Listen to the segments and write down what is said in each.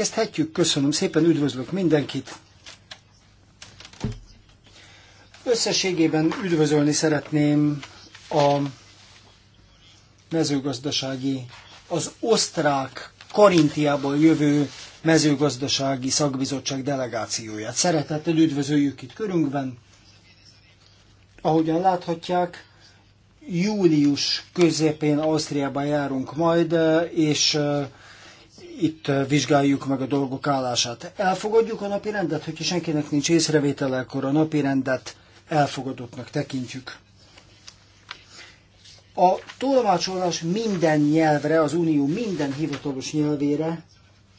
Kezdhetjük, köszönöm szépen, üdvözlök mindenkit. Összességében üdvözölni szeretném a mezőgazdasági, az osztrák Karintiából jövő mezőgazdasági szakbizottság delegációját. Szeretettel üdvözöljük itt körünkben. Ahogyan láthatják, július közepén Ausztriába járunk majd, és itt eh, vizsgáljuk meg a dolgok állását. Elfogadjuk a napi rendet, hogyha senkinek nincs észrevétele, akkor a napi rendet elfogadottnak tekintjük. A tolmácsolás minden nyelvre, az Unió minden hivatalos nyelvére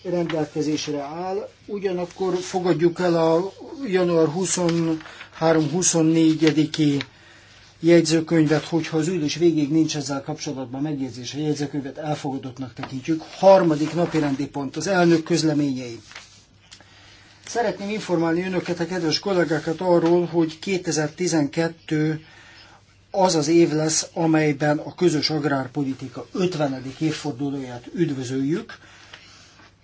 rendelkezésre áll, ugyanakkor fogadjuk el a január 23-24-i jegyzőkönyvet, hogyha az ülés végig nincs ezzel kapcsolatban megjegyzés, a jegyzőkönyvet elfogadottnak tekintjük. Harmadik rendi pont, az elnök közleményei. Szeretném informálni önöket, a kedves kollégákat arról, hogy 2012 az az év lesz, amelyben a közös agrárpolitika 50. évfordulóját üdvözöljük,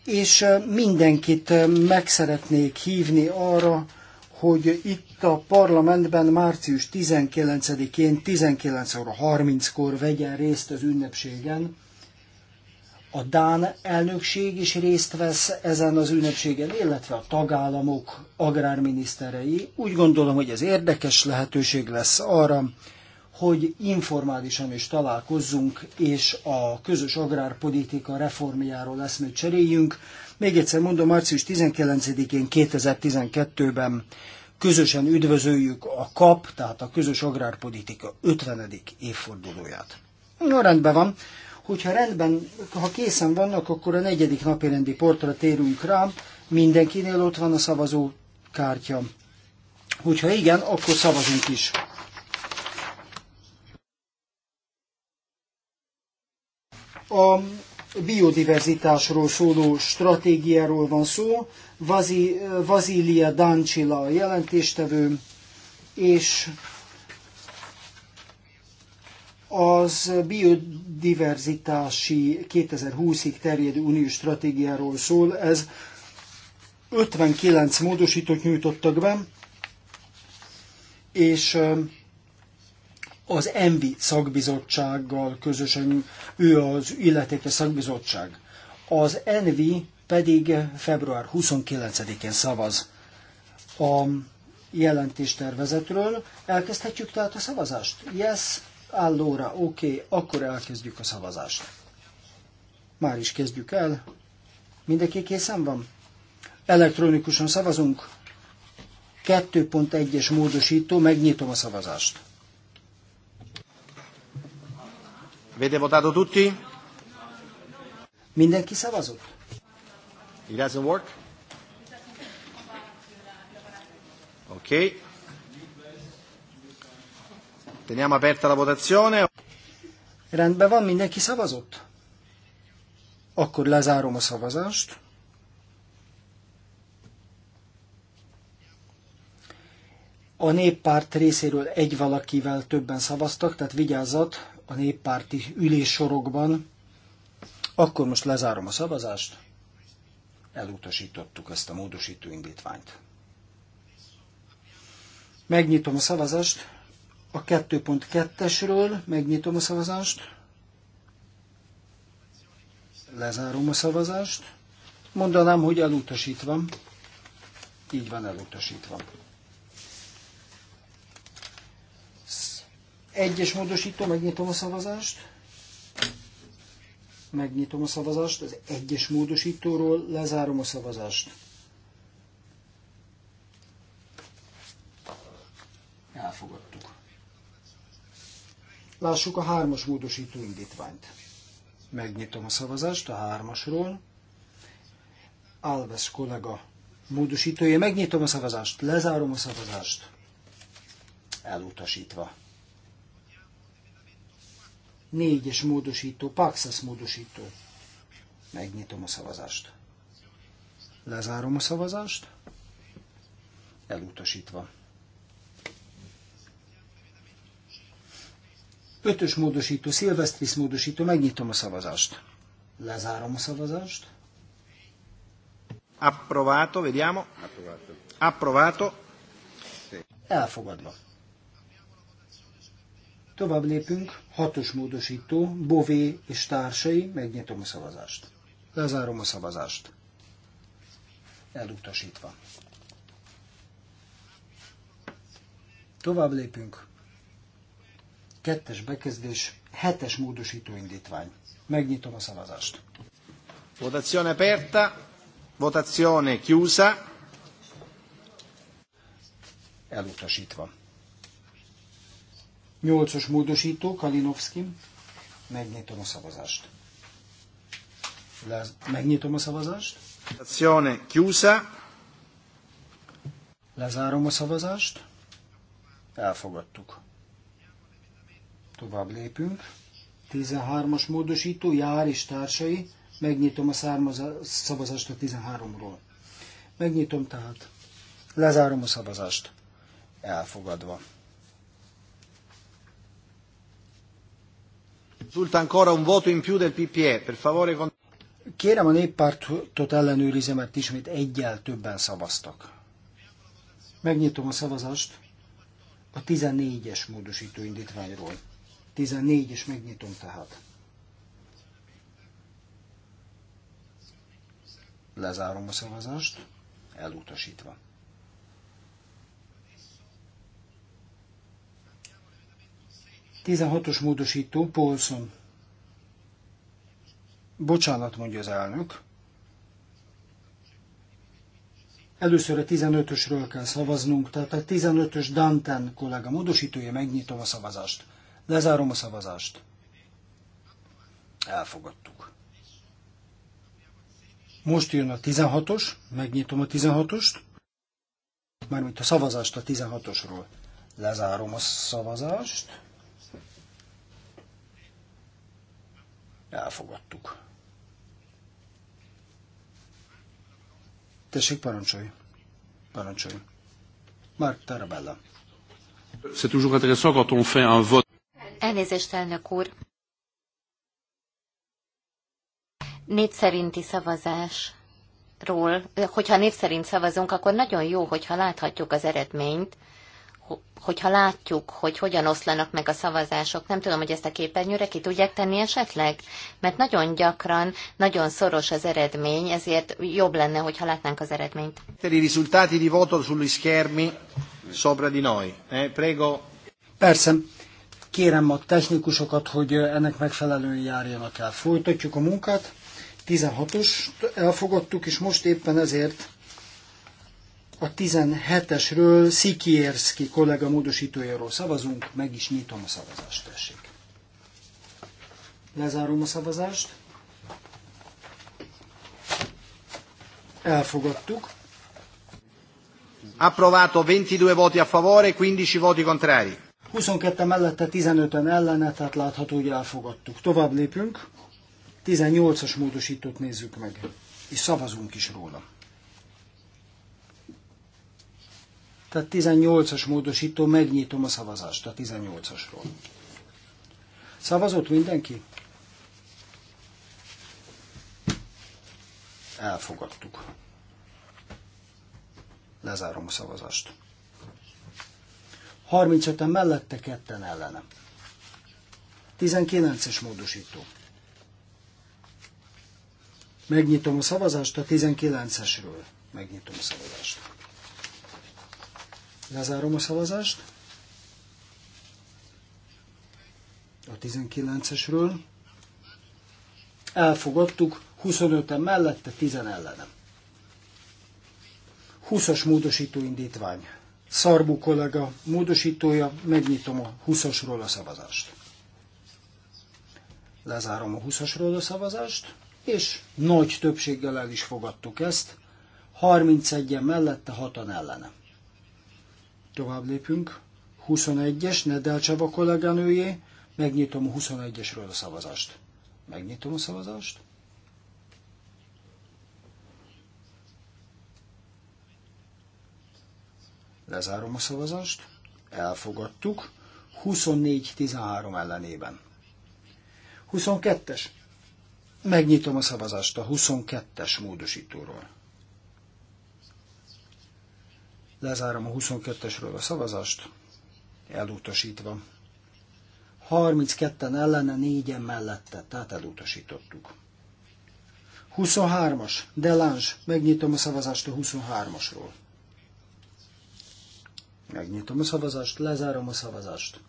és mindenkit meg szeretnék hívni arra, hogy itt a parlamentben március 19-én 19 óra 30-kor vegyen részt az ünnepségen. A Dán elnökség is részt vesz ezen az ünnepségen, illetve a tagállamok agrárminiszterei. Úgy gondolom, hogy ez érdekes lehetőség lesz arra, hogy informálisan is találkozzunk, és a közös agrárpolitika reformjáról eszmét cseréljünk. Még egyszer mondom, március 19-én 2012-ben közösen üdvözöljük a KAP, tehát a közös agrárpolitika 50. évfordulóját. No, rendben van. Hogyha rendben, ha készen vannak, akkor a negyedik napi rendi portra térünk rá. Mindenkinél ott van a szavazó kártya. Hogyha igen, akkor szavazunk is. A biodiverzitásról szóló stratégiáról van szó. Vazília Dancsila a jelentéstevő, és az biodiverzitási 2020-ig terjedő uniós stratégiáról szól. Ez 59 módosítót nyújtottak be, és az ENVI szakbizottsággal közösen, ő az illetékes szakbizottság. Az ENVI pedig február 29-én szavaz a jelentéstervezetről. Elkezdhetjük tehát a szavazást? Yes, állóra, oké, okay, akkor elkezdjük a szavazást. Már is kezdjük el. Mindenki készen van? Elektronikusan szavazunk. 2.1-es módosító, megnyitom a szavazást. Avete votato tutti? Mindenki szavazott? It doesn't work? Ok. Teniamo aperta la votazione. Rendben van, mindenki szavazott? Akkor lezárom a szavazást. A néppárt részéről egy valakivel többen szavaztak, tehát vigyázzat, a néppárti üléssorokban, akkor most lezárom a szavazást. Elutasítottuk ezt a módosító indítványt. Megnyitom a szavazást a 2.2-esről, megnyitom a szavazást, lezárom a szavazást, mondanám, hogy elutasítva, így van elutasítva. Egyes módosító, megnyitom a szavazást. Megnyitom a szavazást, az egyes módosítóról lezárom a szavazást. Elfogadtuk. Lássuk a hármas módosító indítványt. Megnyitom a szavazást a hármasról. Alves kollega módosítója. Megnyitom a szavazást, lezárom a szavazást. Elutasítva. Négyes módosító, Paxas módosító. Megnyitom a szavazást. Lezárom a szavazást. Elutasítva. Ötös módosító, Szilvesztris módosító, megnyitom a szavazást. Lezárom a szavazást. Approvato, vediamo. Approvato. Approvato. Elfogadva. Tovább lépünk, hatos módosító, Bové és társai, megnyitom a szavazást. Lezárom a szavazást. Elutasítva. Tovább lépünk. Kettes bekezdés, hetes módosító indítvány. Megnyitom a szavazást. Votazione aperta, votazione chiusa. Elutasítva. Nyolcas módosító, Kalinowski. Megnyitom a szavazást. Megnyitom a szavazást. Azione chiusa. Lezárom a szavazást. Elfogadtuk. Tovább lépünk. 13-as módosító, jár és társai. Megnyitom a szavazást a 13-ról. Megnyitom tehát. Lezárom a szavazást. Elfogadva. Risulta ancora un voto in più del PPE, per favore. Con... Kérem a néppártot ellenőrize, mert ismét egyel többen szavaztak. Megnyitom a szavazást a 14-es módosító indítványról. 14-es megnyitom tehát. Lezárom a szavazást, elutasítva. 16-os módosító, Paulson. Bocsánat, mondja az elnök. Először a 15-ösről kell szavaznunk, tehát a 15-ös Danten kollega módosítója, megnyitom a szavazást. Lezárom a szavazást. Elfogadtuk. Most jön a 16-os, megnyitom a 16-ost, mármint a szavazást a 16-osról. Lezárom a szavazást. Elfogadtuk. Tessék, parancsolj. Parancsolj. Mark Tarabella. C'est toujours intéressant quand on fait un vote. Elnézést, elnök úr. Név szerinti szavazásról, hogyha név szerint szavazunk, akkor nagyon jó, hogyha láthatjuk az eredményt, hogyha látjuk, hogy hogyan oszlanak meg a szavazások, nem tudom, hogy ezt a képernyőre ki tudják tenni esetleg? Mert nagyon gyakran, nagyon szoros az eredmény, ezért jobb lenne, hogyha látnánk az eredményt. I risultati di voto sugli schermi sopra di noi. Eh, prego. Persze, kérem a technikusokat, hogy eh, ennek megfelelően járjanak el. Folytatjuk a munkát. 16 os elfogadtuk, és most éppen ezért a 17-esről Szikierszki kollega módosítójáról szavazunk, meg is nyitom a szavazást, tessék. Lezárom a szavazást. Elfogadtuk. Approvato 22 voti a favore, 15 voti contrari. 22 mellette 15-en ellene, tehát látható, hogy elfogadtuk. Tovább lépünk. 18-as módosítót nézzük meg, és szavazunk is róla. Tehát 18-as módosító, megnyitom a szavazást a 18-asról. Szavazott mindenki? Elfogadtuk. Lezárom a szavazást. 35-en mellette, ketten ellenem. 19-es módosító. Megnyitom a szavazást a 19-esről. Megnyitom a szavazást. Lezárom a szavazást. A 19-esről. Elfogadtuk, 25-en mellette, 10 ellenem. 20-as módosító indítvány. Szarbu kollega módosítója, megnyitom a 20-asról a szavazást. Lezárom a 20-asról a szavazást, és nagy többséggel el is fogadtuk ezt, 31-en mellette, 6-an ellenem. Tovább lépünk. 21-es, Nedel Csaba kolléganőjé. Megnyitom a 21-esről a szavazást. Megnyitom a szavazást. Lezárom a szavazást. Elfogadtuk. 24-13 ellenében. 22-es. Megnyitom a szavazást a 22-es módosítóról. Lezárom a 22-esről a szavazást, elutasítva. 32-en ellene, 4-en mellette, tehát elutasítottuk. 23-as, Delange, megnyitom a szavazást a 23-asról. Megnyitom a szavazást, lezárom a szavazást.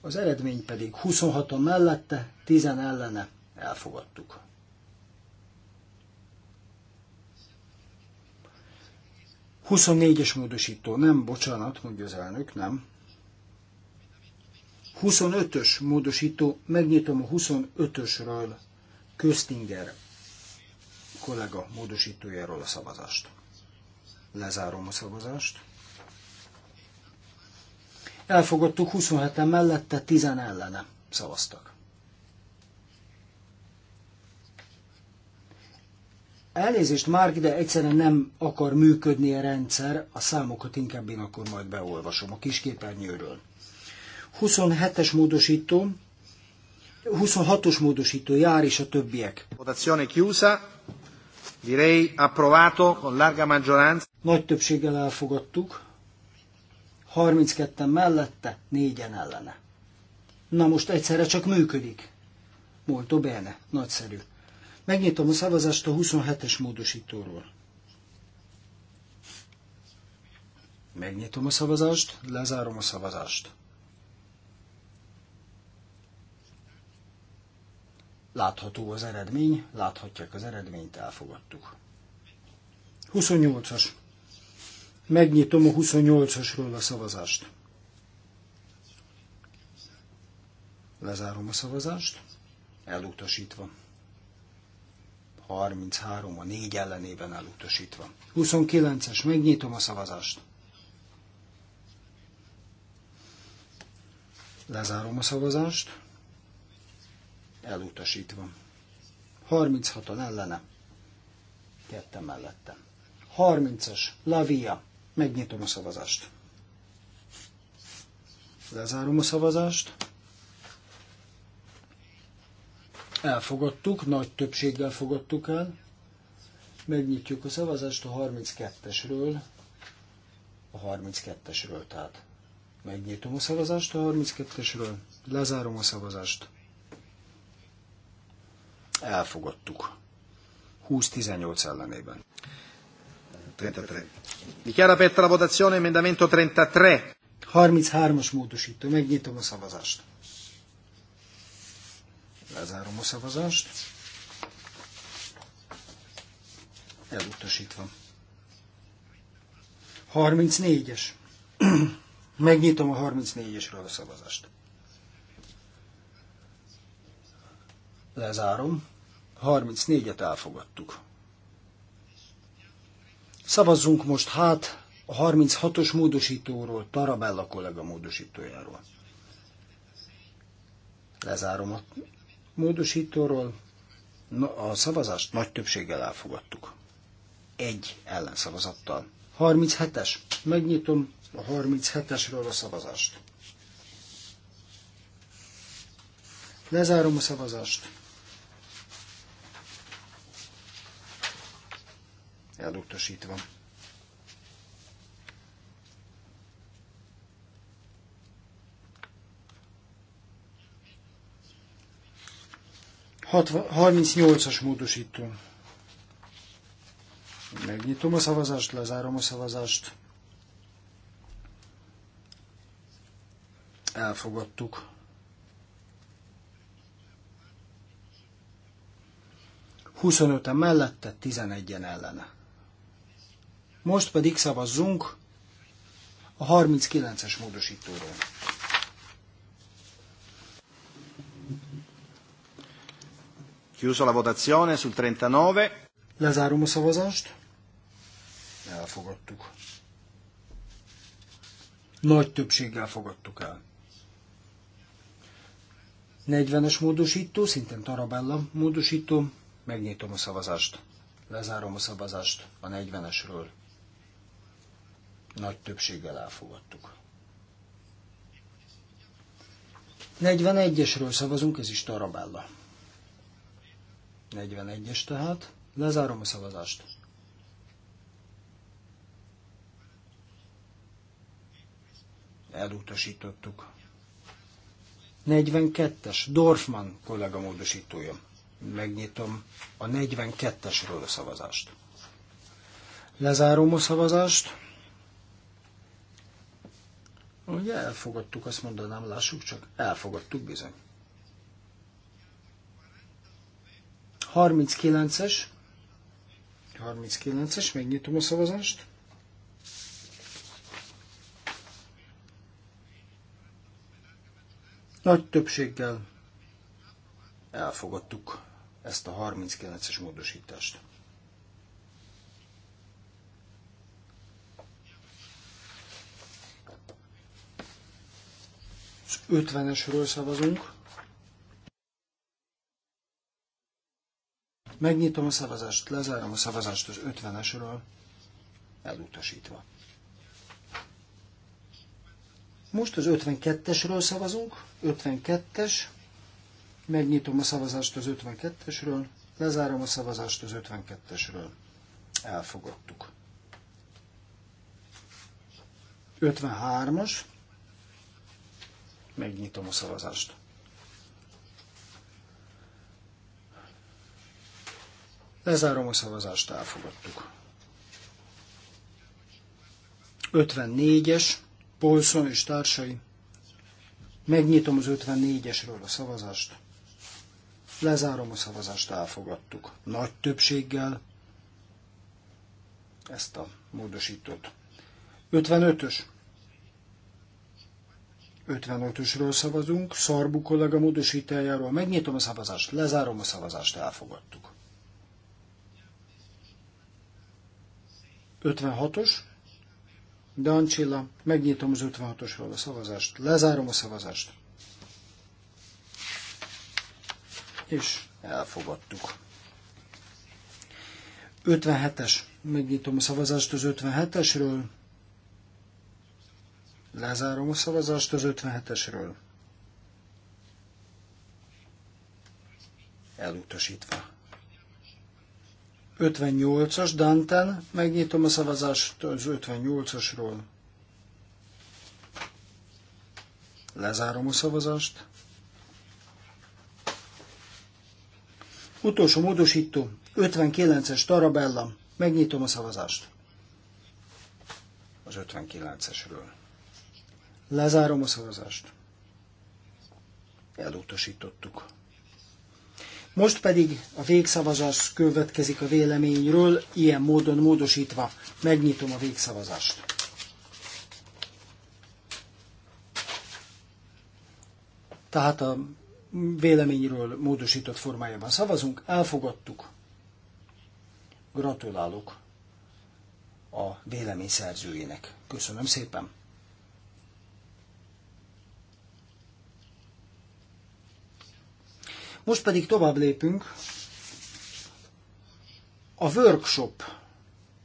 Az eredmény pedig 26 on mellette, 10 ellene elfogadtuk. 24-es módosító, nem, bocsánat, mondja az elnök, nem. 25-ös módosító, megnyitom a 25-ösről Köztinger kollega módosítójáról a szavazást. Lezárom a szavazást. Elfogadtuk 27-en mellette, 10 ellene szavaztak. Elnézést, Márk, de egyszerűen nem akar működni a rendszer, a számokat inkább én akkor majd beolvasom a kis 27-es módosító, 26-os módosító jár és a többiek. Votazione chiusa, direi approvato con larga maggioranza. Nagy többséggel elfogadtuk, 32-en mellette, 4-en ellene. Na most egyszerre csak működik. Molto bene, nagyszerű. Megnyitom a szavazást a 27-es módosítóról. Megnyitom a szavazást, lezárom a szavazást. Látható az eredmény, láthatják az eredményt, elfogadtuk. 28-as. Megnyitom a 28-asról a szavazást. Lezárom a szavazást, elutasítva. 33 a 4 ellenében elutasítva. 29-es, megnyitom a szavazást. Lezárom a szavazást. Elutasítva. 36-an ellene. Kettem mellettem. 30-as, Lavia. Megnyitom a szavazást. Lezárom a szavazást. Elfogadtuk, nagy többséggel fogadtuk el. Megnyitjuk a szavazást a 32-esről. A 32-esről tehát. Megnyitom a szavazást a 32-esről. Lezárom a szavazást. Elfogadtuk. 20-18 ellenében. 33. Dichiara aperta la votazione emendamento 33. 33-as módosító. Megnyitom a szavazást. Lezárom a szavazást. Elutasítva. 34-es. Megnyitom a 34-esről a szavazást. Lezárom. 34-et elfogadtuk. Szavazzunk most hát a 36-os módosítóról, Tarabella kollega módosítójáról. Lezárom a módosítóról a szavazást nagy többséggel elfogadtuk. Egy ellenszavazattal. 37-es. Megnyitom a 37-esről a szavazást. Lezárom a szavazást. Elutasítva. 38-as módosító. Megnyitom a szavazást, lezárom a szavazást. Elfogadtuk. Huszonöten mellette, 11-en ellene. Most pedig szavazzunk a 39-es módosítóról. Chiuso la votazione sul 39. Lezárom a szavazást. Elfogadtuk. Nagy többséggel fogadtuk el. 40-es módosító, szintén Tarabella módosító. Megnyitom a szavazást. Lezárom a szavazást a 40-esről. Nagy többséggel elfogadtuk. 41-esről szavazunk, ez is Tarabella. 41-es tehát. Lezárom a szavazást. Elutasítottuk. 42-es, Dorfman kollega módosítója. Megnyitom a 42-esről a szavazást. Lezárom a szavazást. Ugye elfogadtuk, azt mondanám, lássuk csak, elfogadtuk bizony. 39-es. 39-es, megnyitom a szavazást. Nagy többséggel elfogadtuk ezt a 39-es módosítást. Az 50-esről szavazunk. Megnyitom a szavazást, lezárom a szavazást az 50-esről, elutasítva. Most az 52-esről szavazunk, 52-es, megnyitom a szavazást az 52-esről, lezárom a szavazást az 52-esről. Elfogadtuk. 53-as, megnyitom a szavazást. Lezárom a szavazást, elfogadtuk. 54-es, Polson és társai. Megnyitom az 54-esről a szavazást. Lezárom a szavazást, elfogadtuk. Nagy többséggel ezt a módosítót. 55-ös. 55-ösről szavazunk, Szarbu kollega módosítájáról. Megnyitom a szavazást, lezárom a szavazást, elfogadtuk. 56-os. Dancsilla, megnyitom az 56-osról a szavazást. Lezárom a szavazást. És elfogadtuk. 57-es. Megnyitom a szavazást az 57-esről. Lezárom a szavazást az 57-esről. Elutasítva. 58-as Danten, megnyitom a szavazást az 58-asról. Lezárom a szavazást. Utolsó módosító, 59-es Tarabella, megnyitom a szavazást. Az 59-esről. Lezárom a szavazást. Elutasítottuk. Most pedig a végszavazás következik a véleményről, ilyen módon módosítva. Megnyitom a végszavazást. Tehát a véleményről módosított formájában szavazunk, elfogadtuk. Gratulálok a vélemény szerzőjének. Köszönöm szépen! Most pedig tovább lépünk. A workshop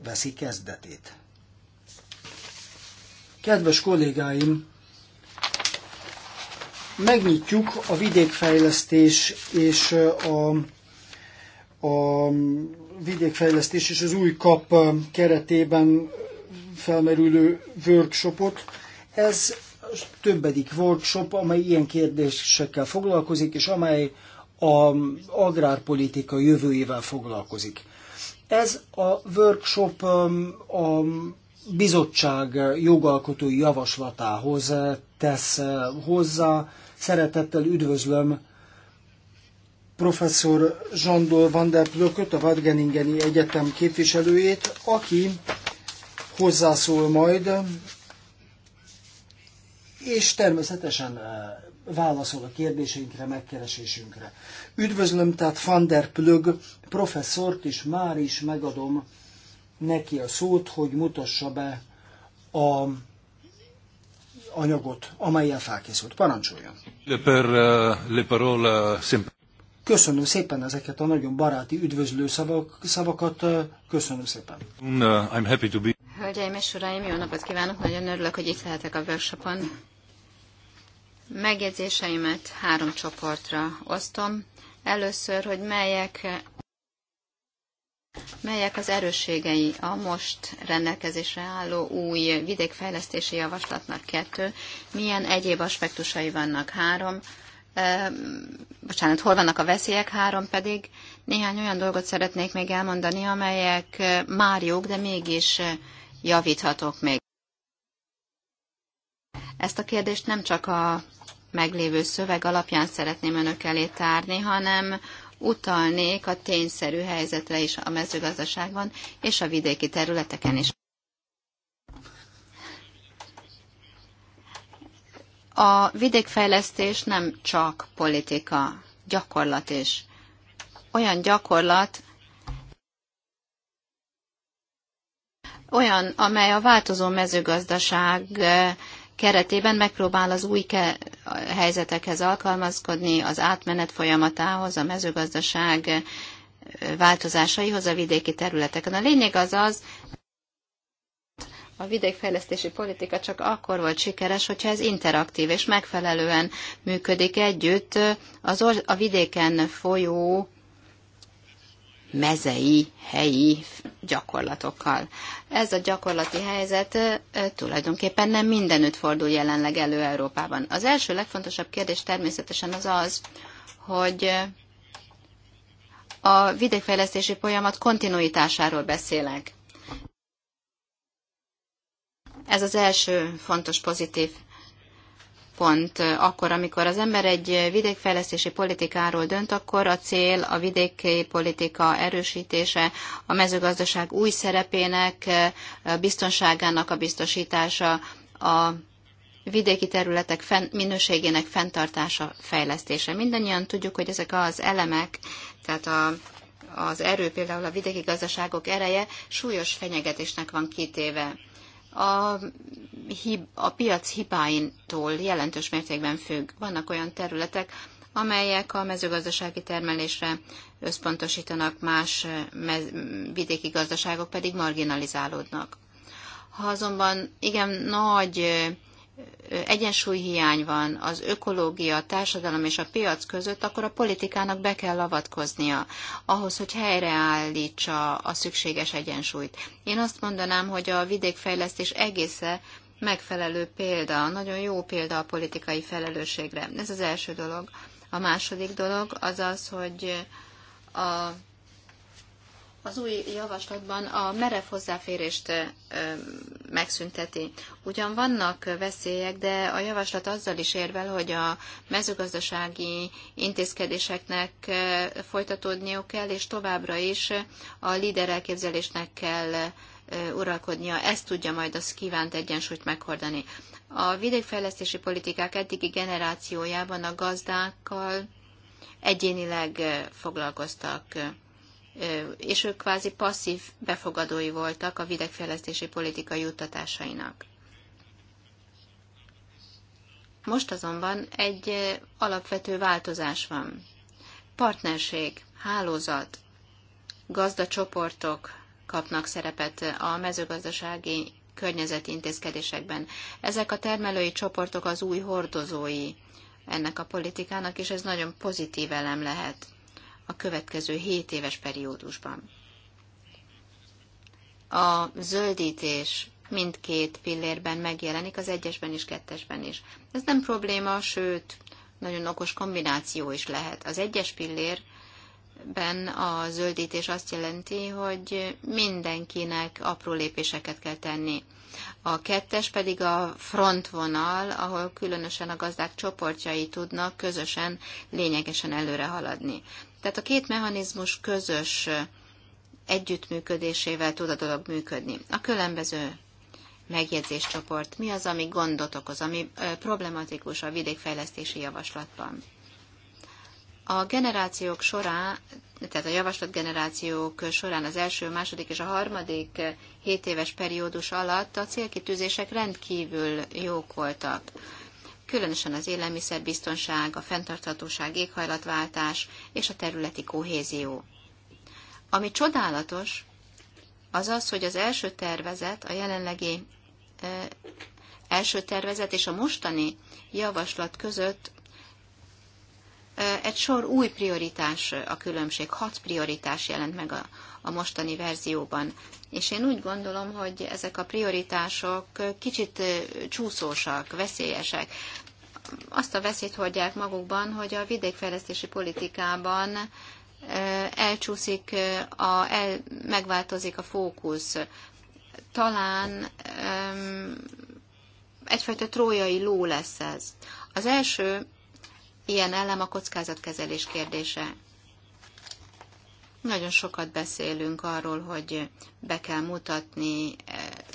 veszi kezdetét. Kedves kollégáim, megnyitjuk a vidékfejlesztés és a, a vidékfejlesztés és az új kap keretében felmerülő workshopot. Ez többedik workshop, amely ilyen kérdésekkel foglalkozik, és amely a agrárpolitika jövőjével foglalkozik. Ez a workshop um, a bizottság jogalkotói javaslatához tesz uh, hozzá. Szeretettel üdvözlöm professzor Zsandol van der Plököt, a Wadgeningeni Egyetem képviselőjét, aki hozzászól majd, és természetesen uh, válaszol a kérdéseinkre, megkeresésünkre. Üdvözlöm tehát Van der Plög professzort, és már is megadom neki a szót, hogy mutassa be a anyagot, amelyel felkészült. Parancsoljon! Eh, eh, köszönöm szépen ezeket a nagyon baráti üdvözlő szavak, szavakat. Eh, köszönöm szépen. I'm happy to be... Hölgyeim és uraim, jó napot kívánok! Nagyon örülök, hogy itt lehetek a workshopon. Megjegyzéseimet három csoportra osztom. Először, hogy melyek, melyek az erősségei a most rendelkezésre álló új vidékfejlesztési javaslatnak kettő, milyen egyéb aspektusai vannak három, bocsánat, hol vannak a veszélyek, három pedig néhány olyan dolgot szeretnék még elmondani, amelyek már jók, de mégis javíthatók még. Ezt a kérdést nem csak a meglévő szöveg alapján szeretném önök elé tárni, hanem utalnék a tényszerű helyzetre is a mezőgazdaságban és a vidéki területeken is. A vidékfejlesztés nem csak politika, gyakorlat is. Olyan gyakorlat, olyan, amely a változó mezőgazdaság keretében megpróbál az új ke helyzetekhez alkalmazkodni, az átmenet folyamatához, a mezőgazdaság változásaihoz a vidéki területeken. A lényeg az az, a vidékfejlesztési politika csak akkor volt sikeres, hogyha ez interaktív és megfelelően működik együtt az a vidéken folyó mezei, helyi gyakorlatokkal. Ez a gyakorlati helyzet tulajdonképpen nem mindenütt fordul jelenleg elő Európában. Az első legfontosabb kérdés természetesen az az, hogy a vidékfejlesztési folyamat kontinuitásáról beszélek. Ez az első fontos pozitív pont eh, akkor, amikor az ember egy eh, vidékfejlesztési politikáról dönt, akkor a cél a vidéki politika erősítése, a mezőgazdaság új szerepének, eh, biztonságának a biztosítása, a vidéki területek fenn, minőségének fenntartása, fejlesztése. Mindannyian tudjuk, hogy ezek az elemek, tehát a, az erő, például a vidéki gazdaságok ereje súlyos fenyegetésnek van kitéve a, hib, a piac hibáintól jelentős mértékben függ. Vannak olyan területek, amelyek a mezőgazdasági termelésre összpontosítanak, más eh, mez- vidéki gazdaságok pedig marginalizálódnak. Ha azonban igen nagy eh, egyensúlyhiány van az ökológia, a társadalom és a piac között, akkor a politikának be kell avatkoznia ahhoz, hogy helyreállítsa a szükséges egyensúlyt. Én azt mondanám, hogy a vidékfejlesztés egészen megfelelő példa, nagyon jó példa a politikai felelősségre. Ez az első dolog. A második dolog az az, hogy a az új javaslatban a merev hozzáférést megszünteti. Ugyan vannak veszélyek, de a javaslat azzal is érvel, hogy a mezőgazdasági intézkedéseknek folytatódniuk kell, és továbbra is a líder elképzelésnek kell uralkodnia. Ezt tudja majd az kívánt egyensúlyt meghordani. A vidékfejlesztési politikák eddigi generációjában a gazdákkal egyénileg foglalkoztak és ők kvázi passzív befogadói voltak a vidékfejlesztési politika juttatásainak. Most azonban egy alapvető változás van. Partnerség, hálózat, gazdacsoportok kapnak szerepet a mezőgazdasági környezeti intézkedésekben. Ezek a termelői csoportok az új hordozói ennek a politikának, és ez nagyon pozitív elem lehet a következő 7 éves periódusban. A zöldítés mindkét pillérben megjelenik, az egyesben és kettesben is. Ez nem probléma, sőt, nagyon okos kombináció is lehet. Az egyes pillérben a zöldítés azt jelenti, hogy mindenkinek apró lépéseket kell tenni. A kettes pedig a frontvonal, ahol különösen a gazdák csoportjai tudnak közösen lényegesen előre haladni. Tehát a két mechanizmus közös együttműködésével tud a dolog működni. A különböző megjegyzéscsoport, mi az, ami gondot okoz, ami problematikus a vidékfejlesztési javaslatban. A generációk során, tehát a javaslatgenerációk során az első, második és a harmadik hét éves periódus alatt a célkitűzések rendkívül jók voltak különösen az élelmiszerbiztonság, a fenntarthatóság, éghajlatváltás és a területi kohézió. Ami csodálatos, az az, hogy az első tervezet, a jelenlegi e, első tervezet és a mostani javaslat között e, egy sor új prioritás a különbség, hat prioritás jelent meg a, a mostani verzióban. És én úgy gondolom, hogy ezek a prioritások kicsit csúszósak, veszélyesek. Azt a veszélyt hordják magukban, hogy a vidékfejlesztési politikában elcsúszik, a, el, megváltozik a fókusz. Talán um, egyfajta trójai ló lesz ez. Az első ilyen elem a kockázatkezelés kérdése. Nagyon sokat beszélünk arról, hogy be kell mutatni,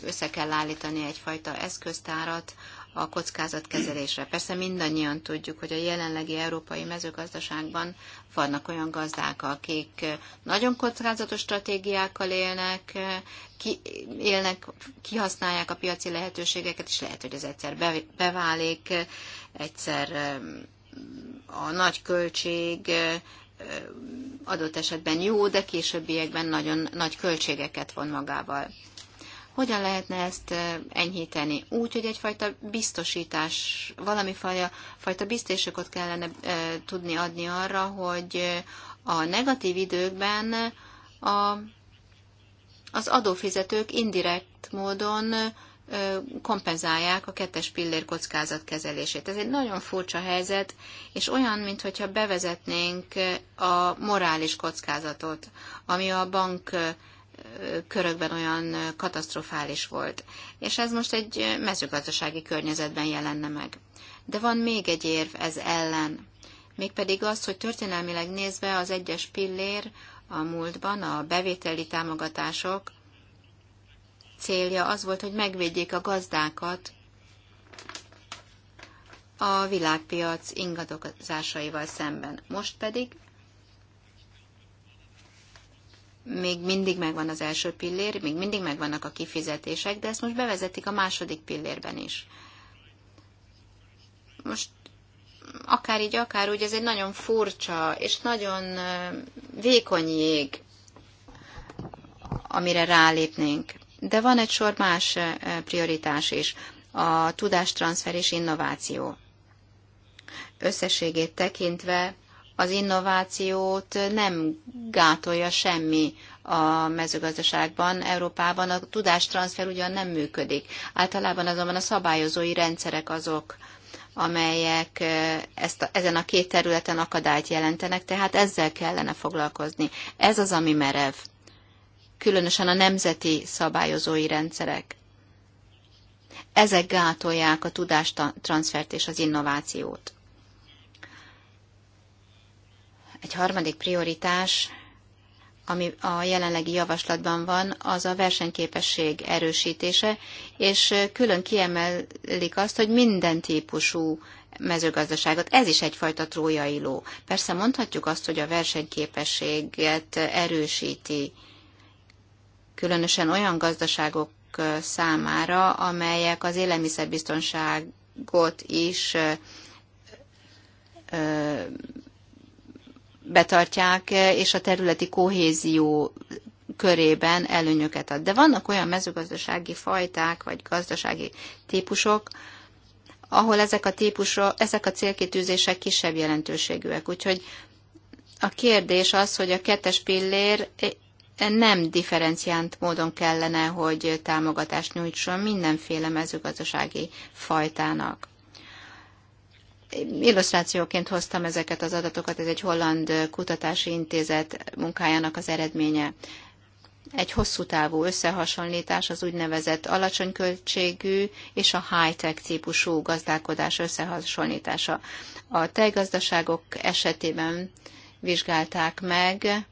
össze kell állítani egyfajta eszköztárat a kockázatkezelésre. Persze mindannyian tudjuk, hogy a jelenlegi európai mezőgazdaságban vannak olyan gazdák, akik nagyon kockázatos stratégiákkal élnek, ki, élnek, kihasználják a piaci lehetőségeket, és lehet, hogy ez egyszer beválik, egyszer um, a nagy költség adott esetben jó, de későbbiekben nagyon nagy költségeket von magával. Hogyan lehetne ezt enyhíteni? Úgy, hogy egyfajta biztosítás, valami fajta, fajta biztosítékot kellene tudni adni arra, hogy a negatív időkben a, az adófizetők indirekt módon kompenzálják a kettes pillér kockázat kezelését. Ez egy nagyon furcsa helyzet, és olyan, mintha bevezetnénk a morális kockázatot, ami a bank körökben olyan katasztrofális volt. És ez most egy mezőgazdasági környezetben jelenne meg. De van még egy érv ez ellen, mégpedig az, hogy történelmileg nézve az egyes pillér a múltban a bevételi támogatások célja az volt, hogy megvédjék a gazdákat a világpiac ingadozásaival szemben. Most pedig még mindig megvan az első pillér, még mindig megvannak a kifizetések, de ezt most bevezetik a második pillérben is. Most akár így, akár úgy, ez egy nagyon furcsa és nagyon vékony jég, amire rálépnénk. De van egy sor más prioritás is, a tudástranszfer és innováció. Összességét tekintve az innovációt nem gátolja semmi a mezőgazdaságban, Európában a tudástranszfer ugyan nem működik. Általában azonban a szabályozói rendszerek azok, amelyek ezt a, ezen a két területen akadályt jelentenek, tehát ezzel kellene foglalkozni. Ez az, ami merev különösen a nemzeti szabályozói rendszerek. Ezek gátolják a tudástranszfert és az innovációt. Egy harmadik prioritás, ami a jelenlegi javaslatban van, az a versenyképesség erősítése, és külön kiemelik azt, hogy minden típusú mezőgazdaságot. Ez is egyfajta trójailó. Persze mondhatjuk azt, hogy a versenyképességet erősíti különösen olyan gazdaságok számára, amelyek az élelmiszerbiztonságot is betartják, és a területi kohézió körében előnyöket ad. De vannak olyan mezőgazdasági fajták, vagy gazdasági típusok, ahol ezek a, típusok, ezek a célkitűzések kisebb jelentőségűek. Úgyhogy a kérdés az, hogy a kettes pillér nem differenciált módon kellene, hogy támogatást nyújtson mindenféle mezőgazdasági fajtának. Illusztrációként hoztam ezeket az adatokat, ez egy holland kutatási intézet munkájának az eredménye. Egy hosszú távú összehasonlítás az úgynevezett alacsony költségű és a high-tech típusú gazdálkodás összehasonlítása. A tejgazdaságok esetében vizsgálták meg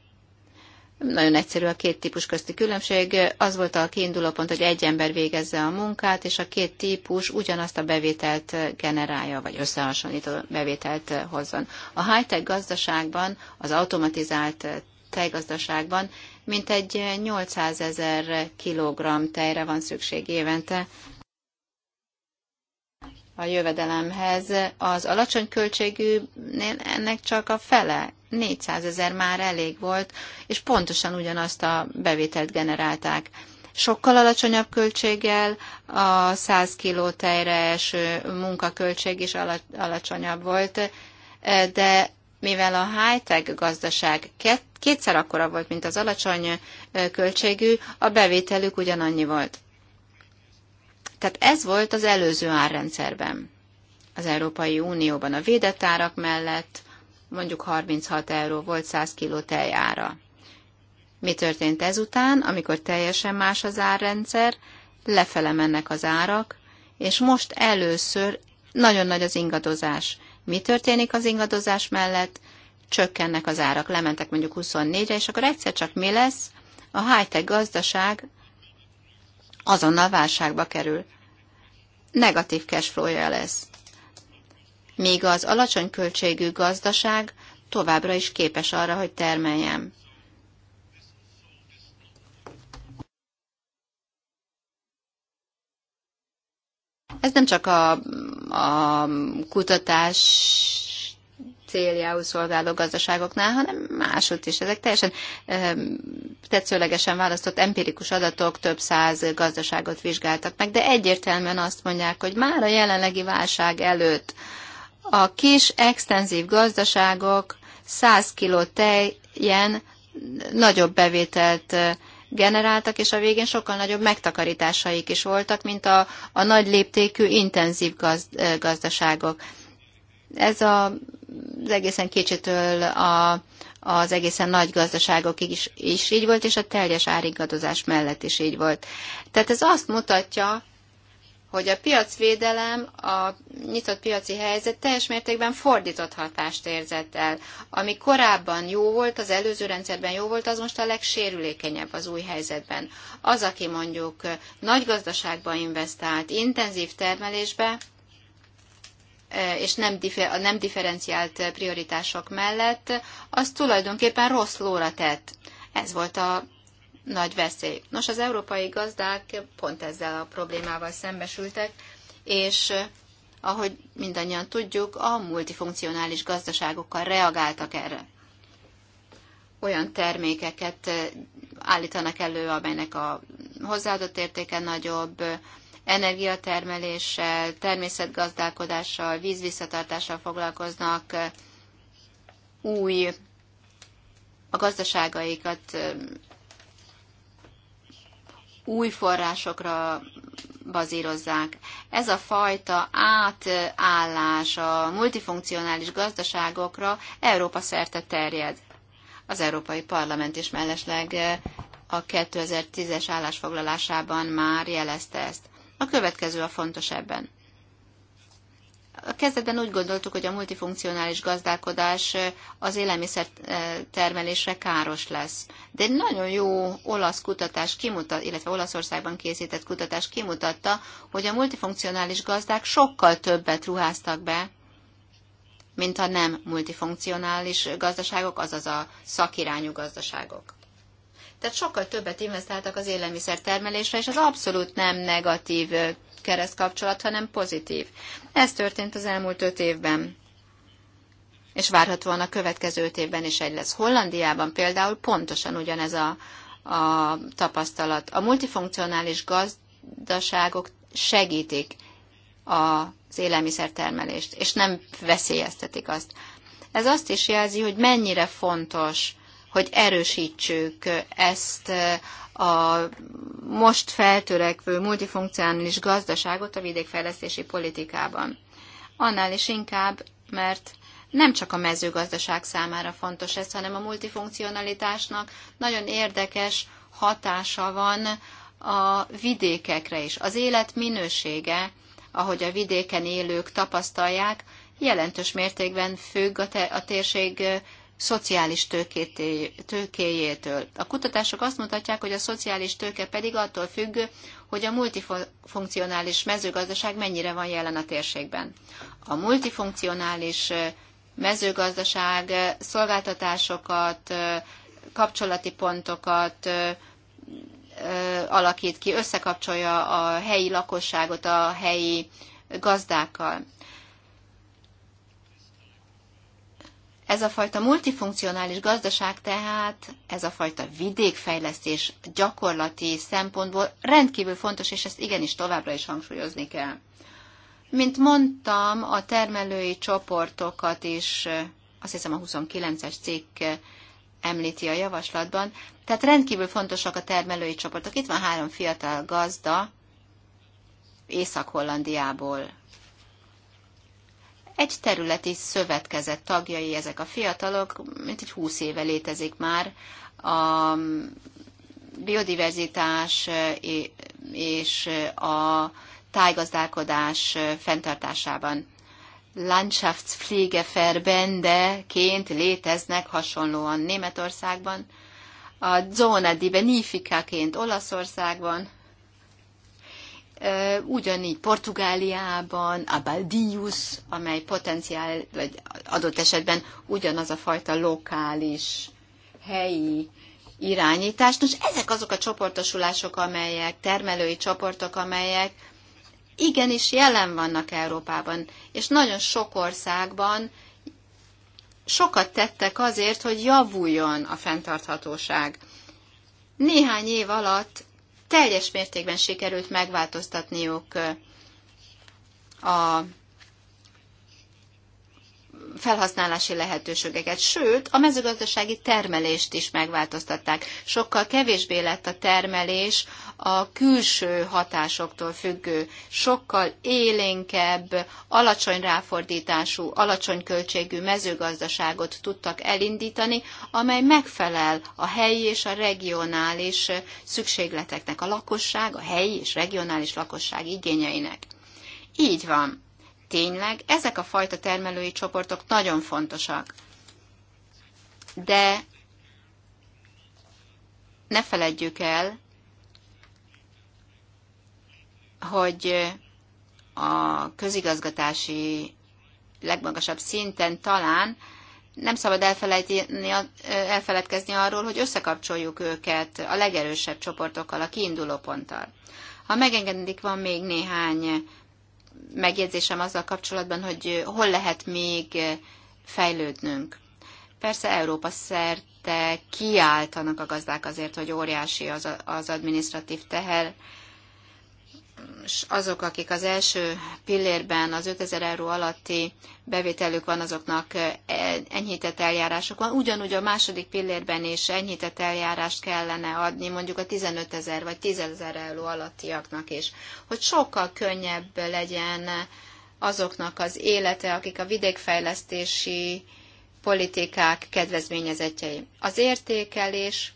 nagyon egyszerű a két típus közti különbség. Az volt a kiinduló pont, hogy egy ember végezze a munkát, és a két típus ugyanazt a bevételt generálja, vagy összehasonlító bevételt hozzon. A high-tech gazdaságban, az automatizált tejgazdaságban mintegy 800 ezer kilogramm tejre van szükség évente a jövedelemhez. Az alacsony költségűnél ennek csak a fele 400 ezer már elég volt, és pontosan ugyanazt a bevételt generálták. Sokkal alacsonyabb költséggel a 100 kiló tejre eső munkaköltség is alacsonyabb volt, e, de mivel a high-tech gazdaság kétszer akkora volt, mint az alacsony e, költségű, a bevételük ugyanannyi volt. Tehát ez volt az előző árrendszerben. Az Európai Unióban a védett árak mellett mondjuk 36 euró volt 100 kiló tejára. Mi történt ezután, amikor teljesen más az árrendszer, lefele mennek az árak, és most először nagyon nagy az ingadozás. Mi történik az ingadozás mellett? Csökkennek az árak, lementek mondjuk 24-re, és akkor egyszer csak mi lesz? A high-tech gazdaság azonnal válságba kerül. Negatív cashflow-ja lesz míg az alacsony költségű gazdaság továbbra is képes arra, hogy termeljem. Ez nem csak a, a kutatás céljául szolgáló gazdaságoknál, hanem máshogy is. Ezek teljesen tetszőlegesen választott empirikus adatok, több száz gazdaságot vizsgáltak meg, de egyértelműen azt mondják, hogy már a jelenlegi válság előtt a kis, extenzív gazdaságok 100 kiló tejjen nagyobb bevételt generáltak, és a végén sokkal nagyobb megtakarításaik is voltak, mint a, a nagy léptékű, intenzív gazd, gazdaságok. Ez a, az egészen kicsitől a, az egészen nagy gazdaságokig is, is így volt, és a teljes árigadozás mellett is így volt. Tehát ez azt mutatja, hogy a piacvédelem, a nyitott piaci helyzet teljes mértékben fordított hatást érzett el. Ami korábban jó volt, az előző rendszerben jó volt, az most a legsérülékenyebb az új helyzetben. Az, aki mondjuk nagy gazdaságba investált, intenzív termelésbe, és nem, differ, nem differenciált prioritások mellett, az tulajdonképpen rossz lóra tett. Ez volt a nagy veszély. Nos, az európai gazdák pont ezzel a problémával szembesültek, és eh, ahogy mindannyian tudjuk, a multifunkcionális gazdaságokkal reagáltak erre. Olyan termékeket eh, állítanak elő, amelynek a hozzáadott értéke nagyobb, energiatermeléssel, természetgazdálkodással, vízvisszatartással foglalkoznak, eh, új a gazdaságaikat új forrásokra bazírozzák. Ez a fajta átállás a multifunkcionális gazdaságokra Európa szerte terjed. Az Európai Parlament is mellesleg eh, a 2010-es állásfoglalásában már jelezte ezt. A következő a fontos ebben. A kezdetben úgy gondoltuk, hogy a multifunkcionális gazdálkodás az élelmiszertermelésre káros lesz. De egy nagyon jó olasz kutatás kimutat, illetve Olaszországban készített kutatás kimutatta, hogy a multifunkcionális gazdák sokkal többet ruháztak be, mint a nem multifunkcionális gazdaságok, azaz a szakirányú gazdaságok. Tehát sokkal többet investáltak az élelmiszertermelésre, és az abszolút nem negatív keresztkapcsolat, hanem pozitív. Ez történt az elmúlt öt évben. És várhatóan a következő öt évben is egy lesz. Hollandiában például pontosan ugyanez a, a tapasztalat. A multifunkcionális gazdaságok segítik az élelmiszertermelést, és nem veszélyeztetik azt. Ez azt is jelzi, hogy mennyire fontos hogy erősítsük ezt a most feltörekvő multifunkcionális gazdaságot a vidékfejlesztési politikában. Annál is inkább, mert nem csak a mezőgazdaság számára fontos ez, hanem a multifunkcionalitásnak nagyon érdekes hatása van a vidékekre is. Az élet minősége, ahogy a vidéken élők tapasztalják, jelentős mértékben függ a, te- a térség szociális tőkéjétől. A kutatások azt mutatják, hogy a szociális tőke pedig attól függ, hogy a multifunkcionális mezőgazdaság mennyire van jelen a térségben. A multifunkcionális mezőgazdaság szolgáltatásokat, kapcsolati pontokat alakít ki, összekapcsolja a helyi lakosságot a helyi gazdákkal. Ez a fajta multifunkcionális gazdaság tehát, ez a fajta vidékfejlesztés gyakorlati szempontból rendkívül fontos, és ezt igenis továbbra is hangsúlyozni kell. Mint mondtam, a termelői csoportokat is, azt hiszem a 29-es cikk említi a javaslatban, tehát rendkívül fontosak a termelői csoportok. Itt van három fiatal gazda Észak-Hollandiából, egy területi szövetkezet tagjai ezek a fiatalok, mint egy húsz éve létezik már a biodiverzitás e, és a tájgazdálkodás fenntartásában. Landschaftspflegeverbändeként léteznek hasonlóan Németországban, a Zona di Benificaként Olaszországban, ugyanígy Portugáliában, a Baldius, amely potenciál, vagy adott esetben ugyanaz a fajta lokális, helyi irányítás. Nos, ezek azok a csoportosulások, amelyek, termelői csoportok, amelyek igenis jelen vannak Európában, és nagyon sok országban sokat tettek azért, hogy javuljon a fenntarthatóság. Néhány év alatt teljes mértékben sikerült megváltoztatniuk a felhasználási lehetőségeket, sőt, a mezőgazdasági termelést is megváltoztatták. Sokkal kevésbé lett a termelés a külső hatásoktól függő, sokkal élénkebb, alacsony ráfordítású, alacsony költségű mezőgazdaságot tudtak elindítani, amely megfelel a helyi és a regionális szükségleteknek, a lakosság, a helyi és regionális lakosság igényeinek. Így van tényleg ezek a fajta termelői csoportok nagyon fontosak. De ne feledjük el, hogy a közigazgatási legmagasabb szinten talán nem szabad elfeledkezni arról, hogy összekapcsoljuk őket a legerősebb csoportokkal, a kiinduló ponttal. Ha megengedik, van még néhány megjegyzésem azzal kapcsolatban, hogy hol lehet még fejlődnünk. Persze Európa szerte kiáltanak a gazdák azért, hogy óriási az, az administratív teher, azok, akik az első pillérben az 5000 euró alatti bevételük van, azoknak enyhített eljárások van. Ugyanúgy a második pillérben is enyhített eljárást kellene adni mondjuk a 15 ezer vagy 10 ezer euró alattiaknak is, hogy sokkal könnyebb legyen azoknak az élete, akik a vidékfejlesztési politikák kedvezményezetjei. Az értékelés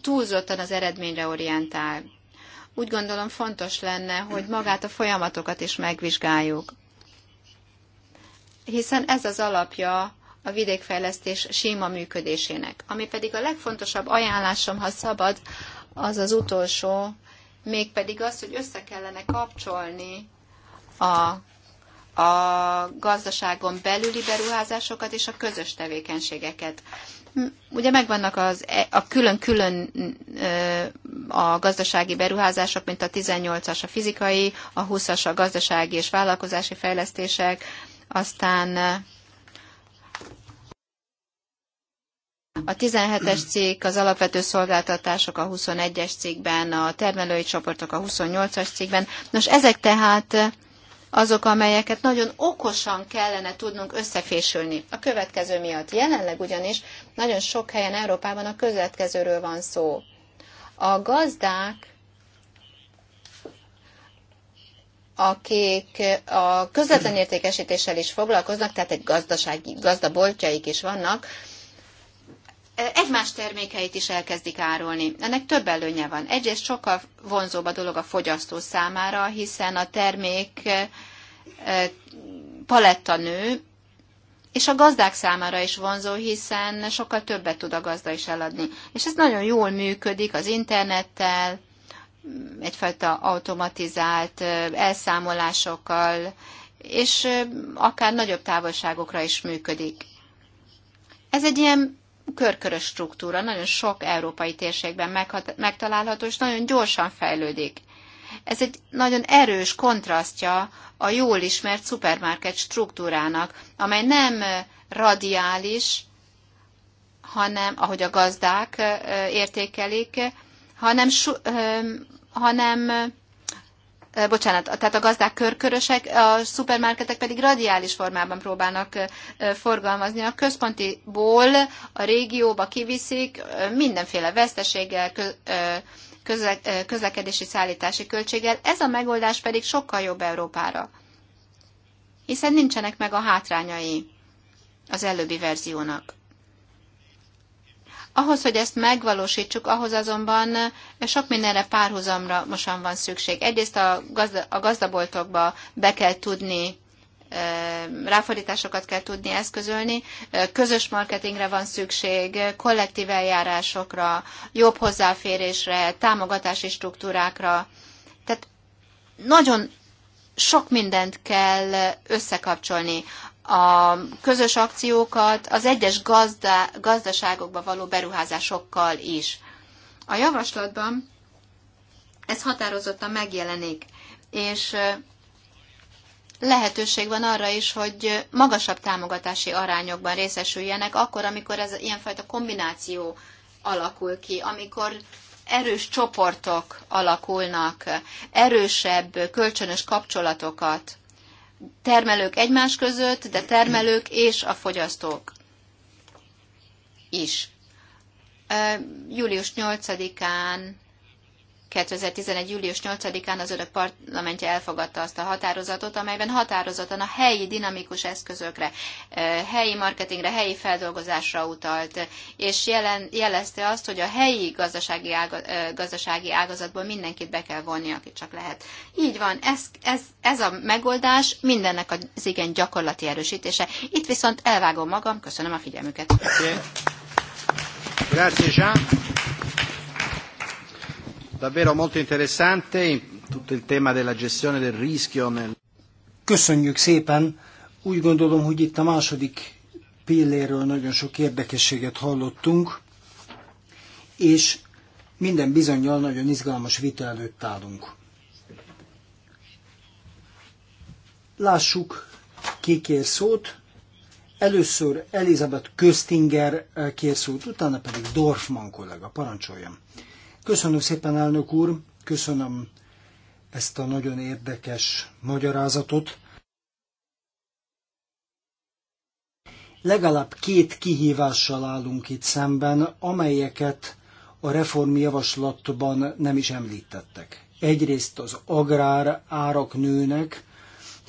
túlzottan az eredményre orientál úgy gondolom fontos lenne, hogy magát a folyamatokat is megvizsgáljuk. Hiszen ez az alapja a vidékfejlesztés síma működésének. Ami pedig a legfontosabb ajánlásom, ha szabad, az az utolsó, mégpedig az, hogy össze kellene kapcsolni a a gazdaságon belüli beruházásokat és a közös tevékenységeket ugye megvannak az, e, a külön-külön a gazdasági beruházások, mint a 18-as a fizikai, a 20-as a gazdasági és vállalkozási fejlesztések, aztán A 17-es cikk az alapvető szolgáltatások a 21-es cikkben, a termelői csoportok a 28-as cikkben. Nos, ezek tehát azok, amelyeket nagyon okosan kellene tudnunk összefésülni. A következő miatt jelenleg ugyanis nagyon sok helyen Európában a következőről van szó. A gazdák akik a közvetlen értékesítéssel is foglalkoznak, tehát egy gazdasági, gazdaboltjaik is vannak, egymás termékeit is elkezdik árulni. Ennek több előnye van. Egyrészt sokkal vonzóbb a dolog a fogyasztó számára, hiszen a termék paletta nő, és a gazdák számára is vonzó, hiszen sokkal többet tud a gazda is eladni. És ez nagyon jól működik az internettel, egyfajta automatizált elszámolásokkal, és akár nagyobb távolságokra is működik. Ez egy ilyen körkörös struktúra, nagyon sok európai térségben megtalálható, és nagyon gyorsan fejlődik. Ez egy nagyon erős kontrasztja a jól ismert szupermarket struktúrának, amely nem radiális, hanem, ahogy a gazdák értékelik, hanem, hanem bocsánat, tehát a gazdák körkörösek, a szupermarketek pedig radiális formában próbálnak forgalmazni. A központiból a régióba kiviszik mindenféle veszteséggel, közlekedési szállítási költséggel. Ez a megoldás pedig sokkal jobb Európára, hiszen nincsenek meg a hátrányai az előbbi verziónak. Ahhoz, hogy ezt megvalósítsuk, ahhoz azonban sok mindenre párhuzamra mostan van szükség. Egyrészt a, gazda, a gazdaboltokba be kell tudni e, ráfordításokat kell tudni eszközölni, e, közös marketingre van szükség, kollektív eljárásokra, jobb hozzáférésre, támogatási struktúrákra. Tehát nagyon sok mindent kell összekapcsolni a közös akciókat, az egyes gazda, gazdaságokba való beruházásokkal is. A javaslatban ez határozottan megjelenik, és lehetőség van arra is, hogy magasabb támogatási arányokban részesüljenek, akkor, amikor ez ilyenfajta kombináció alakul ki, amikor erős csoportok alakulnak, erősebb kölcsönös kapcsolatokat termelők egymás között, de termelők és a fogyasztók is. Július 8-án 2011. július 8-án az örök parlamentje elfogadta azt a határozatot, amelyben határozatlan a helyi dinamikus eszközökre, eh, helyi marketingre, helyi feldolgozásra utalt, és jelen, jelezte azt, hogy a helyi gazdasági, ága, eh, gazdasági ágazatból mindenkit be kell vonni, aki csak lehet. Így van, ez, ez, ez a megoldás mindennek az igen gyakorlati erősítése. Itt viszont elvágom magam, köszönöm a figyelmüket. Grazie Jean. Davvero molto interessante tutto il tema della gestione del rischio nel... Köszönjük szépen! Úgy gondolom, hogy itt a második pilléről nagyon sok érdekességet hallottunk, és minden bizonyal nagyon izgalmas vita előtt állunk. Lássuk, ki kér szót. Először Elizabeth Köstinger eh, kér szót, utána pedig Dorfman kollega. Parancsoljam! Köszönöm szépen, elnök úr, köszönöm ezt a nagyon érdekes magyarázatot. Legalább két kihívással állunk itt szemben, amelyeket a reform javaslatban nem is említettek. Egyrészt az agrár árak nőnek,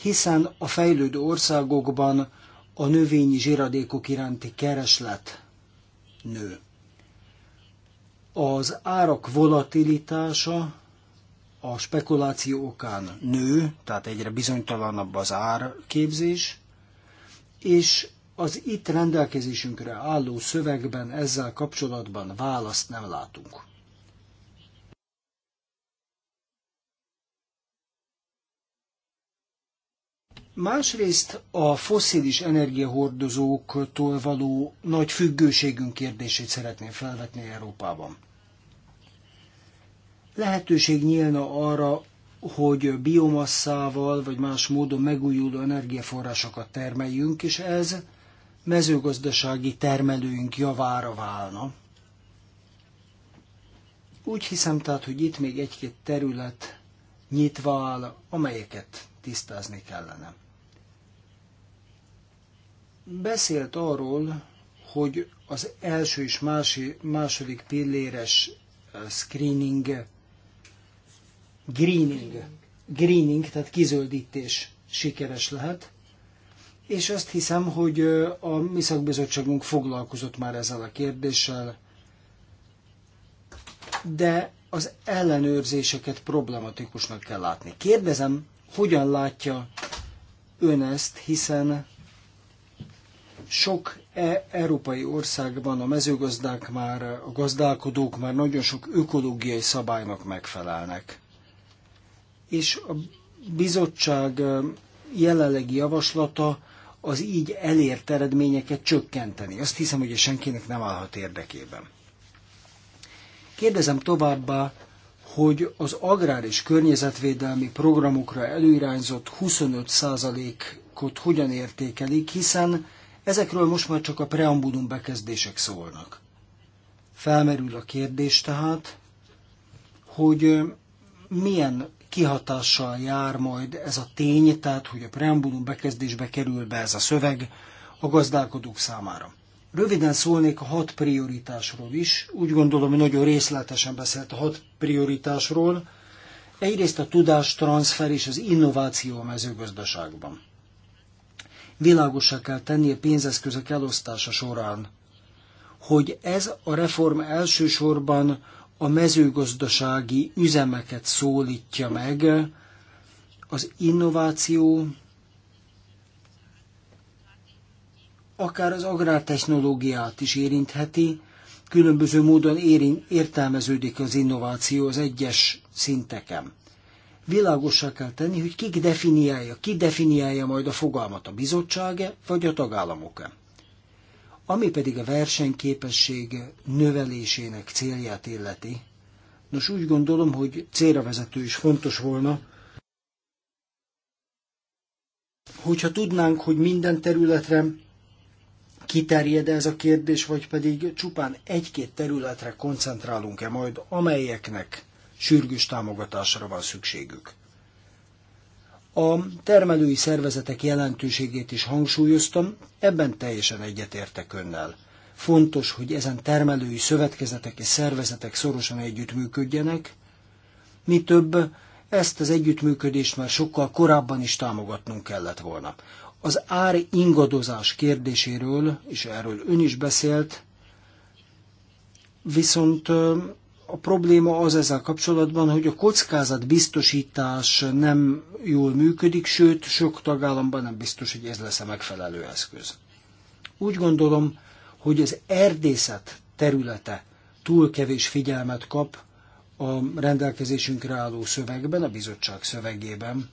hiszen a fejlődő országokban a növényi zsiradékok iránti kereslet nő az árak volatilitása a spekuláció okán nő, tehát egyre bizonytalanabb az árképzés, és az itt rendelkezésünkre álló szövegben ezzel kapcsolatban választ nem látunk. Másrészt a foszilis energiahordozóktól való nagy függőségünk kérdését szeretném felvetni Európában. Lehetőség nyílna arra, hogy biomasszával vagy más módon megújuló energiaforrásokat termeljünk, és ez mezőgazdasági termelőink javára válna. Úgy hiszem tehát, hogy itt még egy-két terület nyitva áll, amelyeket tisztázni kellene beszélt arról, hogy az első és második pilléres eh, screening, greening, greening, tehát kizöldítés sikeres lehet, és azt hiszem, hogy eh, a mi szakbizottságunk foglalkozott már ezzel a kérdéssel, de az ellenőrzéseket problematikusnak kell látni. Kérdezem, hogyan látja ön ezt, hiszen sok e európai országban a mezőgazdák már, a gazdálkodók már nagyon sok ökológiai szabálynak megfelelnek. És a bizottság e, jelenlegi javaslata az így elért eredményeket csökkenteni. Azt hiszem, hogy senkinek nem állhat érdekében. Kérdezem továbbá, hogy az agrár és környezetvédelmi programokra előirányzott 25%-ot hogyan értékelik, hiszen Ezekről most már csak a preambulum bekezdések szólnak. Felmerül a kérdés tehát, hogy milyen kihatással jár majd ez a tény, tehát hogy a preambulum bekezdésbe kerül be ez a szöveg a gazdálkodók számára. Röviden szólnék a hat prioritásról is. Úgy gondolom, hogy nagyon részletesen beszélt a hat prioritásról. Egyrészt a tudástranszfer és az innováció a mezőgazdaságban világosá kell tenni a pénzeszközök elosztása során, hogy ez a reform elsősorban a mezőgazdasági üzemeket szólítja meg, az innováció, akár az agrártechnológiát is érintheti, különböző módon érint, értelmeződik az innováció az egyes szinteken világossá kell tenni, hogy kik definiálja, ki definiálja majd a fogalmat, a bizottsága vagy a tagállamoka. Ami pedig a versenyképesség növelésének célját illeti, nos úgy gondolom, hogy célra vezető is fontos volna, hogyha tudnánk, hogy minden területre kiterjed ez a kérdés, vagy pedig csupán egy-két területre koncentrálunk-e majd, amelyeknek sürgős támogatásra van szükségük. A termelői szervezetek jelentőségét is hangsúlyoztam, ebben teljesen egyetértek önnel. Fontos, hogy ezen termelői szövetkezetek és szervezetek szorosan együttműködjenek, mi több, ezt az együttműködést már sokkal korábban is támogatnunk kellett volna. Az ár ingadozás kérdéséről, és erről ön is beszélt, viszont a probléma az ezzel kapcsolatban, hogy a kockázatbiztosítás nem jól működik, sőt, sok tagállamban nem biztos, hogy ez lesz a megfelelő eszköz. Úgy gondolom, hogy az erdészet területe túl kevés figyelmet kap a rendelkezésünkre álló szövegben, a bizottság szövegében.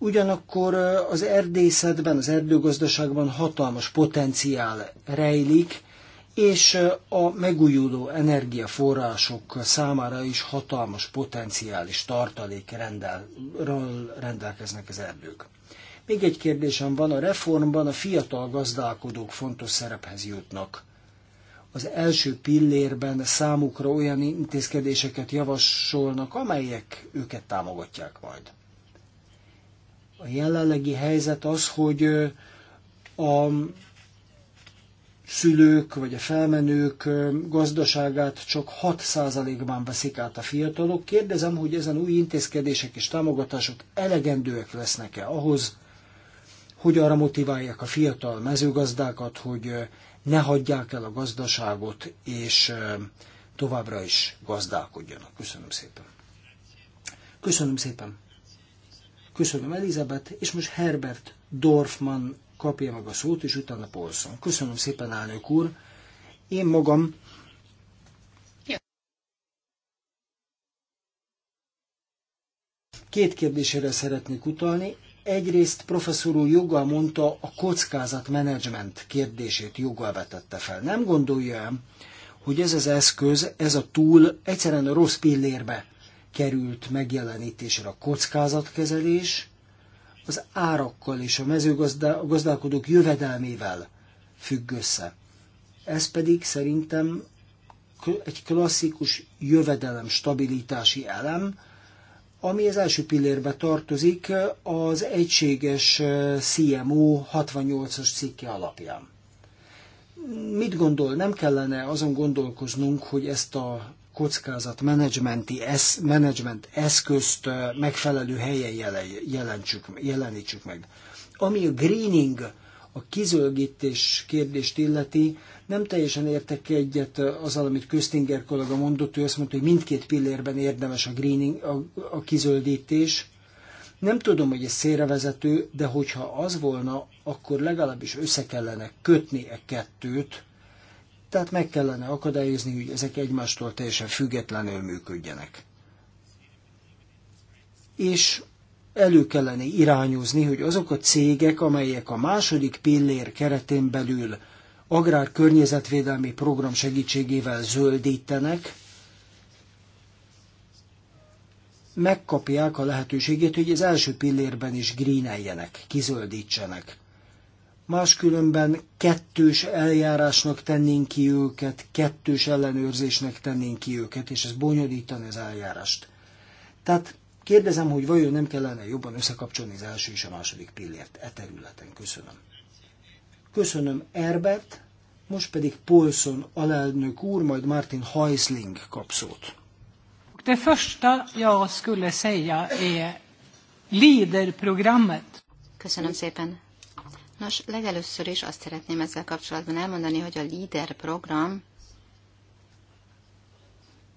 Ugyanakkor az erdészetben, az erdőgazdaságban hatalmas potenciál rejlik, és a megújuló energiaforrások számára is hatalmas potenciális tartalék rendel, rendelkeznek az erdők. Még egy kérdésem van, a reformban a fiatal gazdálkodók fontos szerephez jutnak. Az első pillérben számukra olyan intézkedéseket javasolnak, amelyek őket támogatják majd. A jelenlegi helyzet az, hogy a szülők vagy a felmenők gazdaságát csak 6%-ban veszik át a fiatalok. Kérdezem, hogy ezen új intézkedések és támogatások elegendőek lesznek-e ahhoz, hogy arra motiválják a fiatal mezőgazdákat, hogy ne hagyják el a gazdaságot, és továbbra is gazdálkodjanak. Köszönöm szépen. Köszönöm szépen. Köszönöm Elizabeth, és most Herbert Dorfman kapja meg a szót, és utána Paulson. Köszönöm szépen, elnök úr. Én magam két kérdésére szeretnék utalni. Egyrészt professzor úr joggal mondta, a kockázatmenedzsment kérdését joggal vetette fel. Nem gondolja, hogy ez az eszköz, ez a túl egyszerűen a rossz pillérbe került megjelenítésre a kockázatkezelés, az árakkal és a mezőgazdálkodók jövedelmével függ össze. Ez pedig szerintem egy klasszikus jövedelem stabilitási elem, ami az első pillérbe tartozik az egységes CMO 68-as cikke alapján. Mit gondol, nem kellene azon gondolkoznunk, hogy ezt a kockázatmenedzsmenti esz, menedzsment eszközt megfelelő helyen jelentsük, jelenítsük meg. Ami a greening, a kizöldítés kérdést illeti, nem teljesen értek egyet azzal, amit Köztinger kollega mondott, ő azt mondta, hogy mindkét pillérben érdemes a, greening, a, a kizöldítés. Nem tudom, hogy ez szélrevezető, de hogyha az volna, akkor legalábbis össze kellene kötni e kettőt, tehát meg kellene akadályozni, hogy ezek egymástól teljesen függetlenül működjenek. És elő kellene irányozni, hogy azok a cégek, amelyek a második pillér keretén belül agrár környezetvédelmi program segítségével zöldítenek, megkapják a lehetőséget, hogy az első pillérben is greeneljenek, kizöldítsenek máskülönben kettős eljárásnak tennénk ki őket, kettős ellenőrzésnek tennénk ki őket, és ez bonyolítani az eljárást. Tehát kérdezem, hogy vajon nem kellene jobban összekapcsolni az első és a második pillért e területen. Köszönöm. Köszönöm Erbert, most pedig Polson alelnök úr, majd Martin Heisling kap szót. Det första jag skulle säga är Leaderprogrammet. Köszönöm szépen. Nos, legelőször is azt szeretném ezzel kapcsolatban elmondani, hogy a LEADER program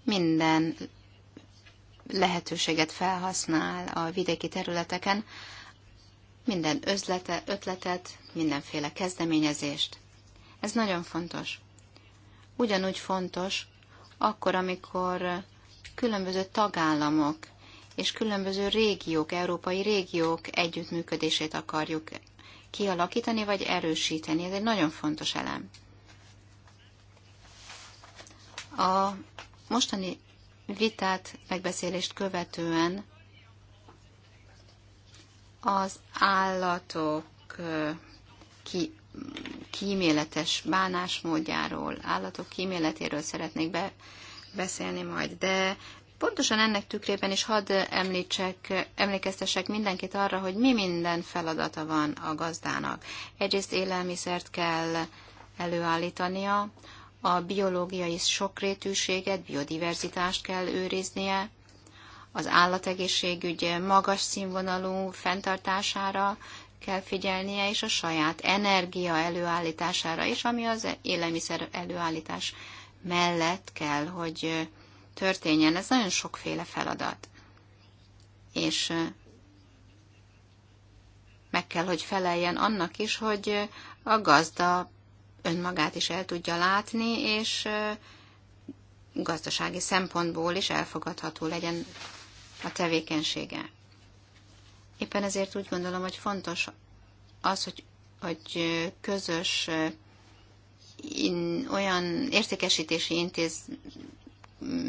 minden lehetőséget felhasznál a vidéki területeken, minden özlete, ötletet, mindenféle kezdeményezést. Ez nagyon fontos. Ugyanúgy fontos, akkor, amikor különböző tagállamok és különböző régiók, európai régiók együttműködését akarjuk kialakítani vagy erősíteni. Ez egy nagyon fontos elem. A mostani vitát, megbeszélést követően az állatok ki, kíméletes bánásmódjáról, állatok kíméletéről szeretnék be, beszélni majd, de Pontosan ennek tükrében is hadd említsek, emlékeztessek mindenkit arra, hogy mi minden feladata van a gazdának. Egyrészt élelmiszert kell előállítania, a biológiai sokrétűséget, biodiverzitást kell őriznie, az állategészségügy magas színvonalú fenntartására kell figyelnie, és a saját energia előállítására is, ami az élelmiszer előállítás mellett kell, hogy történjen. Ez nagyon sokféle feladat. És meg kell, hogy feleljen annak is, hogy a gazda önmagát is el tudja látni, és gazdasági szempontból is elfogadható legyen a tevékenysége. Éppen ezért úgy gondolom, hogy fontos az, hogy, hogy közös in, olyan értékesítési intéz,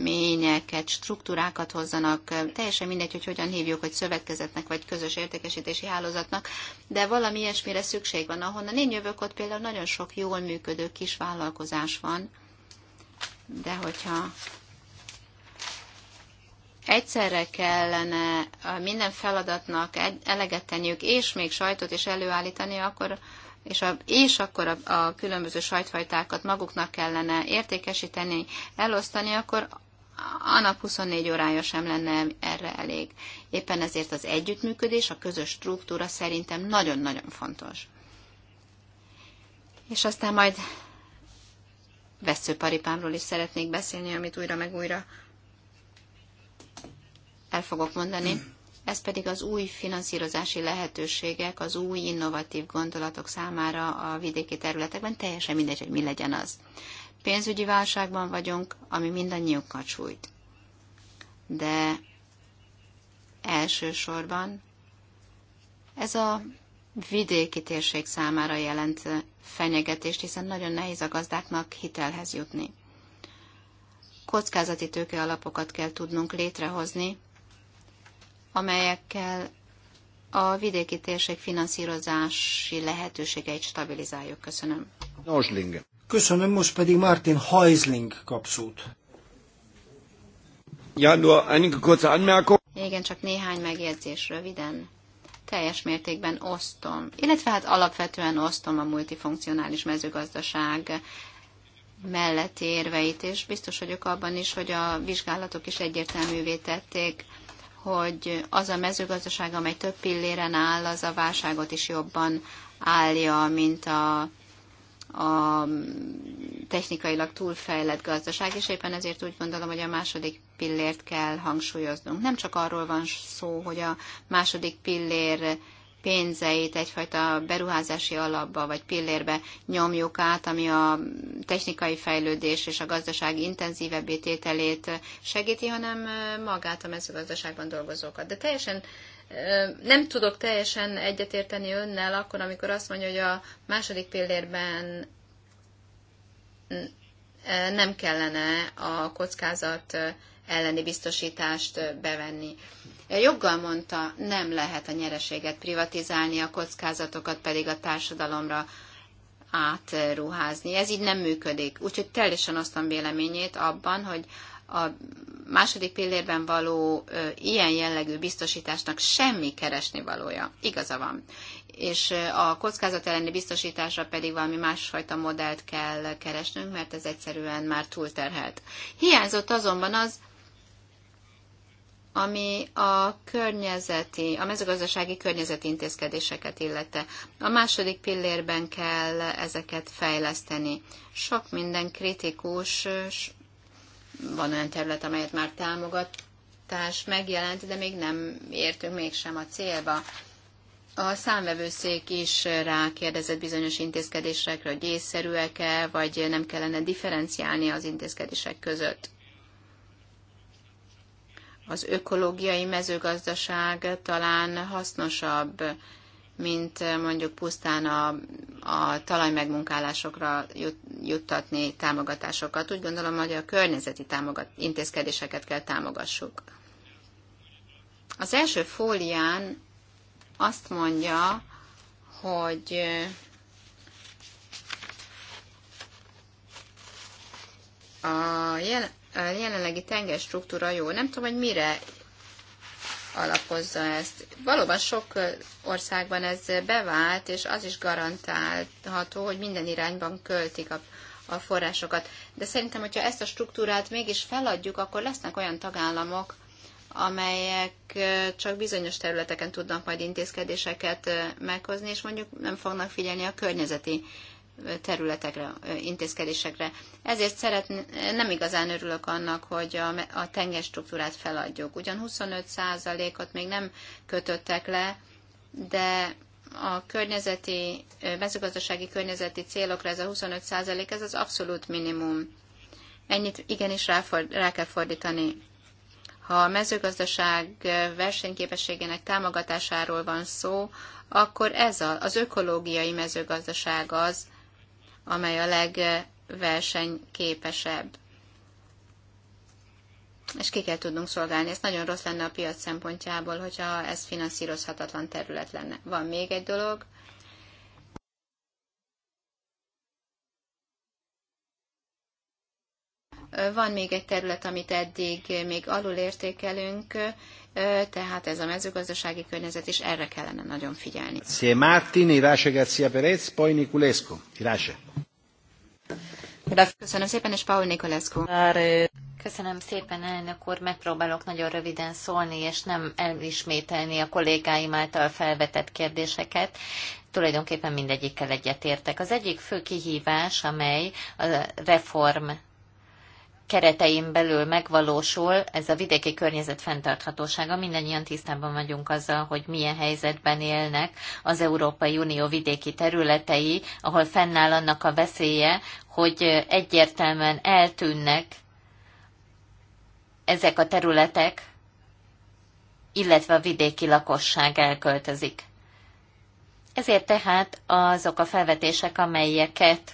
ményeket, struktúrákat hozzanak, teljesen mindegy, hogy hogyan hívjuk, hogy szövetkezetnek vagy közös értékesítési hálózatnak, de valami ilyesmire szükség van. Ahonnan én jövök, ott például nagyon sok jól működő kis vállalkozás van, de hogyha egyszerre kellene minden feladatnak e- eleget tenniük, és még sajtot is előállítani, akkor és, a, és akkor a, a különböző sajtfajtákat maguknak kellene értékesíteni, elosztani, akkor a nap 24 órája sem lenne erre elég. Éppen ezért az együttműködés, a közös struktúra szerintem nagyon-nagyon fontos. És aztán majd veszőparipámról is szeretnék beszélni, amit újra meg újra el fogok mondani ez pedig az új finanszírozási lehetőségek, az új innovatív gondolatok számára a vidéki területekben, teljesen mindegy, hogy mi legyen az. Pénzügyi válságban vagyunk, ami mindannyiunkat sújt. De elsősorban ez a vidéki térség számára jelent fenyegetést, hiszen nagyon nehéz a gazdáknak hitelhez jutni. Kockázati tőke alapokat kell tudnunk létrehozni, amelyekkel a vidéki térség finanszírozási lehetőségeit stabilizáljuk. Köszönöm. Nosling. Köszönöm, most pedig Martin Heisling kapszót. Ja, nur einige kurze Anmerkung. Igen, csak néhány megjegyzés röviden. Teljes mértékben osztom, illetve hát alapvetően osztom a multifunkcionális mezőgazdaság mellett érveit, és biztos vagyok abban is, hogy a vizsgálatok is egyértelművé tették, hogy az a mezőgazdaság, amely több pilléren áll, az a válságot is jobban állja, mint a, a technikailag túlfejlett gazdaság, és éppen ezért úgy gondolom, hogy a második pillért kell hangsúlyoznunk. Nem csak arról van szó, hogy a második pillér pénzeit egyfajta beruházási alapba vagy pillérbe nyomjuk át, ami a technikai fejlődés és a gazdaság intenzívebb tételét segíti, hanem magát a mezőgazdaságban dolgozókat. De teljesen nem tudok teljesen egyetérteni önnel akkor, amikor azt mondja, hogy a második pillérben nem kellene a kockázat elleni biztosítást bevenni. Joggal mondta, nem lehet a nyereséget privatizálni, a kockázatokat pedig a társadalomra átruházni. Ez így nem működik. Úgyhogy teljesen osztom véleményét abban, hogy a második pillérben való ö, ilyen jellegű biztosításnak semmi keresni valója. Igaza van. És a kockázat elleni biztosításra pedig valami másfajta modellt kell keresnünk, mert ez egyszerűen már túlterhelt. Hiányzott azonban az, ami a környezeti, a mezőgazdasági környezeti intézkedéseket illette. A második pillérben kell ezeket fejleszteni. Sok minden kritikus, van olyan terület, amelyet már támogatás megjelent, de még nem értünk mégsem a célba. A számvevőszék is rákérdezett bizonyos intézkedésekre, hogy észszerűek-e, vagy nem kellene differenciálni az intézkedések között az ökológiai mezőgazdaság talán hasznosabb, mint mondjuk pusztán a, a talajmegmunkálásokra jut, juttatni támogatásokat. Úgy gondolom, hogy a környezeti támogat, intézkedéseket kell támogassuk. Az első fólián azt mondja, hogy a jelen, jelenlegi tenger struktúra jó. Nem tudom, hogy mire alapozza ezt. Valóban sok országban ez bevált, és az is garantálható, hogy minden irányban költik a, a forrásokat. De szerintem, hogyha ezt a struktúrát mégis feladjuk, akkor lesznek olyan tagállamok, amelyek csak bizonyos területeken tudnak majd intézkedéseket meghozni, és mondjuk nem fognak figyelni a környezeti területekre, intézkedésekre. Ezért szeret, nem igazán örülök annak, hogy a, a tenger struktúrát feladjuk. Ugyan 25%-ot még nem kötöttek le, de a környezeti, mezőgazdasági környezeti célokra ez a 25% ez az abszolút minimum. Ennyit igenis rá, rá kell fordítani. Ha a mezőgazdaság versenyképességének támogatásáról van szó, akkor ez a, az ökológiai mezőgazdaság az, amely a legversenyképesebb. És ki kell tudnunk szolgálni. Ez nagyon rossz lenne a piac szempontjából, hogyha ez finanszírozhatatlan terület lenne. Van még egy dolog, Van még egy terület, amit eddig még alul értékelünk, tehát ez a mezőgazdasági környezet is erre kellene nagyon figyelni. Szia Martin, Iráse Perez, poi Niculescu. Köszönöm szépen, és Paul Nikolescu. Köszönöm szépen, elnök úr. Megpróbálok nagyon röviden szólni, és nem elismételni a kollégáim által felvetett kérdéseket. Tulajdonképpen mindegyikkel egyetértek. Az egyik fő kihívás, amely a reform keretein belül megvalósul ez a vidéki környezet fenntarthatósága. Mindennyian tisztában vagyunk azzal, hogy milyen helyzetben élnek az Európai Unió vidéki területei, ahol fennáll annak a veszélye, hogy egyértelműen eltűnnek ezek a területek, illetve a vidéki lakosság elköltözik. Ezért tehát azok a felvetések, amelyeket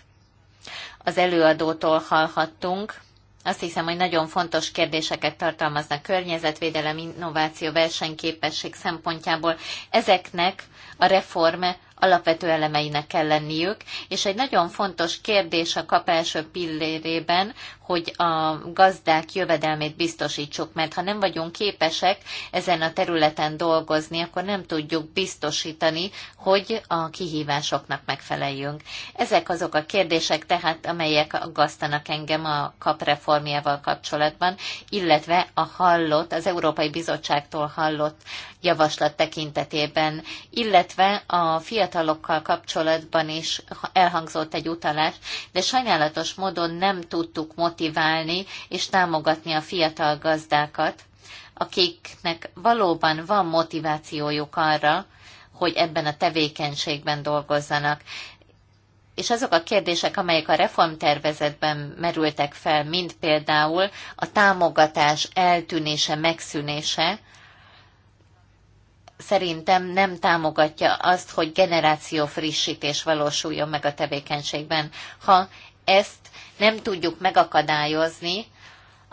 az előadótól hallhattunk, azt hiszem, hogy nagyon fontos kérdéseket tartalmaznak környezetvédelem, innováció, versenyképesség szempontjából. Ezeknek a reforme alapvető elemeinek kell lenniük, és egy nagyon fontos kérdés a kap első pillérében, hogy a gazdák jövedelmét biztosítsuk, mert ha nem vagyunk képesek ezen a területen dolgozni, akkor nem tudjuk biztosítani, hogy a kihívásoknak megfeleljünk. Ezek azok a kérdések tehát, amelyek aggasztanak engem a kap reformjával kapcsolatban, illetve a hallott, az Európai Bizottságtól hallott javaslat tekintetében, illetve a fiatal fiatalokkal kapcsolatban is elhangzott egy utalás, de sajnálatos módon nem tudtuk motiválni és támogatni a fiatal gazdákat, akiknek valóban van motivációjuk arra, hogy ebben a tevékenységben dolgozzanak. És azok a kérdések, amelyek a reformtervezetben merültek fel, mint például a támogatás eltűnése, megszűnése, szerintem nem támogatja azt, hogy generáció frissítés valósuljon meg a tevékenységben. Ha ezt nem tudjuk megakadályozni,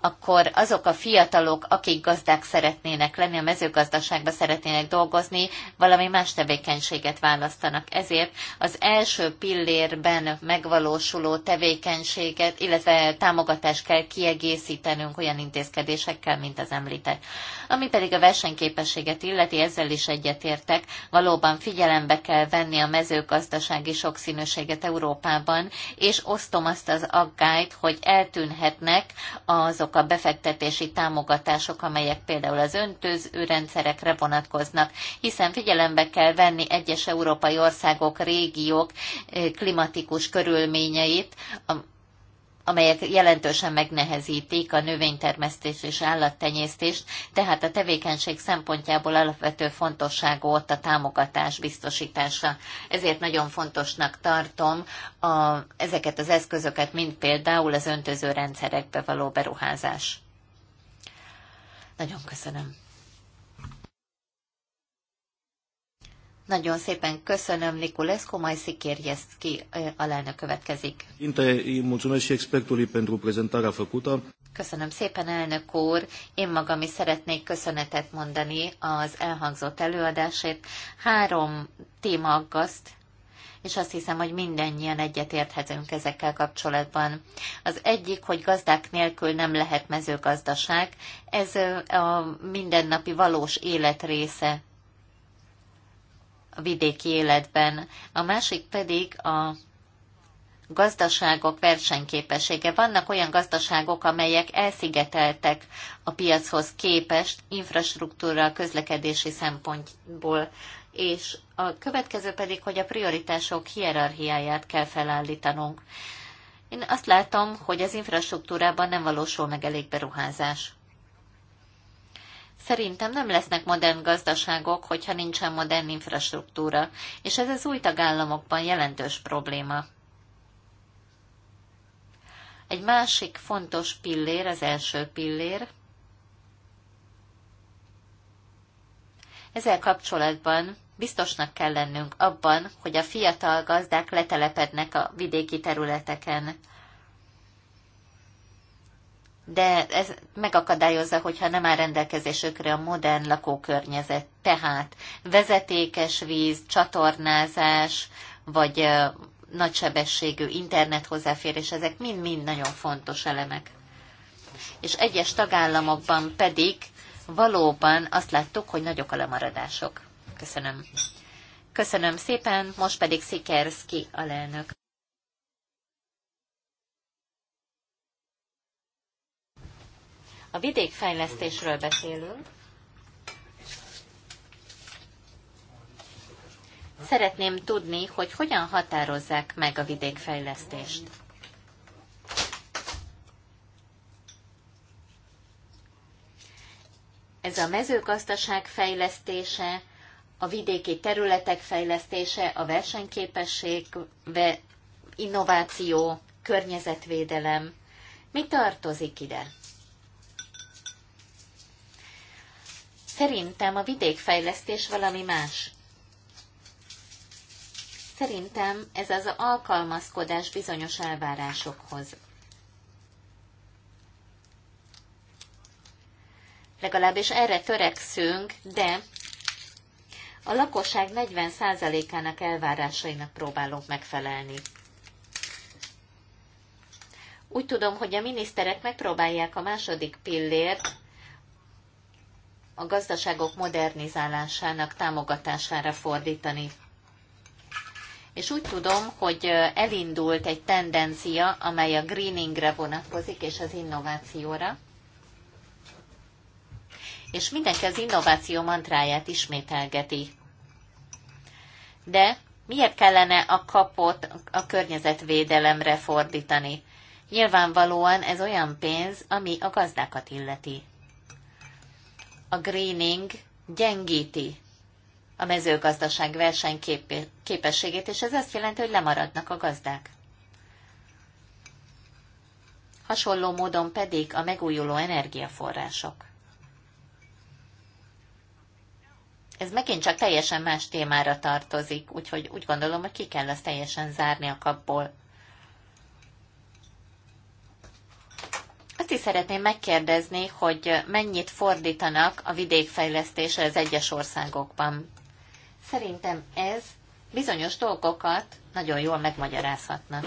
akkor azok a fiatalok, akik gazdák szeretnének lenni, a mezőgazdaságba szeretnének dolgozni, valami más tevékenységet választanak. Ezért az első pillérben megvalósuló tevékenységet, illetve támogatást kell kiegészítenünk olyan intézkedésekkel, mint az említett. Ami pedig a versenyképességet illeti, ezzel is egyetértek. Valóban figyelembe kell venni a mezőgazdasági sokszínűséget Európában, és osztom azt az aggályt, hogy eltűnhetnek azok azok a befektetési támogatások, amelyek például az öntöző rendszerekre vonatkoznak, hiszen figyelembe kell venni egyes európai országok, régiók eh, klimatikus körülményeit, amelyek jelentősen megnehezítik a növénytermesztés és állattenyésztést, tehát a tevékenység szempontjából alapvető fontosságú ott a támogatás biztosítása. Ezért nagyon fontosnak tartom a, ezeket az eszközöket, mint például az öntöző rendszerekbe való beruházás. Nagyon köszönöm. Nagyon szépen köszönöm, Nikulescu, majd Szikérjeszki alelnök következik. Köszönöm szépen, elnök úr! Én magam is szeretnék köszönetet mondani az elhangzott előadásért. Három téma aggaszt, és azt hiszem, hogy mindannyian egyetérthetünk ezekkel kapcsolatban. Az egyik, hogy gazdák nélkül nem lehet mezőgazdaság, ez a mindennapi valós élet része a vidéki életben. A másik pedig a gazdaságok versenyképessége. Vannak olyan gazdaságok, amelyek elszigeteltek a piachoz képest infrastruktúra, közlekedési szempontból. És a következő pedig, hogy a prioritások hierarchiáját kell felállítanunk. Én azt látom, hogy az infrastruktúrában nem valósul meg elég beruházás. Szerintem nem lesznek modern gazdaságok, hogyha nincsen modern infrastruktúra, és ez az új tagállamokban jelentős probléma. Egy másik fontos pillér, az első pillér. Ezzel kapcsolatban biztosnak kell lennünk abban, hogy a fiatal gazdák letelepednek a vidéki területeken de ez megakadályozza, hogyha nem áll rendelkezésükre a modern lakókörnyezet. Tehát vezetékes víz, csatornázás, vagy nagysebességű internet hozzáférés, ezek mind-mind nagyon fontos elemek. És egyes tagállamokban pedig valóban azt láttuk, hogy nagyok a lemaradások. Köszönöm. Köszönöm szépen, most pedig Szikerszki lelnök. A vidékfejlesztésről beszélünk. Szeretném tudni, hogy hogyan határozzák meg a vidékfejlesztést. Ez a mezőgazdaság fejlesztése, a vidéki területek fejlesztése, a versenyképesség, innováció, környezetvédelem. Mi tartozik ide? Szerintem a vidékfejlesztés valami más. Szerintem ez az alkalmazkodás bizonyos elvárásokhoz. Legalábbis erre törekszünk, de a lakosság 40%-ának elvárásainak próbálunk megfelelni. Úgy tudom, hogy a miniszterek megpróbálják a második pillért a gazdaságok modernizálásának támogatására fordítani. És úgy tudom, hogy elindult egy tendencia, amely a greeningre vonatkozik, és az innovációra. És mindenki az innováció mantráját ismételgeti. De miért kellene a kapot a környezetvédelemre fordítani? Nyilvánvalóan ez olyan pénz, ami a gazdákat illeti a greening gyengíti a mezőgazdaság versenyképességét, és ez azt jelenti, hogy lemaradnak a gazdák. Hasonló módon pedig a megújuló energiaforrások. Ez megint csak teljesen más témára tartozik, úgyhogy úgy gondolom, hogy ki kell ezt teljesen zárni a kapból. Azt is szeretném megkérdezni, hogy mennyit fordítanak a vidékfejlesztésre az egyes országokban. Szerintem ez bizonyos dolgokat nagyon jól megmagyarázhatna.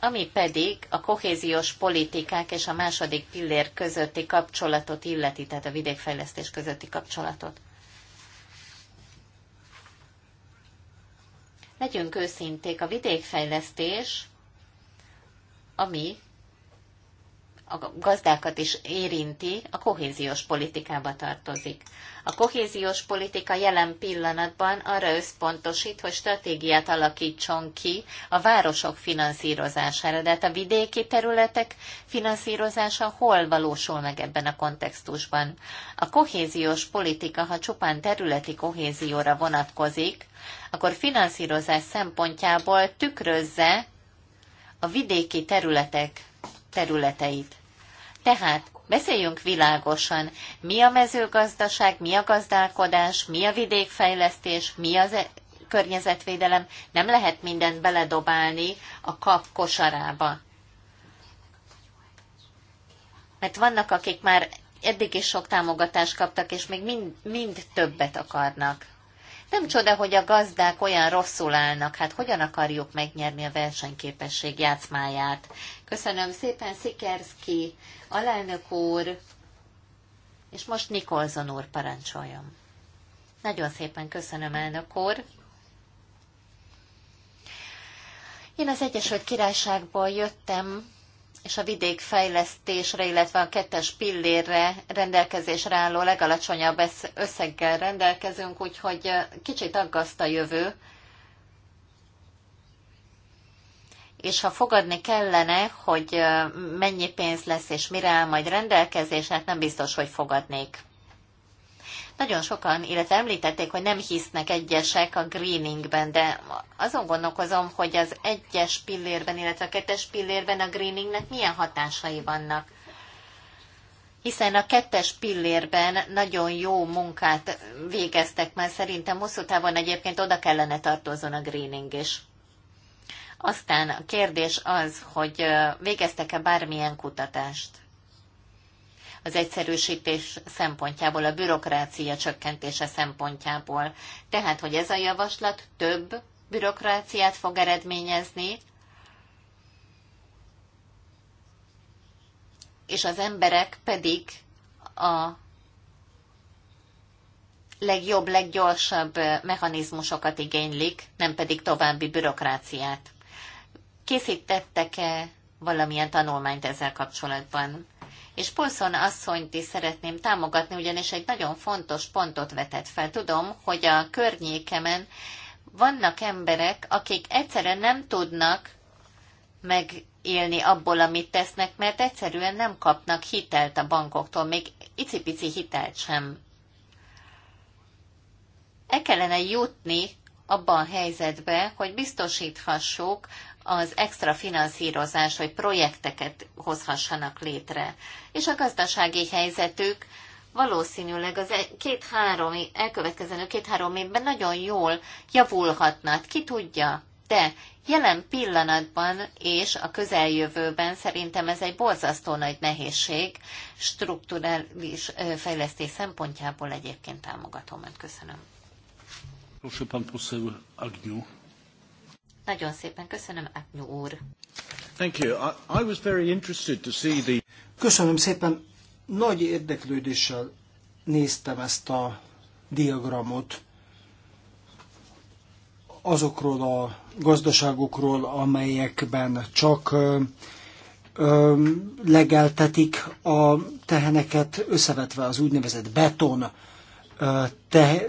Ami pedig a kohéziós politikák és a második pillér közötti kapcsolatot illeti, tehát a vidékfejlesztés közötti kapcsolatot. Legyünk őszinték, a vidékfejlesztés, ami a gazdákat is érinti, a kohéziós politikába tartozik. A kohéziós politika jelen pillanatban arra összpontosít, hogy stratégiát alakítson ki a városok finanszírozására, de hát a vidéki területek finanszírozása hol valósul meg ebben a kontextusban. A kohéziós politika, ha csupán területi kohézióra vonatkozik, akkor finanszírozás szempontjából tükrözze a vidéki területek területeit. Tehát beszéljünk világosan, mi a mezőgazdaság, mi a gazdálkodás, mi a vidékfejlesztés, mi az e környezetvédelem, nem lehet mindent beledobálni a kap kosarába. Mert vannak, akik már eddig is sok támogatást kaptak, és még mind, mind többet akarnak. Nem csoda, hogy a gazdák olyan rosszul állnak, hát hogyan akarjuk megnyerni a versenyképesség játszmáját. Köszönöm szépen, Szikerszki, alelnök úr, és most Nikolzon úr parancsoljon. Nagyon szépen köszönöm, elnök úr. Én az Egyesült Királyságból jöttem, és a vidékfejlesztésre, illetve a kettes pillérre rendelkezésre álló legalacsonyabb összeggel rendelkezünk, úgyhogy kicsit aggaszt a jövő. És ha fogadni kellene, hogy mennyi pénz lesz és mire áll majd rendelkezés, hát nem biztos, hogy fogadnék. Nagyon sokan, illetve említették, hogy nem hisznek egyesek a greeningben, de azon gondolkozom, hogy az egyes pillérben, illetve a kettes pillérben a greeningnek milyen hatásai vannak. Hiszen a kettes pillérben nagyon jó munkát végeztek, mert szerintem hosszú távon egyébként oda kellene tartozon a greening is. Aztán a kérdés az, hogy végeztek-e bármilyen kutatást az egyszerűsítés szempontjából, a bürokrácia csökkentése szempontjából. Tehát, hogy ez a javaslat több bürokráciát fog eredményezni, és az emberek pedig a legjobb, leggyorsabb mechanizmusokat igénylik, nem pedig további bürokráciát. Készítettek-e valamilyen tanulmányt ezzel kapcsolatban? És Polszon asszonyt is szeretném támogatni, ugyanis egy nagyon fontos pontot vetett fel. Tudom, hogy a környékemen vannak emberek, akik egyszerűen nem tudnak megélni abból, amit tesznek, mert egyszerűen nem kapnak hitelt a bankoktól, még icipici hitelt sem. E kellene jutni abban a helyzetbe, hogy biztosíthassuk az extra finanszírozás, hogy projekteket hozhassanak létre. És a gazdasági helyzetük valószínűleg az két-három, elkövetkező két-három évben nagyon jól javulhatna, ki tudja. De jelen pillanatban és a közeljövőben szerintem ez egy borzasztó nagy nehézség, strukturális fejlesztés szempontjából egyébként támogatom. Köszönöm. Proszę pan poseł Agniu. Nagyon szépen köszönöm, Agnew úr. Thank you. I, I was very interested to see the... Köszönöm szépen. Nagy érdeklődéssel néztem ezt a diagramot azokról a gazdaságokról, amelyekben csak ö, ö, legeltetik a teheneket, összevetve az úgynevezett beton te,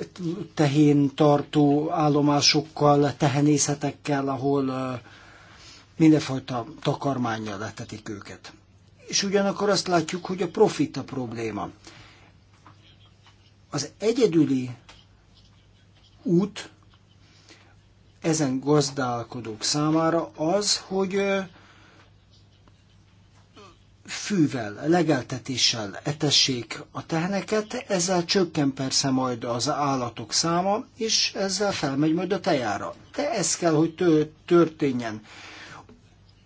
tehén tartó állomásokkal, tehenészetekkel, ahol mindenfajta takarmányjal letetik őket. És ugyanakkor azt látjuk, hogy a profit a probléma. Az egyedüli út ezen gazdálkodók számára az, hogy fűvel, legeltetéssel etessék a teheneket, ezzel csökken persze majd az állatok száma, és ezzel felmegy majd a tejára. De ez kell, hogy történjen.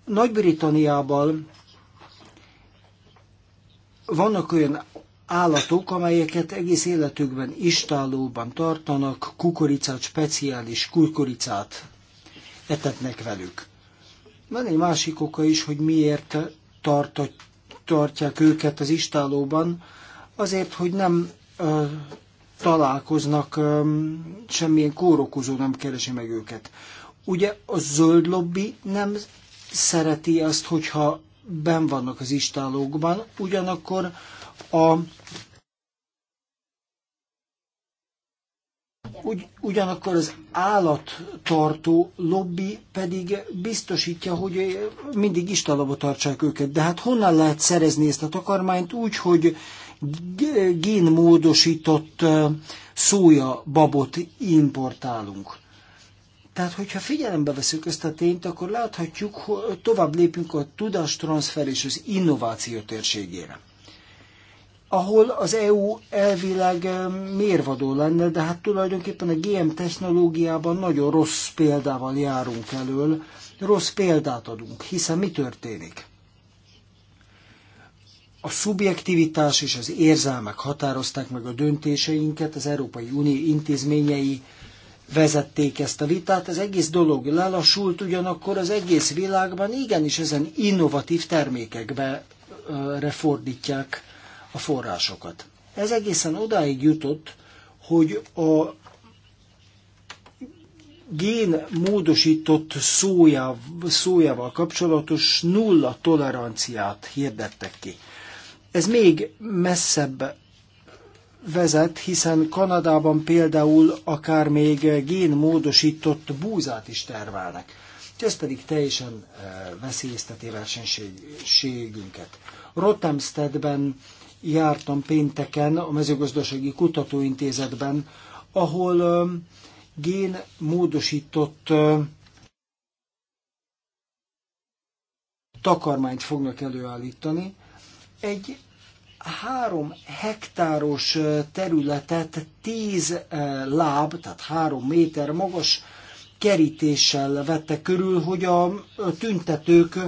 Nagy-Britanniában vannak olyan állatok, amelyeket egész életükben istálóban tartanak, kukoricát, speciális kukoricát etetnek velük. Van egy másik oka is, hogy miért tartott tartják őket az istálóban, azért, hogy nem ö, találkoznak ö, semmilyen kórokozó, nem keresi meg őket. Ugye a zöld lobby nem szereti azt, hogyha ben vannak az istálókban, ugyanakkor a Ugy, ugyanakkor az állattartó lobby pedig biztosítja, hogy mindig istállóba tartsák őket. De hát honnan lehet szerezni ezt a takarmányt úgy, hogy génmódosított szója babot importálunk? Tehát, hogyha figyelembe veszük ezt a tényt, akkor láthatjuk, hogy tovább lépünk a tudástranszfer és az innováció térségére ahol az EU elvileg mérvadó lenne, de hát tulajdonképpen a GM technológiában nagyon rossz példával járunk elől, rossz példát adunk, hiszen mi történik? A szubjektivitás és az érzelmek határozták meg a döntéseinket, az Európai Unió intézményei vezették ezt a vitát, az egész dolog lelassult, ugyanakkor az egész világban igenis ezen innovatív termékekbe refordítják a forrásokat. Ez egészen odáig jutott, hogy a gén módosított szója, szójával kapcsolatos nulla toleranciát hirdettek ki. Ez még messzebb vezet, hiszen Kanadában például akár még génmódosított búzát is tervelnek. Ez pedig teljesen eh, veszélyezteti versenységünket. Rotemstedben jártam pénteken a mezőgazdasági kutatóintézetben, ahol um, gén módosított um, takarmányt fognak előállítani. Egy három hektáros uh, területet tíz uh, láb, tehát három méter magas kerítéssel vette körül, hogy a tüntetők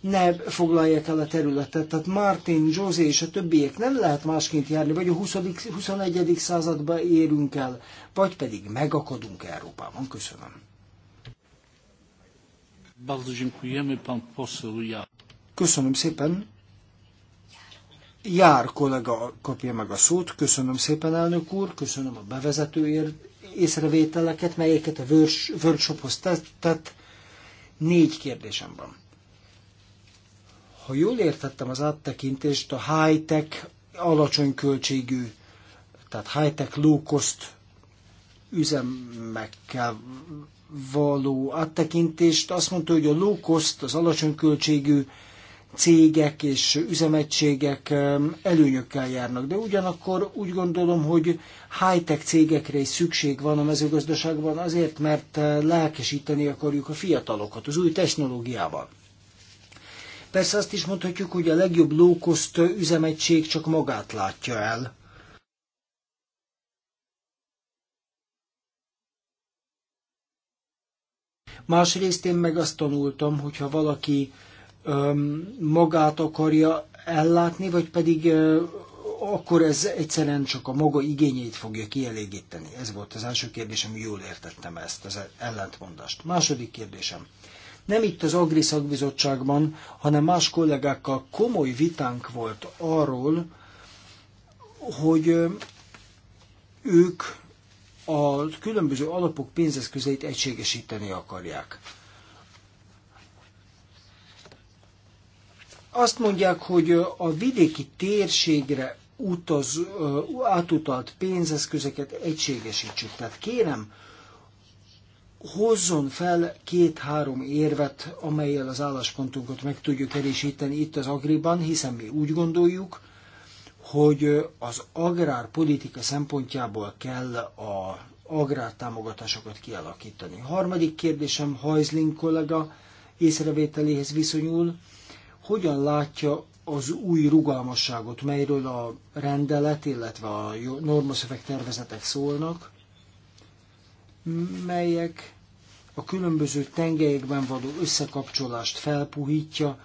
ne foglalják el a területet. Tehát Martin, José és a többiek nem lehet másként járni, vagy a 20. 21. századba érünk el, vagy pedig megakadunk Európában. Köszönöm. Köszönöm szépen. Jár kollega kapja meg a szót. Köszönöm szépen, elnök úr, köszönöm a bevezető észrevételeket, melyeket a workshophoz tett. Négy kérdésem van. Ha jól értettem az áttekintést, a high-tech alacsony költségű, tehát high-tech low-cost üzemekkel való áttekintést. Azt mondta, hogy a low cost, az alacsony költségű cégek és üzemegységek előnyökkel járnak, de ugyanakkor úgy gondolom, hogy high-tech cégekre is szükség van a mezőgazdaságban azért, mert lelkesíteni akarjuk a fiatalokat az új technológiával. Persze azt is mondhatjuk, hogy a legjobb low-cost üzemegység csak magát látja el. Másrészt én meg azt tanultam, hogyha valaki öm, magát akarja ellátni, vagy pedig ö, akkor ez egyszerűen csak a maga igényeit fogja kielégíteni. Ez volt az első kérdésem, jól értettem ezt, az ellentmondást. Második kérdésem nem itt az Agri szakbizottságban, hanem más kollégákkal komoly vitánk volt arról, hogy ők a különböző alapok pénzeszközeit egységesíteni akarják. Azt mondják, hogy a vidéki térségre utaz, átutalt pénzeszközeket egységesítsük. Tehát kérem, hozzon fel két-három érvet, amelyel az álláspontunkat meg tudjuk erősíteni itt az Agriban, hiszen mi úgy gondoljuk, hogy az agrárpolitika szempontjából kell a agrártámogatásokat kialakítani. Harmadik kérdésem Hajzling kollega észrevételéhez viszonyul, hogyan látja az új rugalmasságot, melyről a rendelet, illetve a normaszöveg tervezetek szólnak, melyek a különböző tengelyekben való összekapcsolást felpuhítja,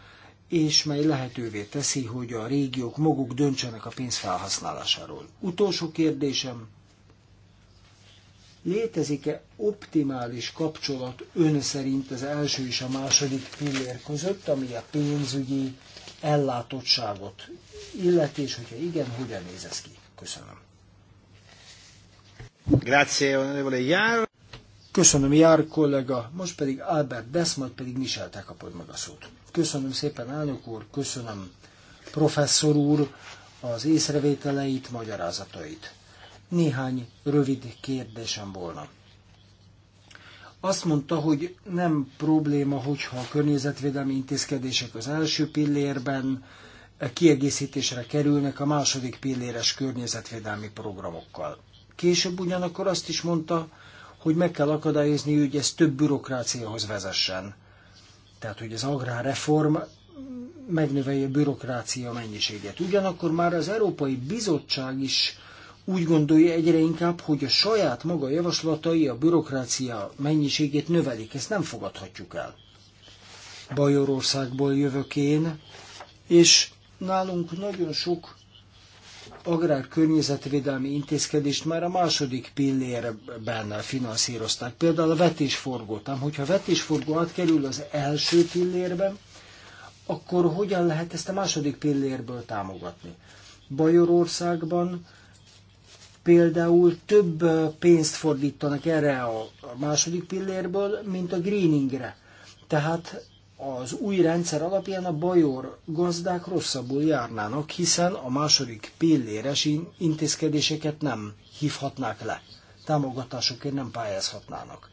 és mely lehetővé teszi, hogy a régiók maguk döntsenek a pénz felhasználásáról. Utolsó kérdésem, létezik-e optimális kapcsolat ön szerint az első és a második pillér között, ami a pénzügyi ellátottságot illeti, és hogyha igen, hogyan néz ez ki? Köszönöm. Jár. Köszönöm, Jár kollega. Most pedig Albert Desz, majd pedig Michel, te kapod meg a szót. Köszönöm szépen, elnök úr, köszönöm, professzor úr, az észrevételeit, magyarázatait. Néhány rövid kérdésem volna. Azt mondta, hogy nem probléma, hogyha a környezetvédelmi intézkedések az első pillérben e kiegészítésre kerülnek a második pilléres környezetvédelmi programokkal. Később ugyanakkor azt is mondta, hogy meg kell akadályozni, hogy ez több bürokráciához vezessen. Tehát, hogy az agrárreform megnövelje a bürokrácia mennyiségét. Ugyanakkor már az Európai Bizottság is úgy gondolja egyre inkább, hogy a saját maga javaslatai a bürokrácia mennyiségét növelik. Ezt nem fogadhatjuk el. Bajorországból jövök én, és nálunk nagyon sok agrárkörnyezetvédelmi intézkedést már a második pillérben finanszírozták. Például a vetésforgót. Ám hogyha a vetésforgó átkerül az első pillérben, akkor hogyan lehet ezt a második pillérből támogatni? Bajorországban például több pénzt fordítanak erre a második pillérből, mint a greeningre. Tehát az új rendszer alapján a bajor gazdák rosszabbul járnának, hiszen a második pilléres intézkedéseket nem hívhatnák le, támogatásokért nem pályázhatnának.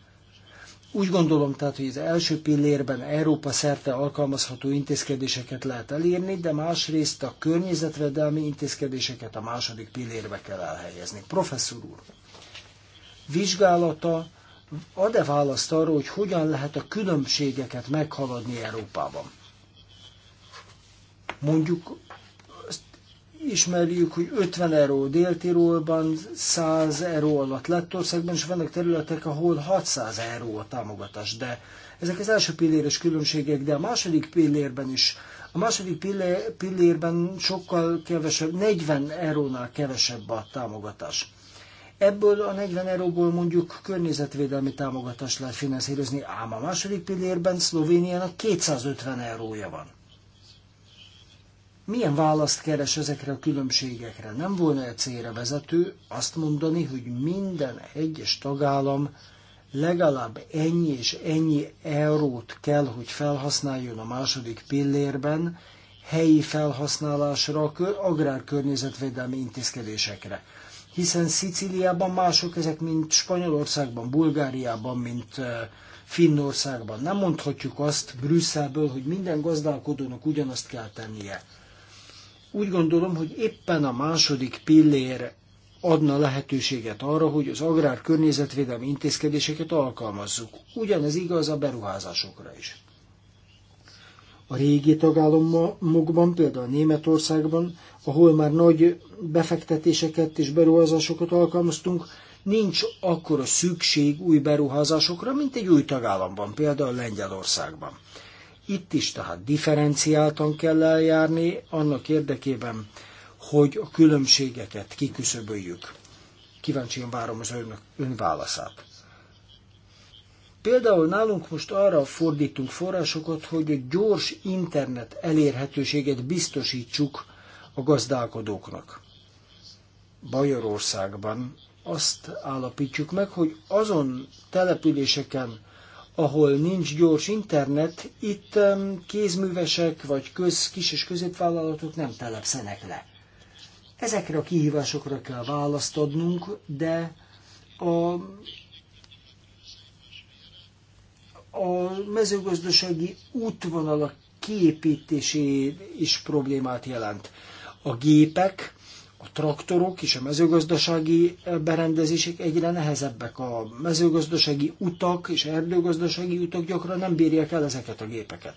Úgy gondolom tehát, hogy az első pillérben Európa szerte alkalmazható intézkedéseket lehet elérni, de másrészt a környezetvédelmi intézkedéseket a második pillérbe kell elhelyezni. Professzor úr, vizsgálata ad-e választ arra, hogy hogyan lehet a különbségeket meghaladni Európában? Mondjuk ismerjük, hogy 50 euró Dél-Tirolban, 100 euró alatt Lettországban, és vannak területek, ahol 600 euró a támogatás, de ezek az első pilléres különbségek, de a második pillérben is, a második pillérben sokkal kevesebb, 40 eurónál kevesebb a támogatás. Ebből a 40 euróból mondjuk környezetvédelmi támogatást lehet finanszírozni, ám a második pillérben Szlovéniának 250 eurója van. Milyen választ keres ezekre a különbségekre? Nem volna egy célra vezető azt mondani, hogy minden egyes tagállam legalább ennyi és ennyi eurót kell, hogy felhasználjon a második pillérben helyi felhasználásra, agrárkörnyezetvédelmi intézkedésekre hiszen Szicíliában mások ezek, mint Spanyolországban, Bulgáriában, mint eh, Finnországban. Nem mondhatjuk azt Brüsszelből, hogy minden gazdálkodónak ugyanazt kell tennie. Úgy gondolom, hogy éppen a második pillér adna lehetőséget arra, hogy az agrár környezetvédelmi intézkedéseket alkalmazzuk. Ugyanez igaz a beruházásokra is. A régi tagállamokban, például Németországban, ahol már nagy befektetéseket és beruházásokat alkalmaztunk, nincs akkora szükség új beruházásokra, mint egy új tagállamban, például Lengyelországban. Itt is tehát differenciáltan kell eljárni annak érdekében, hogy a különbségeket kiküszöböljük. Kíváncsian várom az önök, ön válaszát. Például nálunk most arra fordítunk forrásokat, hogy a gyors internet elérhetőséget biztosítsuk a gazdálkodóknak. Bajorországban azt állapítjuk meg, hogy azon településeken, ahol nincs gyors internet, itt kézművesek vagy köz, kis és középvállalatok nem telepszenek le. Ezekre a kihívásokra kell választ adnunk, de a a mezőgazdasági útvonalak kiépítésé is problémát jelent. A gépek, a traktorok és a mezőgazdasági berendezések egyre nehezebbek. A mezőgazdasági utak és erdőgazdasági utak gyakran nem bírják el ezeket a gépeket.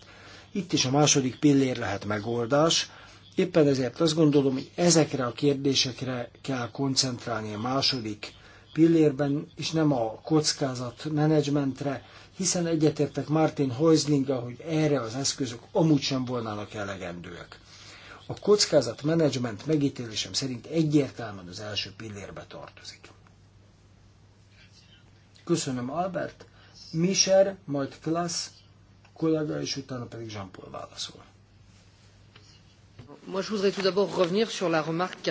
Itt is a második pillér lehet megoldás. Éppen ezért azt gondolom, hogy ezekre a kérdésekre kell koncentrálni a második pillérben, és nem a kockázat menedzsmentre, hiszen egyetértek Martin Heuslinga, hogy erre az eszközök amúgy sem volnának elegendőek. A kockázat menedzsment megítélésem szerint egyértelműen az első pillérbe tartozik. Köszönöm Albert, Miser, majd Klasz, kollega, és utána pedig Jean-Paul válaszol.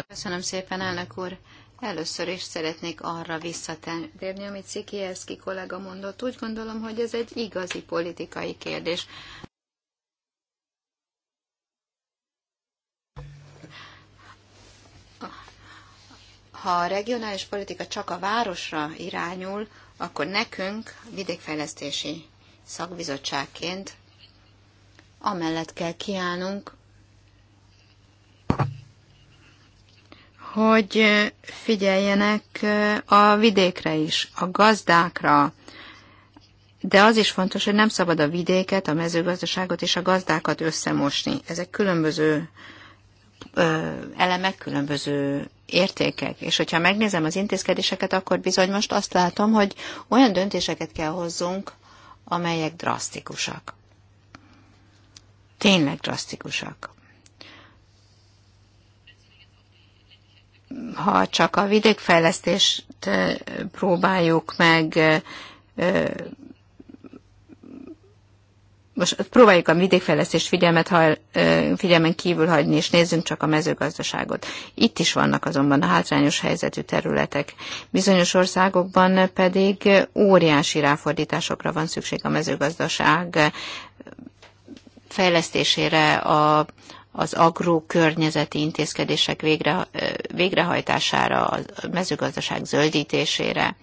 Köszönöm szépen, elnök úr. Először is szeretnék arra visszatérni, amit Szikielszki kollega mondott. Úgy gondolom, hogy ez egy igazi politikai kérdés. Ha a regionális politika csak a városra irányul, akkor nekünk vidékfejlesztési szakbizottságként amellett kell kiállnunk, hogy figyeljenek a vidékre is, a gazdákra, de az is fontos, hogy nem szabad a vidéket, a mezőgazdaságot és a gazdákat összemosni. Ezek különböző elemek, különböző értékek. És hogyha megnézem az intézkedéseket, akkor bizony most azt látom, hogy olyan döntéseket kell hozzunk, amelyek drasztikusak. Tényleg drasztikusak. ha csak a vidékfejlesztést próbáljuk meg, most próbáljuk a vidékfejlesztést figyelmet, ha, figyelmen kívül hagyni, és nézzünk csak a mezőgazdaságot. Itt is vannak azonban a hátrányos helyzetű területek. Bizonyos országokban pedig óriási ráfordításokra van szükség a mezőgazdaság fejlesztésére, a, az agró környezeti intézkedések végre, végrehajtására, a mezőgazdaság zöldítésére,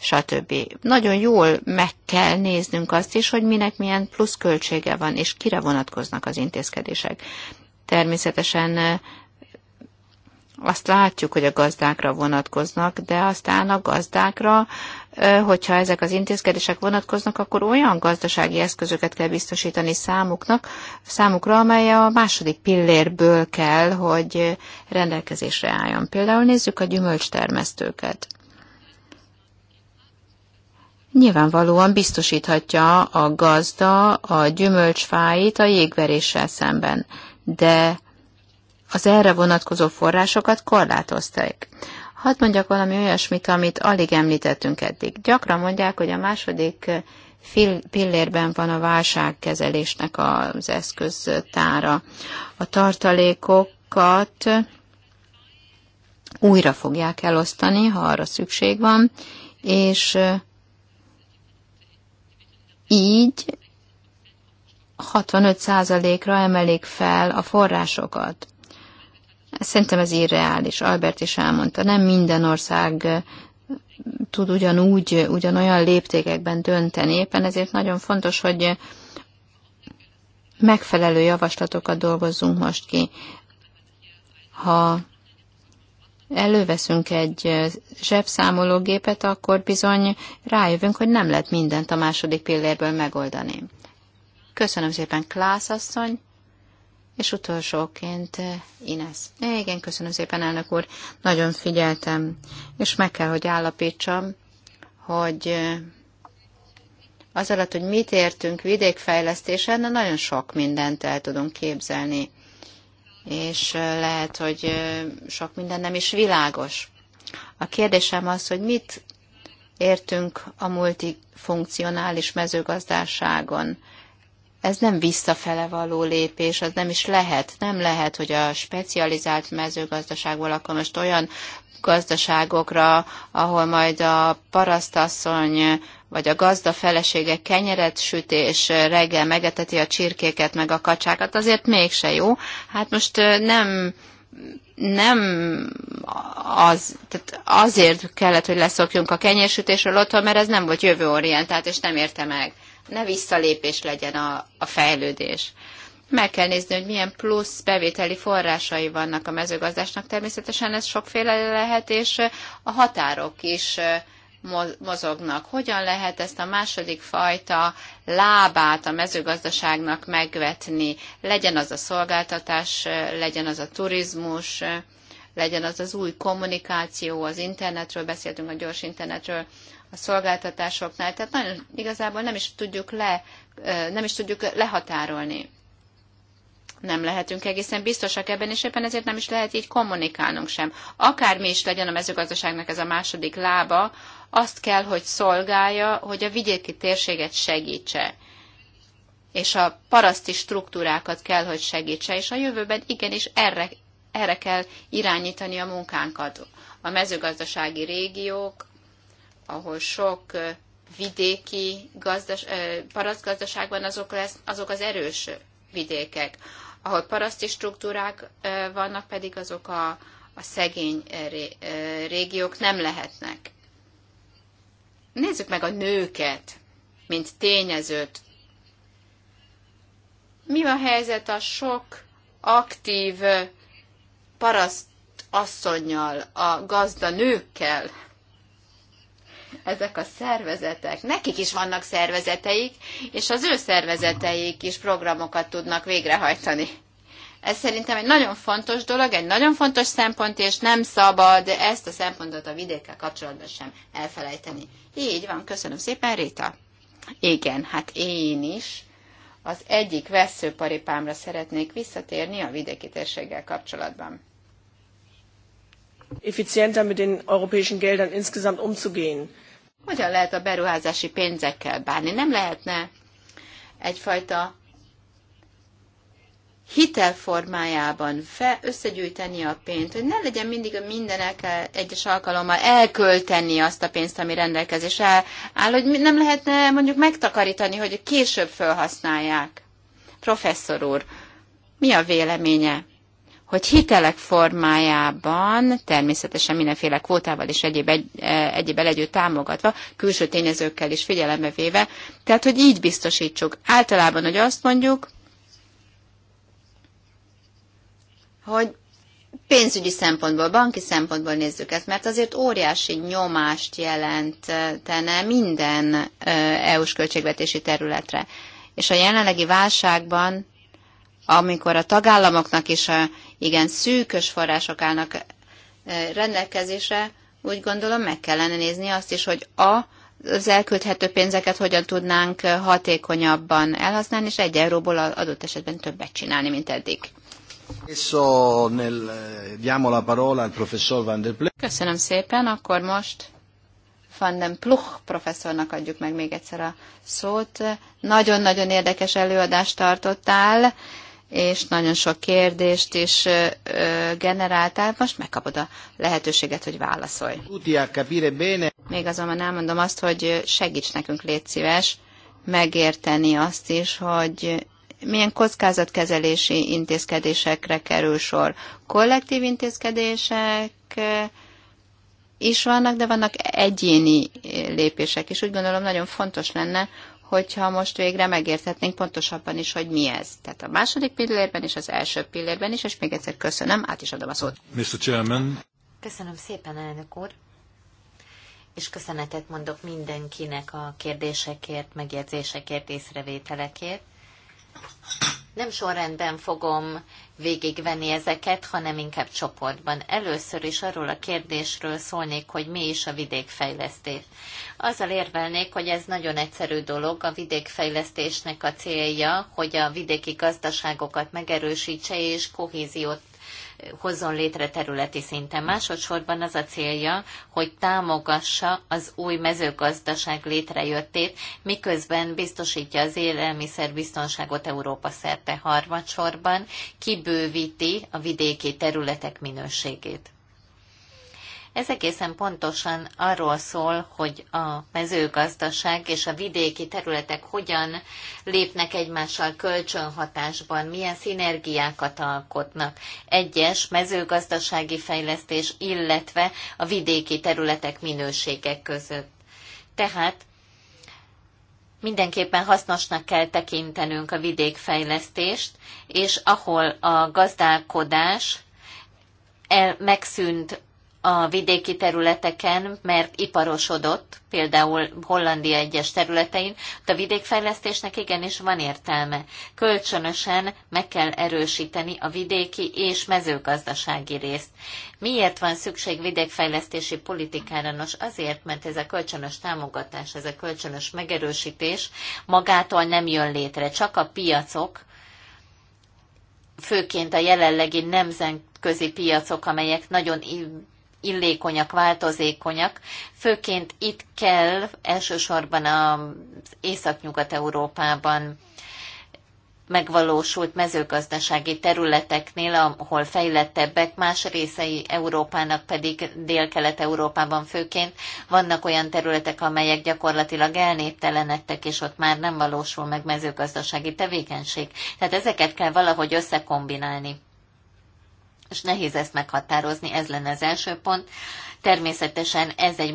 stb. Nagyon jól meg kell néznünk azt is, hogy minek milyen pluszköltsége van, és kire vonatkoznak az intézkedések. Természetesen azt látjuk, hogy a gazdákra vonatkoznak, de aztán a gazdákra hogyha ezek az intézkedések vonatkoznak, akkor olyan gazdasági eszközöket kell biztosítani számuknak, számukra, amely a második pillérből kell, hogy rendelkezésre álljon. Például nézzük a gyümölcstermesztőket. Nyilvánvalóan biztosíthatja a gazda a gyümölcsfáit a jégveréssel szemben, de az erre vonatkozó forrásokat korlátozták. Hadd mondjak valami olyasmit, amit alig említettünk eddig. Gyakran mondják, hogy a második eh, pillérben van a válságkezelésnek az eszköztára. A tartalékokat újra fogják elosztani, ha arra szükség van, és eh, így 65%-ra emelik fel a forrásokat. Szerintem ez irreális. Albert is elmondta, nem minden ország tud ugyanúgy, ugyanolyan léptékekben dönteni. Éppen ezért nagyon fontos, hogy megfelelő javaslatokat dolgozzunk most ki. Ha előveszünk egy zsebszámológépet, akkor bizony rájövünk, hogy nem lehet mindent a második pillérből megoldani. Köszönöm szépen, Klász asszony! És utolsóként eh, Ines. Igen, köszönöm szépen, elnök úr. Nagyon figyeltem, és meg kell, hogy állapítsam, hogy eh, az alatt, hogy mit értünk vidékfejlesztésen, nagyon sok mindent el tudunk képzelni. És eh, lehet, hogy sok minden nem is világos. A kérdésem az, hogy mit értünk a multifunkcionális mezőgazdaságon ez nem visszafele való lépés, az nem is lehet. Nem lehet, hogy a specializált mezőgazdaságból akkor most olyan gazdaságokra, ahol majd a parasztasszony vagy a gazda felesége kenyeret süt, és reggel megeteti a csirkéket, meg a kacsákat, azért mégse jó. Hát most nem nem az, tehát azért kellett, hogy leszokjunk a kenyérsütésről otthon, mert ez nem volt jövőorientált, és nem érte meg ne visszalépés legyen a, a fejlődés. Meg kell nézni, hogy milyen plusz bevételi forrásai vannak a mezőgazdásnak. Természetesen ez sokféle lehet, és a határok is mozognak. Hogyan lehet ezt a második fajta lábát a mezőgazdaságnak megvetni? Legyen az a szolgáltatás, legyen az a turizmus, legyen az az új kommunikáció, az internetről beszéltünk, a gyors internetről, a szolgáltatásoknál. Tehát nagyon igazából nem is tudjuk le, nem is tudjuk lehatárolni. Nem lehetünk egészen biztosak ebben, és éppen ezért nem is lehet így kommunikálnunk sem. Akármi is legyen a mezőgazdaságnak ez a második lába, azt kell, hogy szolgálja, hogy a vidéki térséget segítse és a paraszti struktúrákat kell, hogy segítse, és a jövőben igenis erre, erre kell irányítani a munkánkat. A mezőgazdasági régiók, ahol sok vidéki gazdas, parasztgazdaság van, azok, lesz, azok az erős vidékek. Ahol paraszti struktúrák vannak, pedig azok a, a szegény régiók nem lehetnek. Nézzük meg a nőket, mint tényezőt. Mi a helyzet a sok aktív paraszt asszonynal, a gazda nőkkel? ezek a szervezetek, nekik is vannak szervezeteik, és az ő szervezeteik is programokat tudnak végrehajtani. Ez szerintem egy nagyon fontos dolog, egy nagyon fontos szempont, és nem szabad ezt a szempontot a vidékkel kapcsolatban sem elfelejteni. Így van, köszönöm szépen, Rita. Igen, hát én is az egyik veszőparipámra szeretnék visszatérni a vidéki térséggel kapcsolatban effizienter mit den europäischen Geldern insgesamt umzugehen. Hogyan lehet a beruházási pénzekkel bánni? Nem lehetne egyfajta hitelformájában fe, összegyűjteni a pénzt, hogy ne legyen mindig a minden egyes alkalommal elkölteni azt a pénzt, ami rendelkezésre áll, hogy nem lehetne mondjuk megtakarítani, hogy később felhasználják. Professzor úr, mi a véleménye? hogy hitelek formájában, természetesen mindenféle kvótával és egyéb, egy, e, egyéb együtt támogatva, külső tényezőkkel is figyelembe véve, tehát hogy így biztosítsuk. Általában, hogy azt mondjuk, hogy pénzügyi szempontból, banki szempontból nézzük ezt, mert azért óriási nyomást jelentene minden e, EU-s költségvetési területre. És a jelenlegi válságban, amikor a tagállamoknak is a igen szűkös források állnak eh, rendelkezésre, úgy gondolom meg kellene nézni azt is, hogy a az elküldhető pénzeket hogyan tudnánk eh, hatékonyabban elhasználni, és egy euróból adott esetben többet csinálni, mint eddig. Eh, Köszönöm szépen, akkor most Van den Pluch professzornak adjuk meg még egyszer a szót. Nagyon-nagyon érdekes előadást tartottál és nagyon sok kérdést is generáltál, most megkapod a lehetőséget, hogy válaszolj. Még azonban elmondom azt, hogy segíts nekünk, légy szíves, megérteni azt is, hogy milyen kockázatkezelési intézkedésekre kerül sor. Kollektív intézkedések is vannak, de vannak egyéni lépések is. Úgy gondolom, nagyon fontos lenne, hogyha most végre megérthetnénk pontosabban is, hogy mi ez. Tehát a második pillérben és az első pillérben is, és még egyszer köszönöm, át is adom a szót. Mr. Chairman. Köszönöm szépen, elnök úr. És köszönetet mondok mindenkinek a kérdésekért, megjegyzésekért, észrevételekért. Nem sorrendben fogom végigvenni ezeket, hanem inkább csoportban. Először is arról a kérdésről szólnék, hogy mi is a vidékfejlesztés. Azzal érvelnék, hogy ez nagyon egyszerű dolog. A vidékfejlesztésnek a célja, hogy a vidéki gazdaságokat megerősítse és kohéziót hozzon létre területi szinten. Másodszorban az a célja, hogy támogassa az új mezőgazdaság létrejöttét, miközben biztosítja az élelmiszerbiztonságot Európa szerte harmadsorban, kibővíti a vidéki területek minőségét. Ez egészen pontosan arról szól, hogy a mezőgazdaság és a vidéki területek hogyan lépnek egymással kölcsönhatásban, milyen szinergiákat alkotnak egyes mezőgazdasági fejlesztés, illetve a vidéki területek minőségek között. Tehát mindenképpen hasznosnak kell tekintenünk a vidékfejlesztést, és ahol a gazdálkodás el, megszűnt a vidéki területeken, mert iparosodott, például Hollandia egyes területein, de a vidékfejlesztésnek igenis van értelme. Kölcsönösen meg kell erősíteni a vidéki és mezőgazdasági részt. Miért van szükség vidékfejlesztési politikára? Nos, azért, mert ez a kölcsönös támogatás, ez a kölcsönös megerősítés magától nem jön létre, csak a piacok, főként a jelenlegi nemzetközi piacok, amelyek nagyon illékonyak, változékonyak. Főként itt kell elsősorban az Észak-Nyugat-Európában megvalósult mezőgazdasági területeknél, ahol fejlettebbek, más részei Európának pedig Dél-Kelet-Európában főként vannak olyan területek, amelyek gyakorlatilag elnéptelenedtek, és ott már nem valósul meg mezőgazdasági tevékenység. Tehát ezeket kell valahogy összekombinálni és nehéz ezt meghatározni, ez lenne az első pont. Természetesen ez egy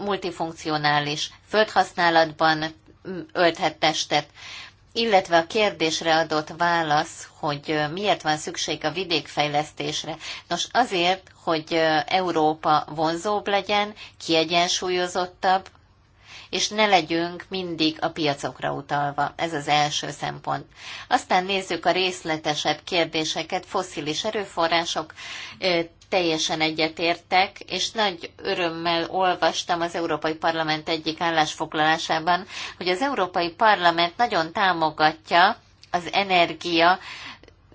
multifunkcionális földhasználatban ölthet testet, illetve a kérdésre adott válasz, hogy miért van szükség a vidékfejlesztésre. Nos, azért, hogy Európa vonzóbb legyen, kiegyensúlyozottabb, és ne legyünk mindig a piacokra utalva. Ez az első szempont. Aztán nézzük a részletesebb kérdéseket. Foszilis erőforrások teljesen egyetértek, és nagy örömmel olvastam az Európai Parlament egyik állásfoglalásában, hogy az Európai Parlament nagyon támogatja az energia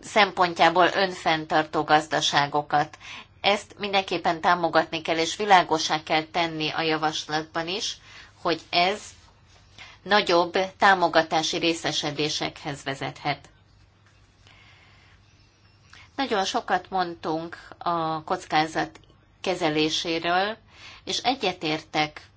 szempontjából önfenntartó gazdaságokat. Ezt mindenképpen támogatni kell, és világosá kell tenni a javaslatban is, hogy ez nagyobb támogatási részesedésekhez vezethet. Nagyon sokat mondtunk a kockázat kezeléséről, és egyetértek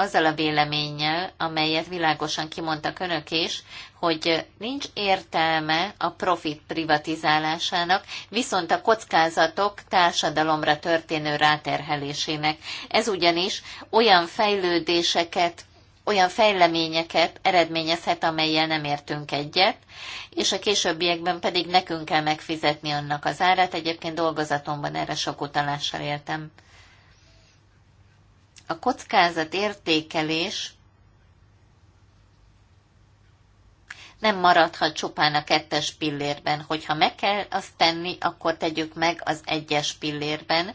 azzal a véleménnyel, amelyet világosan kimondtak önök is, hogy nincs értelme a profit privatizálásának, viszont a kockázatok társadalomra történő ráterhelésének. Ez ugyanis olyan fejlődéseket olyan fejleményeket eredményezhet, amelyel nem értünk egyet, és a későbbiekben pedig nekünk kell megfizetni annak az árát. Egyébként dolgozatomban erre sok utalással éltem a kockázat értékelés nem maradhat csupán a kettes pillérben. Hogyha meg kell azt tenni, akkor tegyük meg az egyes pillérben,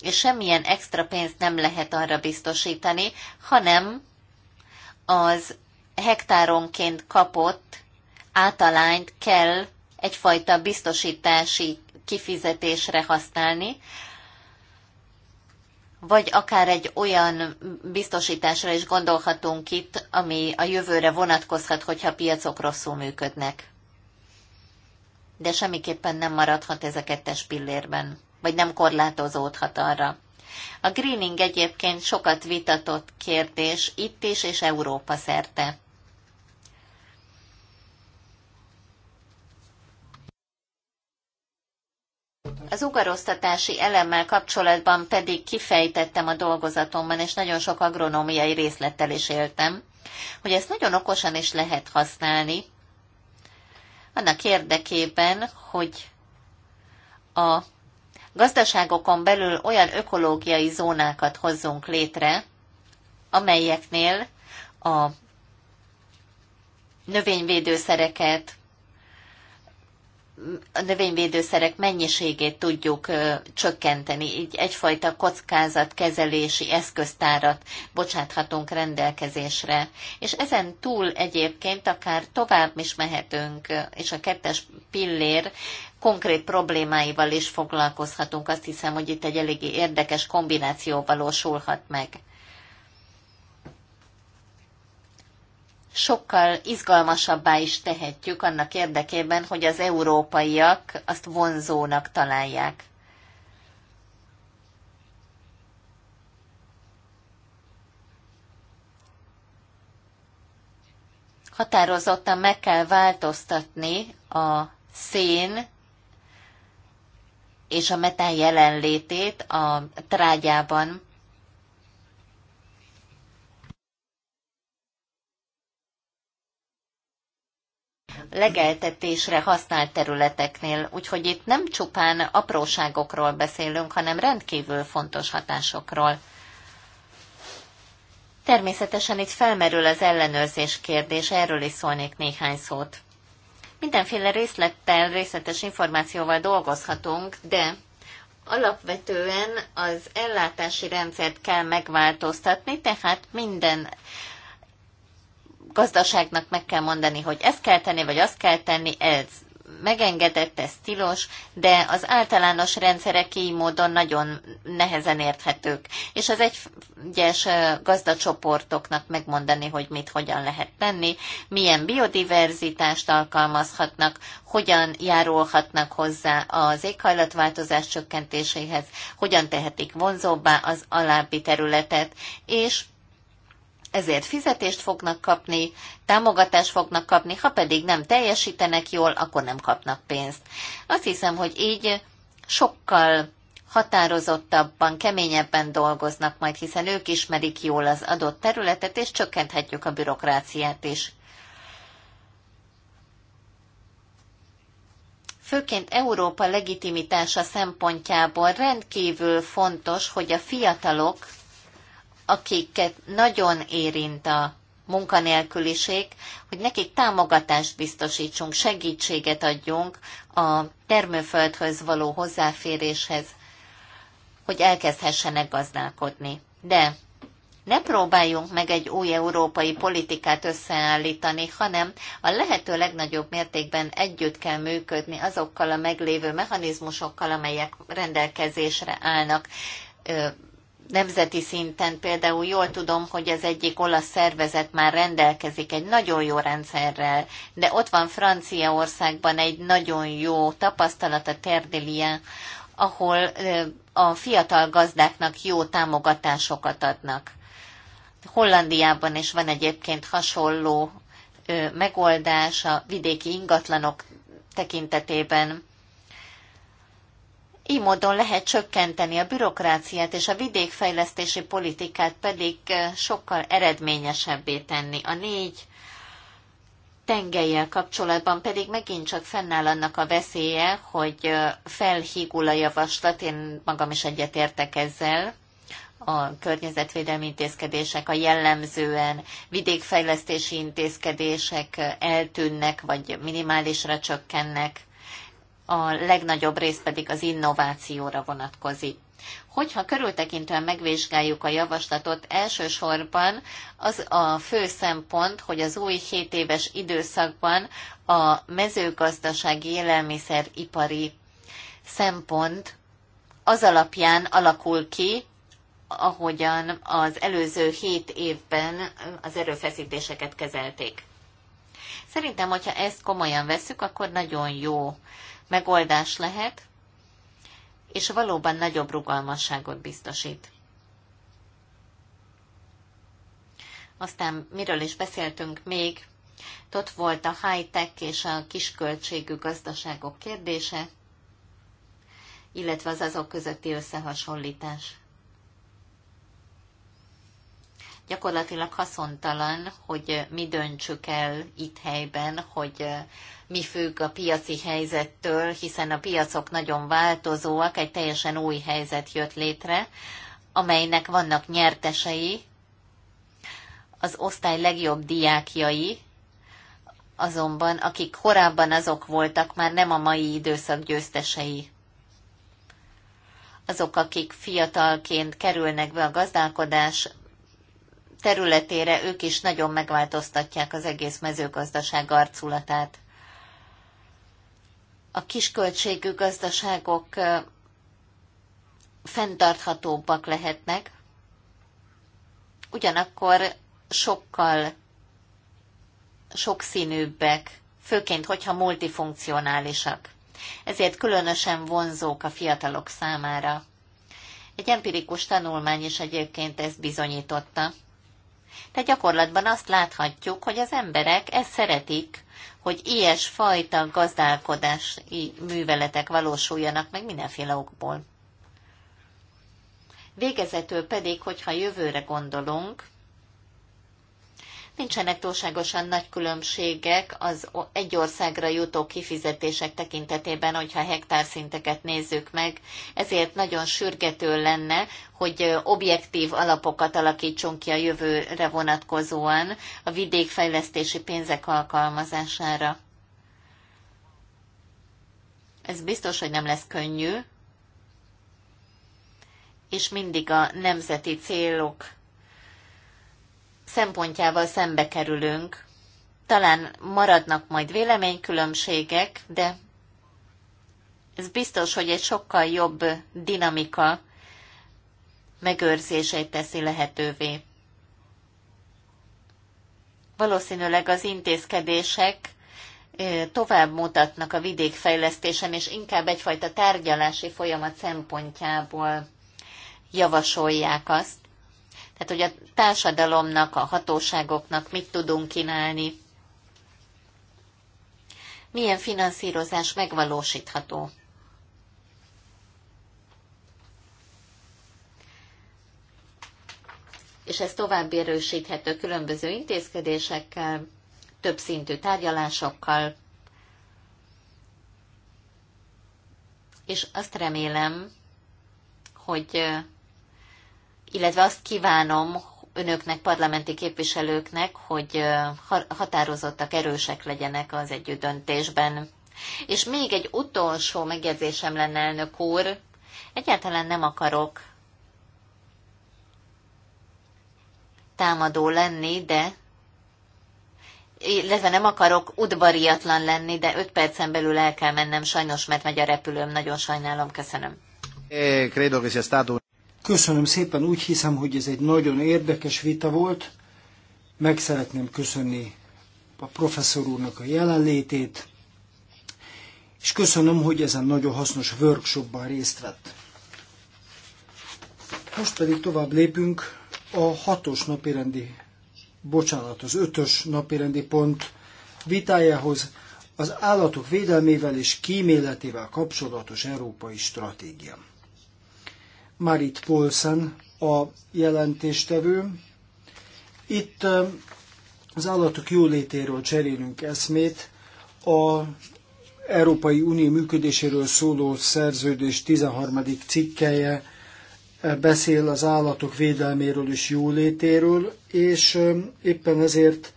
és semmilyen extra pénzt nem lehet arra biztosítani, hanem az hektáronként kapott átalányt kell egyfajta biztosítási kifizetésre használni, vagy akár egy olyan biztosításra is gondolhatunk itt, ami a jövőre vonatkozhat, hogyha piacok rosszul működnek. De semmiképpen nem maradhat ez a kettes pillérben, vagy nem korlátozódhat arra. A greening egyébként sokat vitatott kérdés itt is és Európa szerte. Az ugaroztatási elemmel kapcsolatban pedig kifejtettem a dolgozatomban, és nagyon sok agronómiai részlettel is éltem, hogy ezt nagyon okosan is lehet használni, annak érdekében, hogy a gazdaságokon belül olyan ökológiai zónákat hozzunk létre, amelyeknél a növényvédőszereket, a növényvédőszerek mennyiségét tudjuk csökkenteni, így egyfajta kockázatkezelési eszköztárat bocsáthatunk rendelkezésre. És ezen túl egyébként akár tovább is mehetünk, és a kettes pillér konkrét problémáival is foglalkozhatunk. Azt hiszem, hogy itt egy eléggé érdekes kombináció valósulhat meg. sokkal izgalmasabbá is tehetjük annak érdekében, hogy az európaiak azt vonzónak találják. Határozottan meg kell változtatni a szén és a metán jelenlétét a trágyában. legeltetésre használt területeknél, úgyhogy itt nem csupán apróságokról beszélünk, hanem rendkívül fontos hatásokról. Természetesen itt felmerül az ellenőrzés kérdés, erről is szólnék néhány szót. Mindenféle részlettel, részletes információval dolgozhatunk, de alapvetően az ellátási rendszert kell megváltoztatni, tehát minden gazdaságnak meg kell mondani, hogy ezt kell tenni, vagy azt kell tenni, ez megengedett, ez tilos, de az általános rendszerek így módon nagyon nehezen érthetők. És az egyes gazdacsoportoknak megmondani, hogy mit hogyan lehet tenni, milyen biodiverzitást alkalmazhatnak, hogyan járulhatnak hozzá az éghajlatváltozás csökkentéséhez, hogyan tehetik vonzóbbá az alábbi területet, és ezért fizetést fognak kapni, támogatást fognak kapni, ha pedig nem teljesítenek jól, akkor nem kapnak pénzt. Azt hiszem, hogy így sokkal határozottabban, keményebben dolgoznak majd, hiszen ők ismerik jól az adott területet, és csökkenthetjük a bürokráciát is. Főként Európa legitimitása szempontjából rendkívül fontos, hogy a fiatalok akiket nagyon érint a munkanélküliség, hogy nekik támogatást biztosítsunk, segítséget adjunk a termőföldhöz való hozzáféréshez, hogy elkezdhessenek gazdálkodni. De ne próbáljunk meg egy új európai politikát összeállítani, hanem a lehető legnagyobb mértékben együtt kell működni azokkal a meglévő mechanizmusokkal, amelyek rendelkezésre állnak nemzeti szinten például jól tudom, hogy az egyik olasz szervezet már rendelkezik egy nagyon jó rendszerrel, de ott van Franciaországban egy nagyon jó tapasztalat a ahol a fiatal gazdáknak jó támogatásokat adnak. Hollandiában is van egyébként hasonló megoldás a vidéki ingatlanok tekintetében így módon lehet csökkenteni a bürokráciát és a vidékfejlesztési politikát pedig eh, sokkal eredményesebbé tenni. A négy tengelyel kapcsolatban pedig megint csak fennáll annak a veszélye, hogy eh, felhígul a javaslat, én magam is egyetértek ezzel, a környezetvédelmi intézkedések, a jellemzően vidékfejlesztési intézkedések eh, eltűnnek, vagy minimálisra csökkennek a legnagyobb rész pedig az innovációra vonatkozik. Hogyha körültekintően megvizsgáljuk a javaslatot, elsősorban az a fő szempont, hogy az új 7 éves időszakban a mezőgazdasági élelmiszeripari szempont az alapján alakul ki, ahogyan az előző 7 évben az erőfeszítéseket kezelték. Szerintem, hogyha ezt komolyan veszük, akkor nagyon jó megoldás lehet, és valóban nagyobb rugalmasságot biztosít. Aztán miről is beszéltünk még, ott volt a high-tech és a kisköltségű gazdaságok kérdése, illetve az azok közötti összehasonlítás gyakorlatilag haszontalan, hogy mi döntsük el itt helyben, hogy eh, mi függ a piaci helyzettől, hiszen a piacok nagyon változóak, egy teljesen új helyzet jött létre, amelynek vannak nyertesei, az osztály legjobb diákjai, azonban akik korábban azok voltak, már nem a mai időszak győztesei. Azok, akik fiatalként kerülnek be a gazdálkodás területére ők is nagyon megváltoztatják az egész mezőgazdaság arculatát. A kisköltségű gazdaságok fenntarthatóbbak lehetnek, ugyanakkor sokkal sokszínűbbek, főként, hogyha multifunkcionálisak. Ezért különösen vonzók a fiatalok számára. Egy empirikus tanulmány is egyébként ezt bizonyította. Tehát gyakorlatban azt láthatjuk, hogy az emberek ezt szeretik, hogy ilyesfajta gazdálkodási műveletek valósuljanak meg mindenféle okból. Végezetül pedig, hogyha jövőre gondolunk, nincsenek túlságosan nagy különbségek az egy országra jutó kifizetések tekintetében, hogyha hektárszinteket nézzük meg, ezért nagyon sürgető lenne, hogy objektív alapokat alakítsunk ki a jövőre vonatkozóan a vidékfejlesztési pénzek alkalmazására. Ez biztos, hogy nem lesz könnyű, és mindig a nemzeti célok szempontjával szembe kerülünk. Talán maradnak majd véleménykülönbségek, de ez biztos, hogy egy sokkal jobb dinamika megőrzését teszi lehetővé. Valószínűleg az intézkedések tovább mutatnak a vidékfejlesztésen, és inkább egyfajta tárgyalási folyamat szempontjából javasolják azt, tehát, hogy a társadalomnak, a hatóságoknak mit tudunk kínálni, milyen finanszírozás megvalósítható. És ez tovább erősíthető különböző intézkedésekkel, többszintű tárgyalásokkal, és azt remélem, hogy illetve azt kívánom önöknek, parlamenti képviselőknek, hogy határozottak, erősek legyenek az együtt döntésben. És még egy utolsó megjegyzésem lenne, elnök úr. Egyáltalán nem akarok támadó lenni, de illetve nem akarok udvariatlan lenni, de öt percen belül el kell mennem sajnos, mert megy a repülőm. Nagyon sajnálom, köszönöm. É, eh, credo sia stato Köszönöm szépen, úgy hiszem, hogy ez egy nagyon érdekes vita volt. Meg szeretném köszönni a professzor úrnak a jelenlétét, és köszönöm, hogy ezen nagyon hasznos workshopban részt vett. Most pedig tovább lépünk a hatos napirendi, bocsánat, az ötös napirendi pont vitájához az állatok védelmével és kíméletével kapcsolatos európai stratégia. Marit Polsen a jelentéstevő. Itt az állatok jólétéről cserélünk eszmét. A Európai Unió működéséről szóló szerződés 13. cikkeje beszél az állatok védelméről és jólétéről, és éppen ezért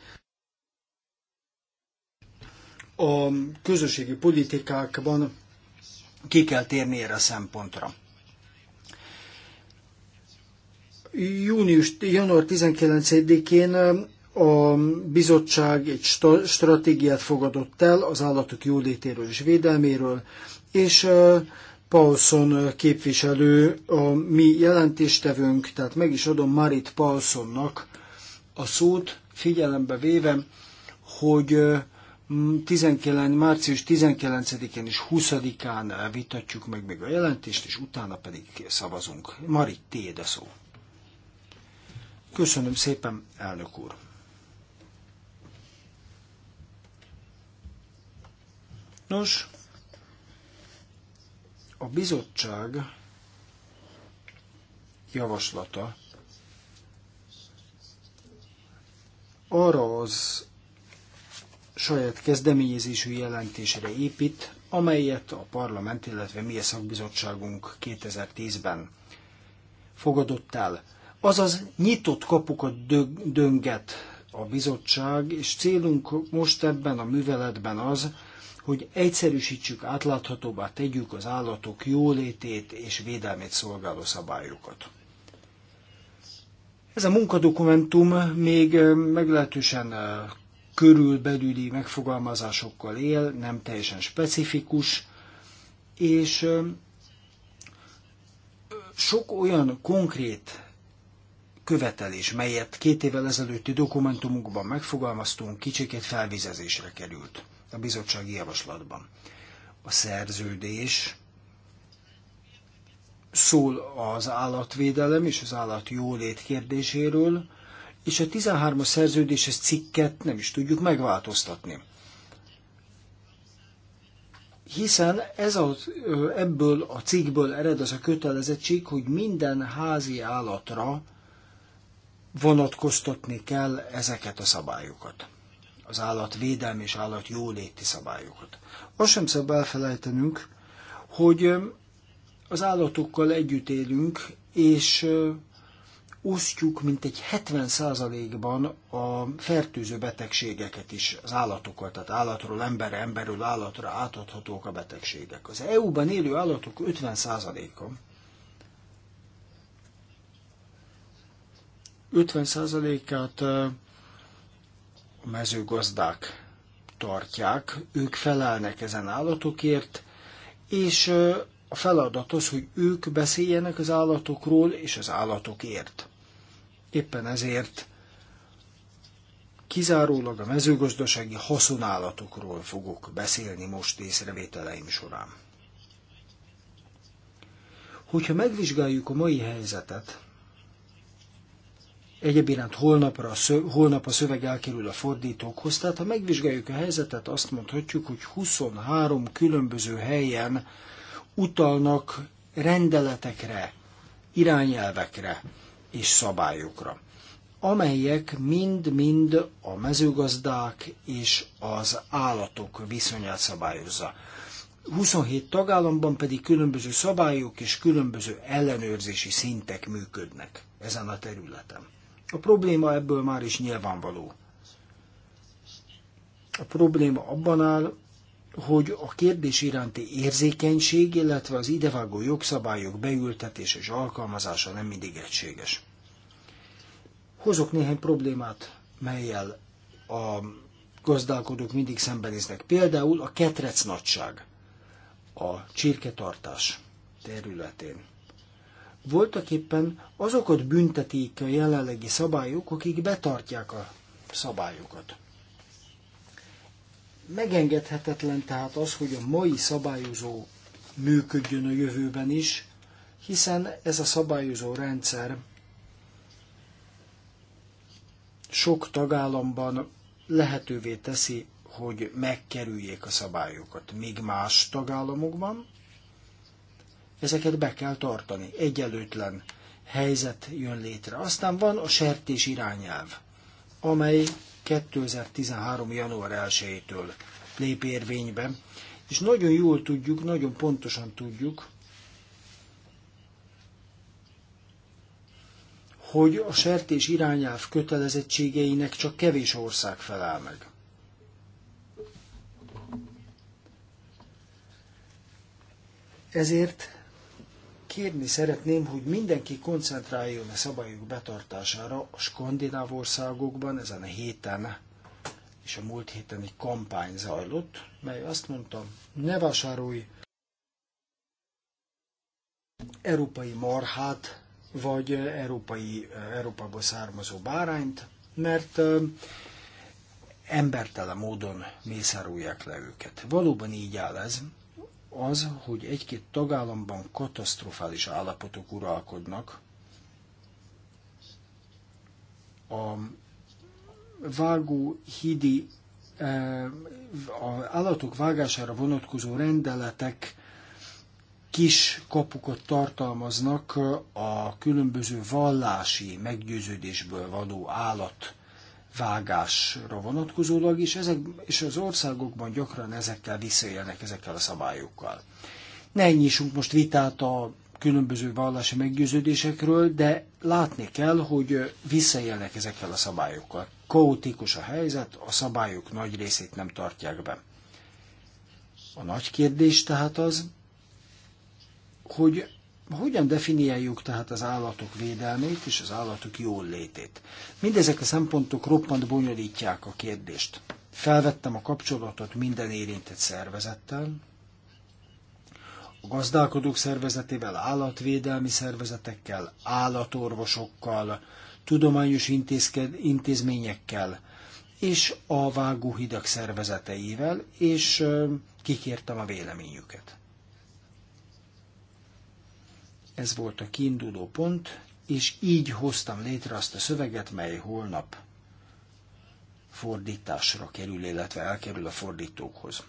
a közösségi politikákban ki kell térni erre a szempontra. Június, január 19-én a bizottság egy stratégiát fogadott el az állatok jólétéről és védelméről, és Paulson képviselő a mi jelentéstevőnk, tehát meg is adom Marit Paulsonnak a szót, figyelembe véve, hogy 19, március 19-én és 20-án vitatjuk meg még a jelentést, és utána pedig szavazunk. Marit, téd a szó. Köszönöm szépen, elnök úr. Nos, a bizottság javaslata arra az saját kezdeményezésű jelentésre épít, amelyet a parlament, illetve mi a szakbizottságunk 2010-ben fogadott el. Azaz nyitott kapukat dönget a bizottság, és célunk most ebben a műveletben az, hogy egyszerűsítsük, átláthatóbbá tegyük az állatok jólétét és védelmét szolgáló szabályokat. Ez a munkadokumentum még meglehetősen körülbelüli megfogalmazásokkal él, nem teljesen specifikus, és sok olyan konkrét követelés, melyet két évvel ezelőtti dokumentumokban megfogalmaztunk, kicsikét felvizezésre került a bizottsági javaslatban. A szerződés szól az állatvédelem és az állat jólét kérdéséről, és a 13-as szerződéses cikket nem is tudjuk megváltoztatni. Hiszen ez a, ebből a cikkből ered az a kötelezettség, hogy minden házi állatra vonatkoztatni kell ezeket a szabályokat. Az állatvédelmi és állatjóléti szabályokat. Azt sem szabad elfelejtenünk, hogy az állatokkal együtt élünk, és osztjuk mintegy 70%-ban a fertőző betegségeket is az állatokkal, tehát állatról emberre, emberről állatra átadhatók a betegségek. Az EU-ban élő állatok 50%-a 50%-át a mezőgazdák tartják, ők felelnek ezen állatokért, és a feladat az, hogy ők beszéljenek az állatokról és az állatokért. Éppen ezért kizárólag a mezőgazdasági haszonállatokról fogok beszélni most észrevételeim során. Hogyha megvizsgáljuk a mai helyzetet, Egyebiránt holnapra, holnap a szöveg elkerül a fordítókhoz, tehát ha megvizsgáljuk a helyzetet, azt mondhatjuk, hogy 23 különböző helyen utalnak rendeletekre, irányelvekre és szabályokra, amelyek mind-mind a mezőgazdák és az állatok viszonyát szabályozza. 27 tagállamban pedig különböző szabályok és különböző ellenőrzési szintek működnek ezen a területen. A probléma ebből már is nyilvánvaló. A probléma abban áll, hogy a kérdés iránti érzékenység, illetve az idevágó jogszabályok beültetése és alkalmazása nem mindig egységes. Hozok néhány problémát, melyel a gazdálkodók mindig szembenéznek. Például a ketrec nagyság a csirketartás területén voltak éppen azokat büntetik a jelenlegi szabályok, akik betartják a szabályokat. Megengedhetetlen tehát az, hogy a mai szabályozó működjön a jövőben is, hiszen ez a szabályozó rendszer sok tagállamban lehetővé teszi, hogy megkerüljék a szabályokat, míg más tagállamokban ezeket be kell tartani. Egyelőtlen helyzet jön létre. Aztán van a sertés irányelv, amely 2013. január 1-től lép érvénybe, és nagyon jól tudjuk, nagyon pontosan tudjuk, hogy a sertés irányelv kötelezettségeinek csak kevés ország felel meg. Ezért kérni szeretném, hogy mindenki koncentráljon a szabályok betartására a skandináv országokban ezen a héten és a múlt héten egy kampány zajlott, mely azt mondta, ne vásárolj európai marhát, vagy európai, Európából származó bárányt, mert embertelen módon mészárolják le őket. Valóban így áll ez, az, hogy egy-két tagállamban katasztrofális állapotok uralkodnak. A vágó hidi eh, az állatok vágására vonatkozó rendeletek kis kapukat tartalmaznak a különböző vallási meggyőződésből való állat vágásra vonatkozólag is, ezek, és az országokban gyakran ezekkel visszaélnek, ezekkel a szabályokkal. Ne nyissunk most vitát a különböző vallási meggyőződésekről, de látni kell, hogy visszaélnek ezekkel a szabályokkal. Kaotikus a helyzet, a szabályok nagy részét nem tartják be. A nagy kérdés tehát az, hogy hogyan definiáljuk tehát az állatok védelmét és az állatok jól létét? Mindezek a szempontok roppant bonyolítják a kérdést. Felvettem a kapcsolatot minden érintett szervezettel, a gazdálkodók szervezetével, állatvédelmi szervezetekkel, állatorvosokkal, tudományos intézményekkel és a vágóhidak szervezeteivel, és kikértem a véleményüket. Ez volt a kiinduló pont, és így hoztam létre azt a szöveget, mely holnap fordításra kerül, illetve elkerül a fordítókhoz.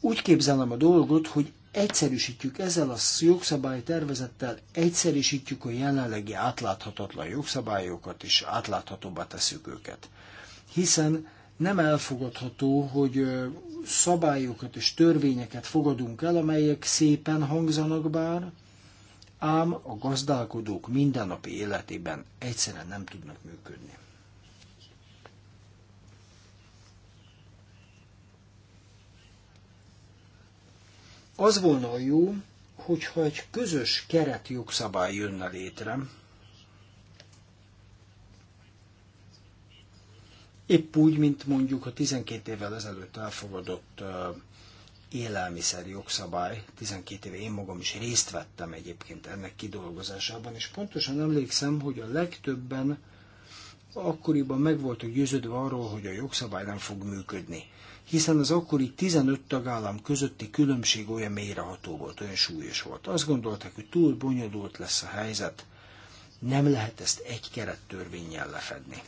Úgy képzelem a dolgot, hogy egyszerűsítjük ezzel a jogszabálytervezettel, egyszerűsítjük a jelenlegi átláthatatlan jogszabályokat, és átláthatóbbá tesszük őket. Hiszen nem elfogadható, hogy szabályokat és törvényeket fogadunk el, amelyek szépen hangzanak bár, ám a gazdálkodók mindennapi életében egyszerűen nem tudnak működni. Az volna a jó, hogyha egy közös keret jogszabály jönne létre, épp úgy, mint mondjuk a 12 évvel ezelőtt elfogadott élelmiszer jogszabály, 12 éve én magam is részt vettem egyébként ennek kidolgozásában, és pontosan emlékszem, hogy a legtöbben akkoriban meg voltak győződve arról, hogy a jogszabály nem fog működni, hiszen az akkori 15 tagállam közötti különbség olyan mélyreható volt, olyan súlyos volt. Azt gondolták, hogy túl bonyolult lesz a helyzet, nem lehet ezt egy kerettörvényjel lefedni.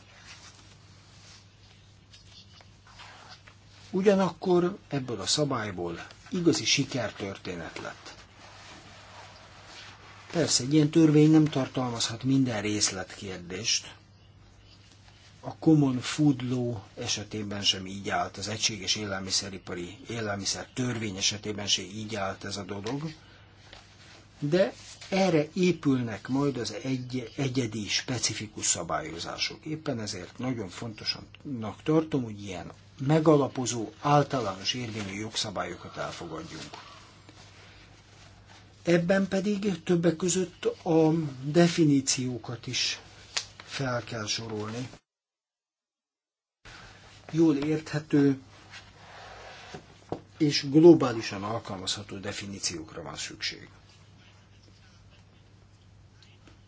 Ugyanakkor ebből a szabályból igazi sikertörténet lett. Persze, egy ilyen törvény nem tartalmazhat minden részletkérdést. A Common Food Law esetében sem így állt, az egységes élelmiszeripari élelmiszer törvény esetében sem így állt ez a dolog, de erre épülnek majd az egy, egyedi, specifikus szabályozások. Éppen ezért nagyon fontosnak tartom, hogy ilyen megalapozó általános érvényű jogszabályokat elfogadjunk. Ebben pedig többek között a definíciókat is fel kell sorolni. Jól érthető és globálisan alkalmazható definíciókra van szükség.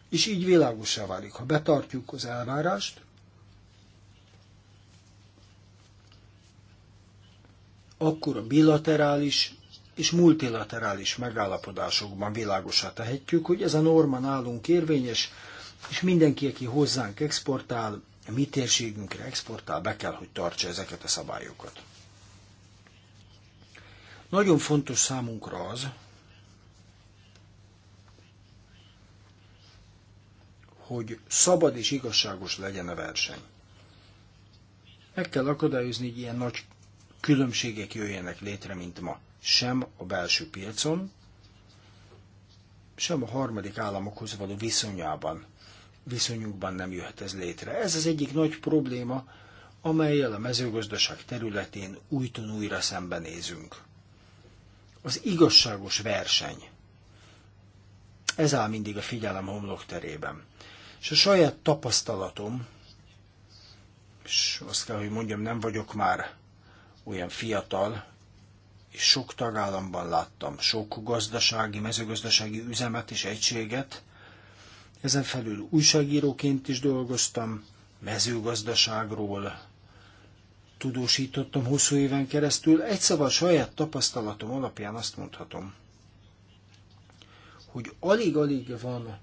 És így világosá válik, ha betartjuk az elvárást, akkor a bilaterális és multilaterális megállapodásokban világosá tehetjük, hogy ez a norma nálunk érvényes, és mindenki, aki hozzánk exportál, a mi térségünkre exportál, be kell, hogy tartsa ezeket a szabályokat. Nagyon fontos számunkra az, hogy szabad és igazságos legyen a verseny. Meg kell akadályozni, hogy ilyen nagy különbségek jöjjenek létre, mint ma. Sem a belső piacon, sem a harmadik államokhoz való viszonyában, viszonyukban nem jöhet ez létre. Ez az egyik nagy probléma, amelyel a mezőgazdaság területén újton újra szembenézünk. Az igazságos verseny. Ez áll mindig a figyelem homlokterében. És a saját tapasztalatom, és azt kell, hogy mondjam, nem vagyok már olyan fiatal, és sok tagállamban láttam sok gazdasági, mezőgazdasági üzemet és egységet. Ezen felül újságíróként is dolgoztam, mezőgazdaságról tudósítottam hosszú éven keresztül. Egy szóval saját tapasztalatom alapján azt mondhatom, hogy alig-alig van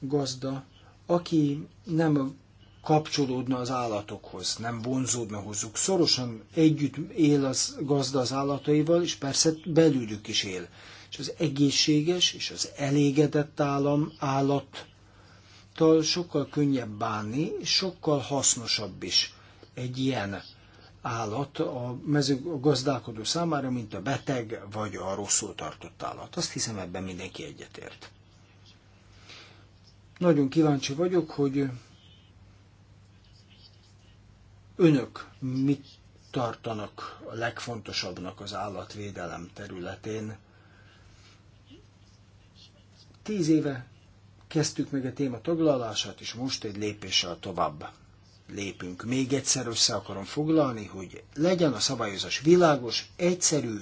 gazda, aki nem kapcsolódna az állatokhoz, nem vonzódna hozzuk. Szorosan együtt él az gazda az állataival, és persze belülük is él. És az egészséges és az elégedett állam állattal sokkal könnyebb bánni, és sokkal hasznosabb is egy ilyen állat a, mezőgazdálkodó a gazdálkodó számára, mint a beteg vagy a rosszul tartott állat. Azt hiszem ebben mindenki egyetért. Nagyon kíváncsi vagyok, hogy Önök mit tartanak a legfontosabbnak az állatvédelem területén? Tíz éve kezdtük meg a téma taglalását, és most egy lépéssel tovább lépünk. Még egyszer össze akarom foglalni, hogy legyen a szabályozás világos, egyszerű,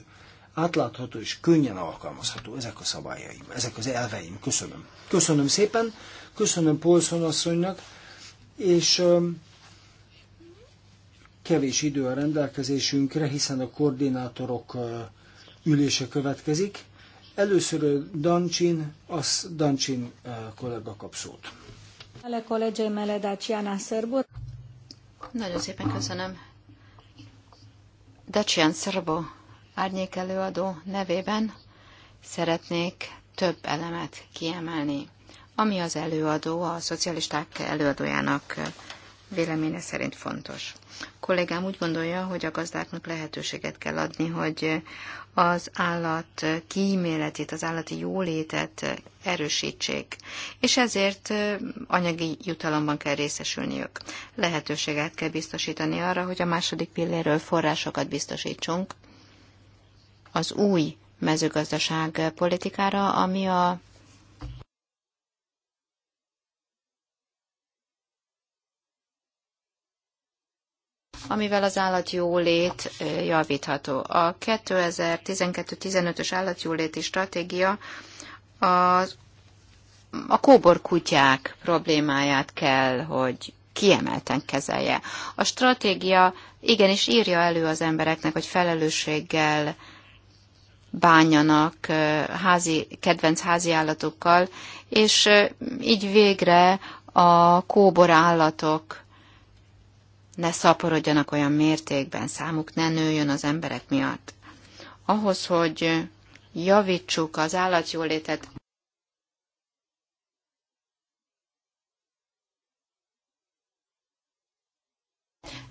átlátható és könnyen alkalmazható. Ezek a szabályaim, ezek az elveim. Köszönöm. Köszönöm szépen, köszönöm Polszon asszonynak, és kevés idő a rendelkezésünkre, hiszen a koordinátorok ülése következik. Először Dancsin, az Dancsin kollega kap szót. Nagyon szépen köszönöm. Dacian Szerbo árnyék előadó nevében szeretnék több elemet kiemelni, ami az előadó, a szocialisták előadójának véleménye szerint fontos. A kollégám úgy gondolja, hogy a gazdáknak lehetőséget kell adni, hogy az állat kíméletét, az állati jólétet erősítsék, és ezért anyagi jutalomban kell részesülniük. Lehetőséget kell biztosítani arra, hogy a második pilléről forrásokat biztosítsunk az új mezőgazdaság politikára, ami a amivel az állatjólét javítható. A 2012-15-ös állatjóléti stratégia az a kóbor kutyák problémáját kell, hogy kiemelten kezelje. A stratégia igenis írja elő az embereknek, hogy felelősséggel bánjanak házi, kedvenc házi állatokkal, és így végre a kóbor állatok ne szaporodjanak olyan mértékben, számuk ne nőjön az emberek miatt. Ahhoz, hogy javítsuk az állatjólétet,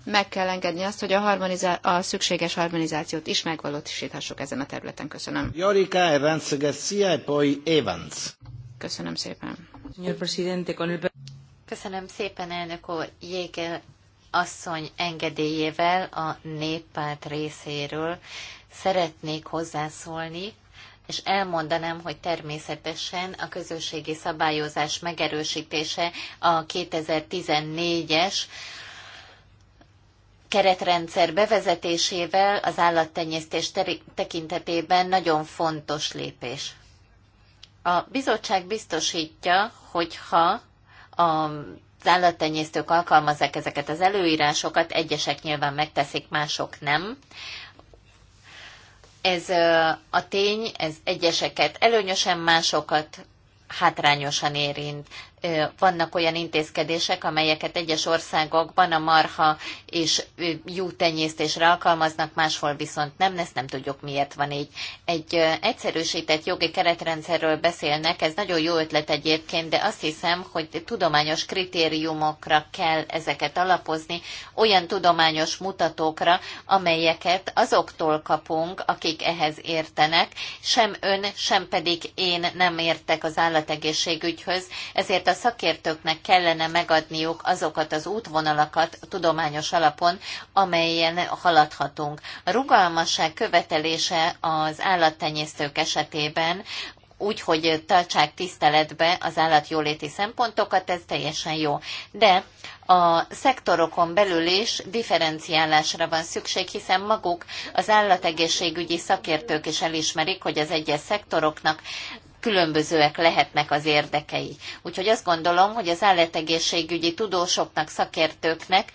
meg kell engedni azt, hogy a, harmonizá- a szükséges harmonizációt is megvalósíthassuk ezen a területen. Köszönöm. Jorika Evans, poi Evans. Köszönöm szépen. Köszönöm szépen, elnök úr. Jégel asszony engedélyével a néppárt részéről szeretnék hozzászólni, és elmondanám, hogy természetesen a közösségi szabályozás megerősítése a 2014-es keretrendszer bevezetésével az állattenyésztés tekintetében nagyon fontos lépés. A bizottság biztosítja, hogyha a állattenyésztők alkalmazzák ezeket az előírásokat, egyesek nyilván megteszik, mások nem. Ez a tény, ez egyeseket előnyösen, másokat hátrányosan érint vannak olyan intézkedések, amelyeket egyes országokban a marha és juhtenyésztésre alkalmaznak, máshol viszont nem, ezt nem tudjuk miért van így. Egy egyszerűsített jogi keretrendszerről beszélnek, ez nagyon jó ötlet egyébként, de azt hiszem, hogy tudományos kritériumokra kell ezeket alapozni, olyan tudományos mutatókra, amelyeket azoktól kapunk, akik ehhez értenek, sem ön, sem pedig én nem értek az állategészségügyhöz, ezért a szakértőknek kellene megadniuk azokat az útvonalakat tudományos alapon, amelyen haladhatunk. A rugalmasság követelése az állattenyésztők esetében úgy, hogy tartsák tiszteletbe az állatjóléti szempontokat, ez teljesen jó. De a szektorokon belül is differenciálásra van szükség, hiszen maguk az állategészségügyi szakértők is elismerik, hogy az egyes szektoroknak különbözőek lehetnek az érdekei. Úgyhogy azt gondolom, hogy az állategészségügyi tudósoknak, szakértőknek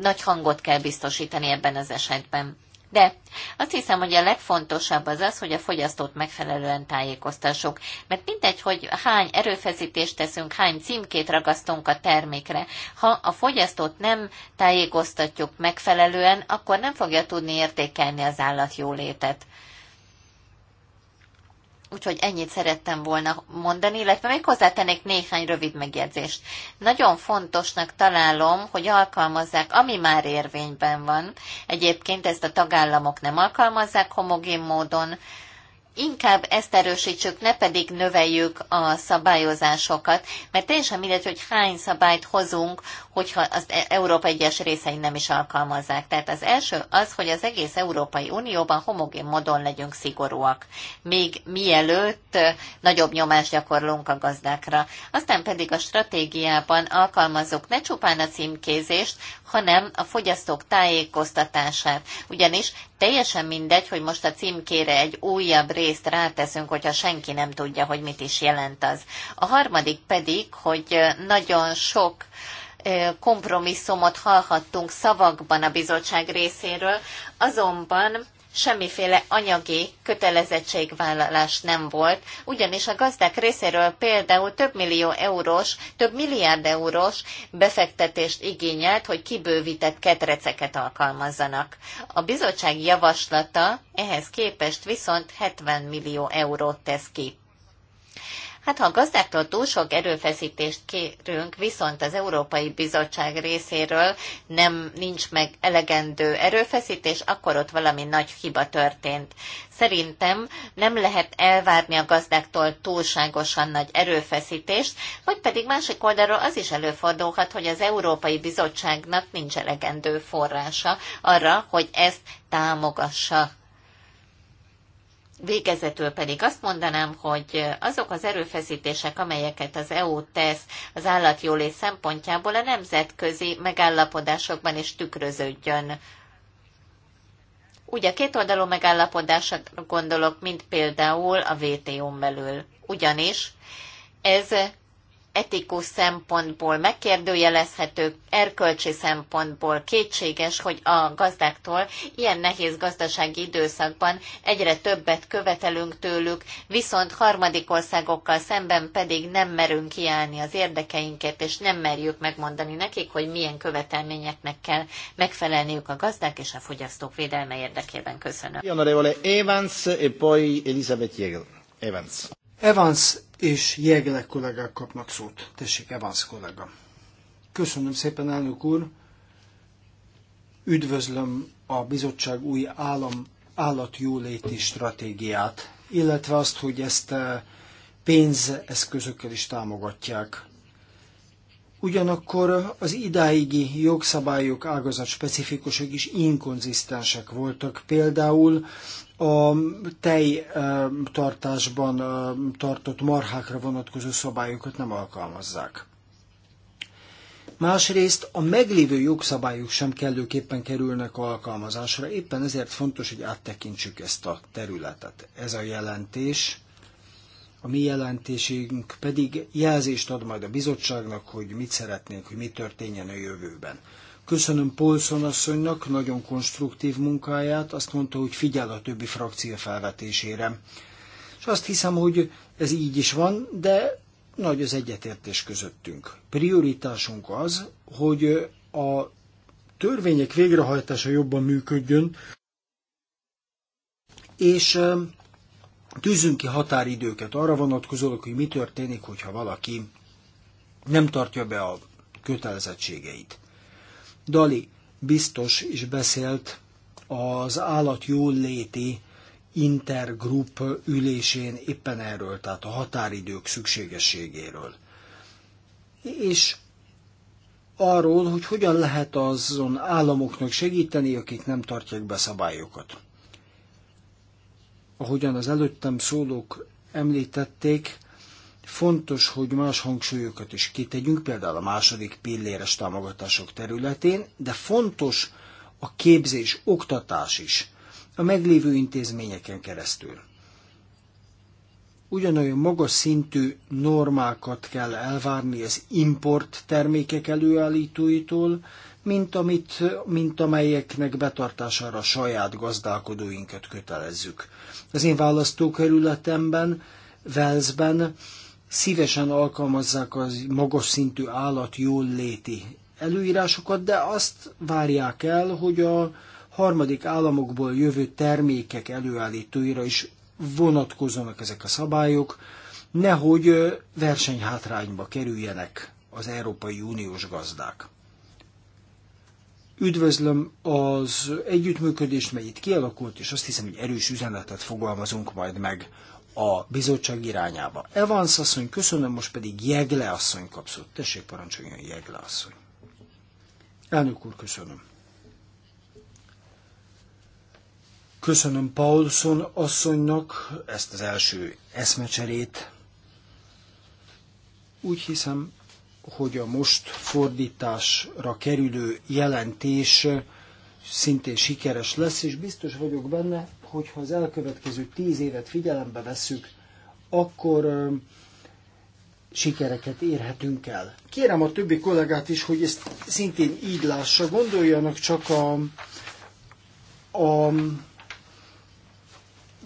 nagy hangot kell biztosítani ebben az esetben. De azt hiszem, hogy a legfontosabb az az, hogy a fogyasztót megfelelően tájékoztassuk. Mert mindegy, hogy hány erőfeszítést teszünk, hány címkét ragasztunk a termékre, ha a fogyasztót nem tájékoztatjuk megfelelően, akkor nem fogja tudni értékelni az állat jólétet. Úgyhogy ennyit szerettem volna mondani, illetve még hozzátennék néhány rövid megjegyzést. Nagyon fontosnak találom, hogy alkalmazzák, ami már érvényben van. Egyébként ezt a tagállamok nem alkalmazzák homogén módon, inkább ezt erősítsük, ne pedig növeljük a szabályozásokat, mert teljesen mindegy, hogy hány szabályt hozunk, hogyha az e- Európa egyes részein nem is alkalmazzák. Tehát az első az, hogy az egész Európai Unióban homogén módon legyünk szigorúak, még mielőtt nagyobb nyomást gyakorlunk a gazdákra. Aztán pedig a stratégiában alkalmazok ne csupán a címkézést, hanem a fogyasztók tájékoztatását. Ugyanis teljesen mindegy, hogy most a címkére egy újabb rész részt ráteszünk, hogyha senki nem tudja, hogy mit is jelent az. A harmadik pedig, hogy nagyon sok kompromisszumot hallhattunk szavakban a bizottság részéről, azonban semmiféle anyagi kötelezettségvállalás nem volt, ugyanis a gazdák részéről például több millió eurós, több milliárd eurós befektetést igényelt, hogy kibővített ketreceket alkalmazzanak. A bizottság javaslata ehhez képest viszont 70 millió eurót tesz ki. Hát ha a gazdáktól túl sok erőfeszítést kérünk, viszont az Európai Bizottság részéről nem nincs meg elegendő erőfeszítés, akkor ott valami nagy hiba történt. Szerintem nem lehet elvárni a gazdáktól túlságosan nagy erőfeszítést, vagy pedig másik oldalról az is előfordulhat, hogy az Európai Bizottságnak nincs elegendő forrása arra, hogy ezt támogassa. Végezetül pedig azt mondanám, hogy azok az erőfeszítések, amelyeket az EU tesz az állatjólét szempontjából a nemzetközi megállapodásokban is tükröződjön. Ugye kétoldalú megállapodásra gondolok, mint például a WTO-n belül. Ugyanis ez etikus szempontból megkérdőjelezhető, erkölcsi szempontból kétséges, hogy a gazdáktól ilyen nehéz gazdasági időszakban egyre többet követelünk tőlük, viszont harmadik országokkal szemben pedig nem merünk kiállni az érdekeinket, és nem merjük megmondani nekik, hogy milyen követelményeknek kell megfelelniük a gazdák és a fogyasztók védelme érdekében. Köszönöm. Evans, e poi Elizabeth Evans. Evans és jegleg kollégák kapnak szót. Tessék, Evansz kollega. Köszönöm szépen, elnök úr. Üdvözlöm a bizottság új állam, állatjóléti stratégiát, illetve azt, hogy ezt eh, pénzeszközökkel is támogatják. Ugyanakkor az idáigi jogszabályok ágazat specifikusok is inkonzisztensek voltak. Például a tej tartásban tartott marhákra vonatkozó szabályokat nem alkalmazzák. Másrészt a meglévő jogszabályok sem kellőképpen kerülnek alkalmazásra, éppen ezért fontos, hogy áttekintsük ezt a területet. Ez a jelentés a mi jelentésünk pedig jelzést ad majd a bizottságnak, hogy mit szeretnénk, hogy mi történjen a jövőben. Köszönöm Polson asszonynak nagyon konstruktív munkáját, azt mondta, hogy figyel a többi frakció felvetésére. És azt hiszem, hogy ez így is van, de nagy az egyetértés közöttünk. Prioritásunk az, hogy a törvények végrehajtása jobban működjön, és tűzünk ki határidőket arra vonatkozólag, hogy mi történik, hogyha valaki nem tartja be a kötelezettségeit. Dali biztos is beszélt az állat jóléti intergrup ülésén éppen erről, tehát a határidők szükségességéről. És arról, hogy hogyan lehet azon államoknak segíteni, akik nem tartják be szabályokat ahogyan az előttem szólók említették, fontos, hogy más hangsúlyokat is kitegyünk, például a második pilléres támogatások területén, de fontos a képzés, oktatás is, a meglévő intézményeken keresztül. Ugyanolyan magas szintű normákat kell elvárni az import termékek előállítóitól, mint, amit, mint amelyeknek betartására a saját gazdálkodóinkat kötelezzük. Az én választókerületemben, Velszben szívesen alkalmazzák az magas szintű állat jól léti előírásokat, de azt várják el, hogy a harmadik államokból jövő termékek előállítóira is vonatkozzanak ezek a szabályok, nehogy versenyhátrányba kerüljenek az Európai Uniós gazdák. Üdvözlöm az együttműködést, mely itt kialakult, és azt hiszem, hogy erős üzenetet fogalmazunk majd meg a bizottság irányába. Evans asszony, köszönöm, most pedig Jegle asszony kapszott. Tessék, parancsoljon Jegle asszony. Elnök úr, köszönöm. Köszönöm Paulson asszonynak ezt az első eszmecserét. Úgy hiszem, hogy a most fordításra kerülő jelentés szintén sikeres lesz, és biztos vagyok benne, hogy ha az elkövetkező tíz évet figyelembe vesszük, akkor sikereket érhetünk el. Kérem a többi kollégát is, hogy ezt szintén így lássa, gondoljanak csak a, a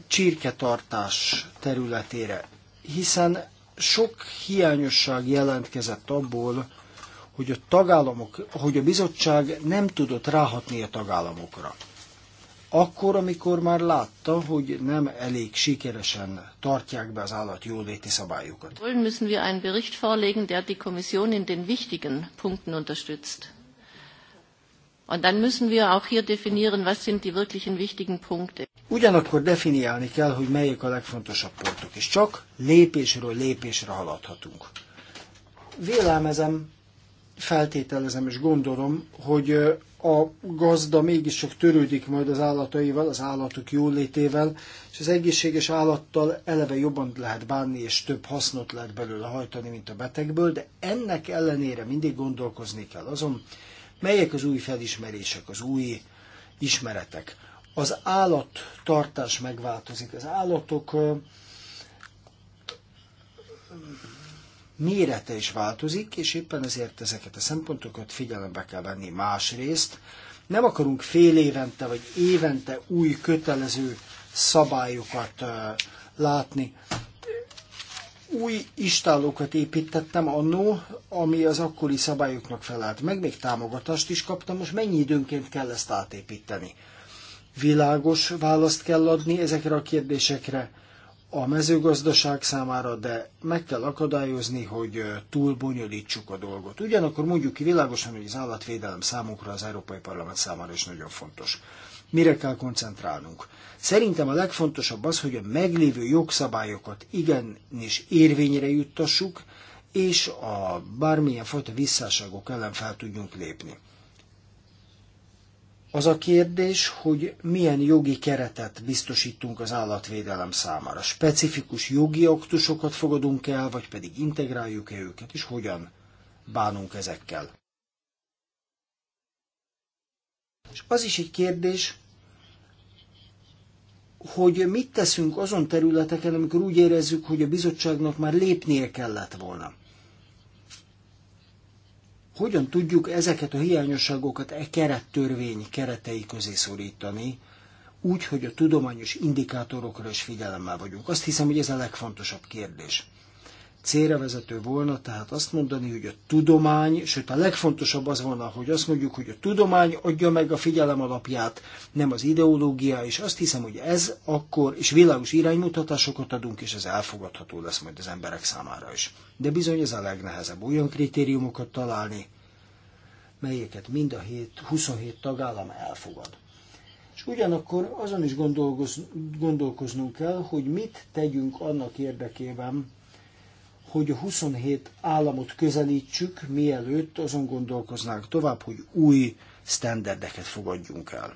csirketartás területére, hiszen sok hiányosság jelentkezett abból, hogy a, tagállamok, hogy a bizottság nem tudott ráhatni a tagállamokra. Akkor, amikor már látta, hogy nem elég sikeresen tartják be az állat jóléti szabályokat. Polen müssen wir einen Bericht vorlegen, der die Kommission in den wichtigen Punkten unterstützt. Und dann müssen wir auch hier definieren, was sind die wirklichen wichtigen Punkte. Ugyanakkor definiálni kell, hogy melyek a legfontosabb pontok, és csak lépésről lépésre haladhatunk. Vélelmezem, feltételezem és gondolom, hogy a gazda mégiscsak törődik majd az állataival, az állatok jólétével, és az egészséges állattal eleve jobban lehet bánni, és több hasznot lehet belőle hajtani, mint a betegből, de ennek ellenére mindig gondolkozni kell azon, melyek az új felismerések, az új ismeretek az állattartás megváltozik. Az állatok mérete is változik, és éppen ezért ezeket a szempontokat figyelembe kell venni másrészt. Nem akarunk fél évente vagy évente új kötelező szabályokat látni. Új istállókat építettem annó, ami az akkori szabályoknak felállt meg, még támogatást is kaptam, most mennyi időnként kell ezt átépíteni? Világos választ kell adni ezekre a kérdésekre a mezőgazdaság számára, de meg kell akadályozni, hogy túl bonyolítsuk a dolgot. Ugyanakkor mondjuk ki világosan, hogy az állatvédelem számunkra, az Európai Parlament számára is nagyon fontos. Mire kell koncentrálnunk? Szerintem a legfontosabb az, hogy a meglévő jogszabályokat igenis érvényre juttassuk, és a bármilyen fajta visszáságok ellen fel tudjunk lépni. Az a kérdés, hogy milyen jogi keretet biztosítunk az állatvédelem számára. Specifikus jogi aktusokat fogadunk el, vagy pedig integráljuk-e őket, és hogyan bánunk ezekkel. És az is egy kérdés, hogy mit teszünk azon területeken, amikor úgy érezzük, hogy a bizottságnak már lépnie kellett volna hogyan tudjuk ezeket a hiányosságokat e kerettörvény keretei közé szorítani, úgy, hogy a tudományos indikátorokra is figyelemmel vagyunk. Azt hiszem, hogy ez a legfontosabb kérdés célra vezető volna, tehát azt mondani, hogy a tudomány, sőt a legfontosabb az volna, hogy azt mondjuk, hogy a tudomány adja meg a figyelem alapját, nem az ideológia, és azt hiszem, hogy ez akkor, és világos iránymutatásokat adunk, és ez elfogadható lesz majd az emberek számára is. De bizony ez a legnehezebb, olyan kritériumokat találni, melyeket mind a 7, 27 tagállam elfogad. És ugyanakkor azon is gondolkoznunk kell, hogy mit tegyünk annak érdekében, hogy a 27 államot közelítsük, mielőtt azon gondolkoznánk tovább, hogy új sztenderdeket fogadjunk el.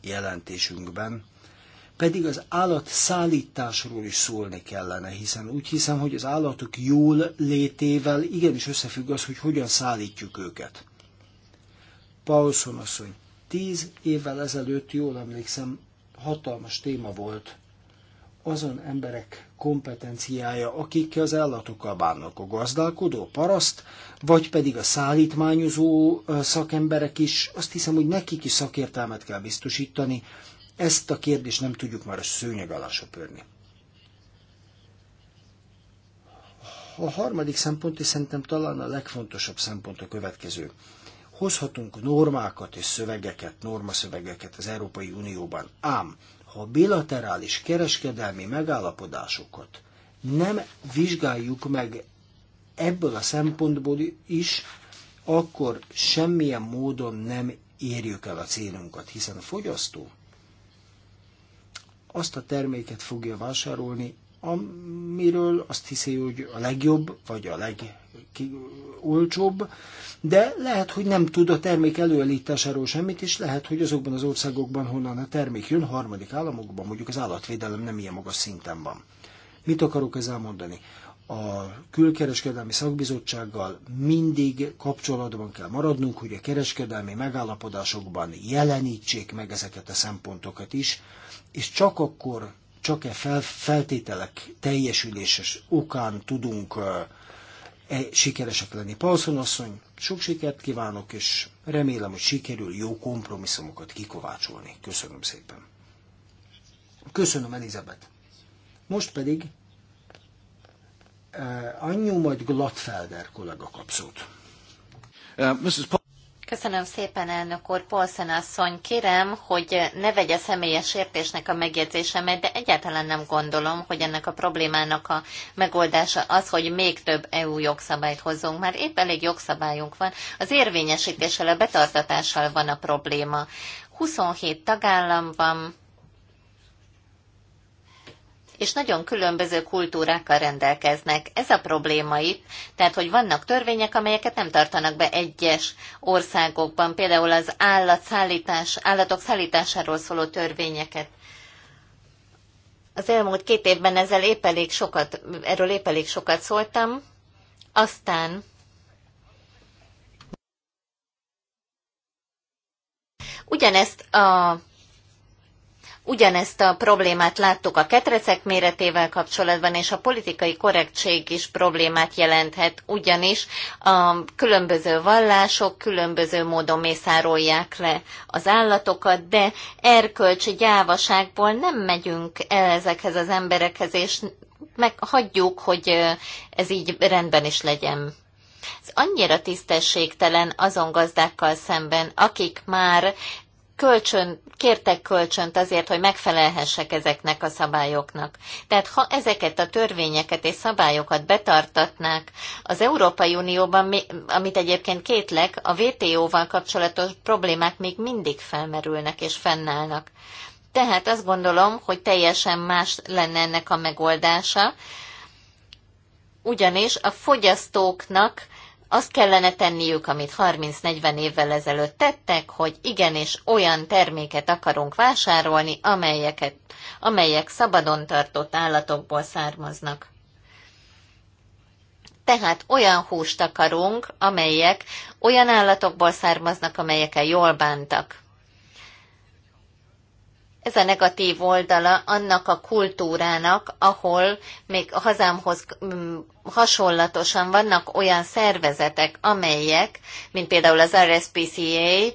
Jelentésünkben pedig az állat szállításról is szólni kellene, hiszen úgy hiszem, hogy az állatok jól létével igenis összefügg az, hogy hogyan szállítjuk őket. Paulson asszony, tíz évvel ezelőtt, jól emlékszem, hatalmas téma volt azon emberek kompetenciája, akik az állatokkal bánnak, a gazdálkodó, a paraszt, vagy pedig a szállítmányozó szakemberek is, azt hiszem, hogy nekik is szakértelmet kell biztosítani, ezt a kérdést nem tudjuk már a szőnyeg alá söpörni. A harmadik szempont, és szerintem talán a legfontosabb szempont a következő. Hozhatunk normákat és szövegeket, normaszövegeket az Európai Unióban, ám ha bilaterális kereskedelmi megállapodásokat nem vizsgáljuk meg ebből a szempontból is, akkor semmilyen módon nem érjük el a célunkat, hiszen a fogyasztó azt a terméket fogja vásárolni, amiről azt hiszi, hogy a legjobb, vagy a leg olcsóbb, de lehet, hogy nem tud a termék előállításáról semmit, és lehet, hogy azokban az országokban, honnan a termék jön, harmadik államokban mondjuk az állatvédelem nem ilyen magas szinten van. Mit akarok ezzel mondani? A külkereskedelmi szakbizottsággal mindig kapcsolatban kell maradnunk, hogy a kereskedelmi megállapodásokban jelenítsék meg ezeket a szempontokat is, és csak akkor, csak e fel, feltételek teljesüléses okán tudunk uh, E, sikeresek lenni. Paulson asszony, sok sikert kívánok, és remélem, hogy sikerül jó kompromisszumokat kikovácsolni. Köszönöm szépen. Köszönöm, Elizabeth. Most pedig uh, anyu majd Glattfelder kollega kapszót. Uh, Mrs. Paul Köszönöm szépen, elnök úr. Polszen asszony, kérem, hogy ne vegye személyes sértésnek a megjegyzésemet, de egyáltalán nem gondolom, hogy ennek a problémának a megoldása az, hogy még több EU jogszabályt hozzunk. Már épp elég jogszabályunk van. Az érvényesítéssel, a betartatással van a probléma. 27 tagállam van, és nagyon különböző kultúrákkal rendelkeznek. Ez a probléma itt, tehát hogy vannak törvények, amelyeket nem tartanak be egyes országokban, például az állatszállítás, állatok szállításáról szóló törvényeket. Az elmúlt két évben ezzel épp elég sokat, erről épp elég sokat szóltam, aztán ugyanezt a Ugyanezt a problémát láttuk a ketrecek méretével kapcsolatban, és a politikai korrektség is problémát jelenthet, ugyanis a különböző vallások különböző módon mészárolják le az állatokat, de erkölcsi gyávaságból nem megyünk el ezekhez az emberekhez, és meg hagyjuk, hogy ez így rendben is legyen. Ez annyira tisztességtelen azon gazdákkal szemben, akik már kölcsön, kértek kölcsönt azért, hogy megfelelhessek ezeknek a szabályoknak. Tehát ha ezeket a törvényeket és szabályokat betartatnák az Európai Unióban, amit egyébként kétlek, a WTO-val kapcsolatos problémák még mindig felmerülnek és fennállnak. Tehát azt gondolom, hogy teljesen más lenne ennek a megoldása, ugyanis a fogyasztóknak azt kellene tenniük, amit 30-40 évvel ezelőtt tettek, hogy igenis olyan terméket akarunk vásárolni, amelyeket, amelyek szabadon tartott állatokból származnak. Tehát olyan húst akarunk, amelyek olyan állatokból származnak, amelyekkel jól bántak ez a negatív oldala annak a kultúrának, ahol még a hazámhoz mm, hasonlatosan vannak olyan szervezetek, amelyek, mint például az RSPCA,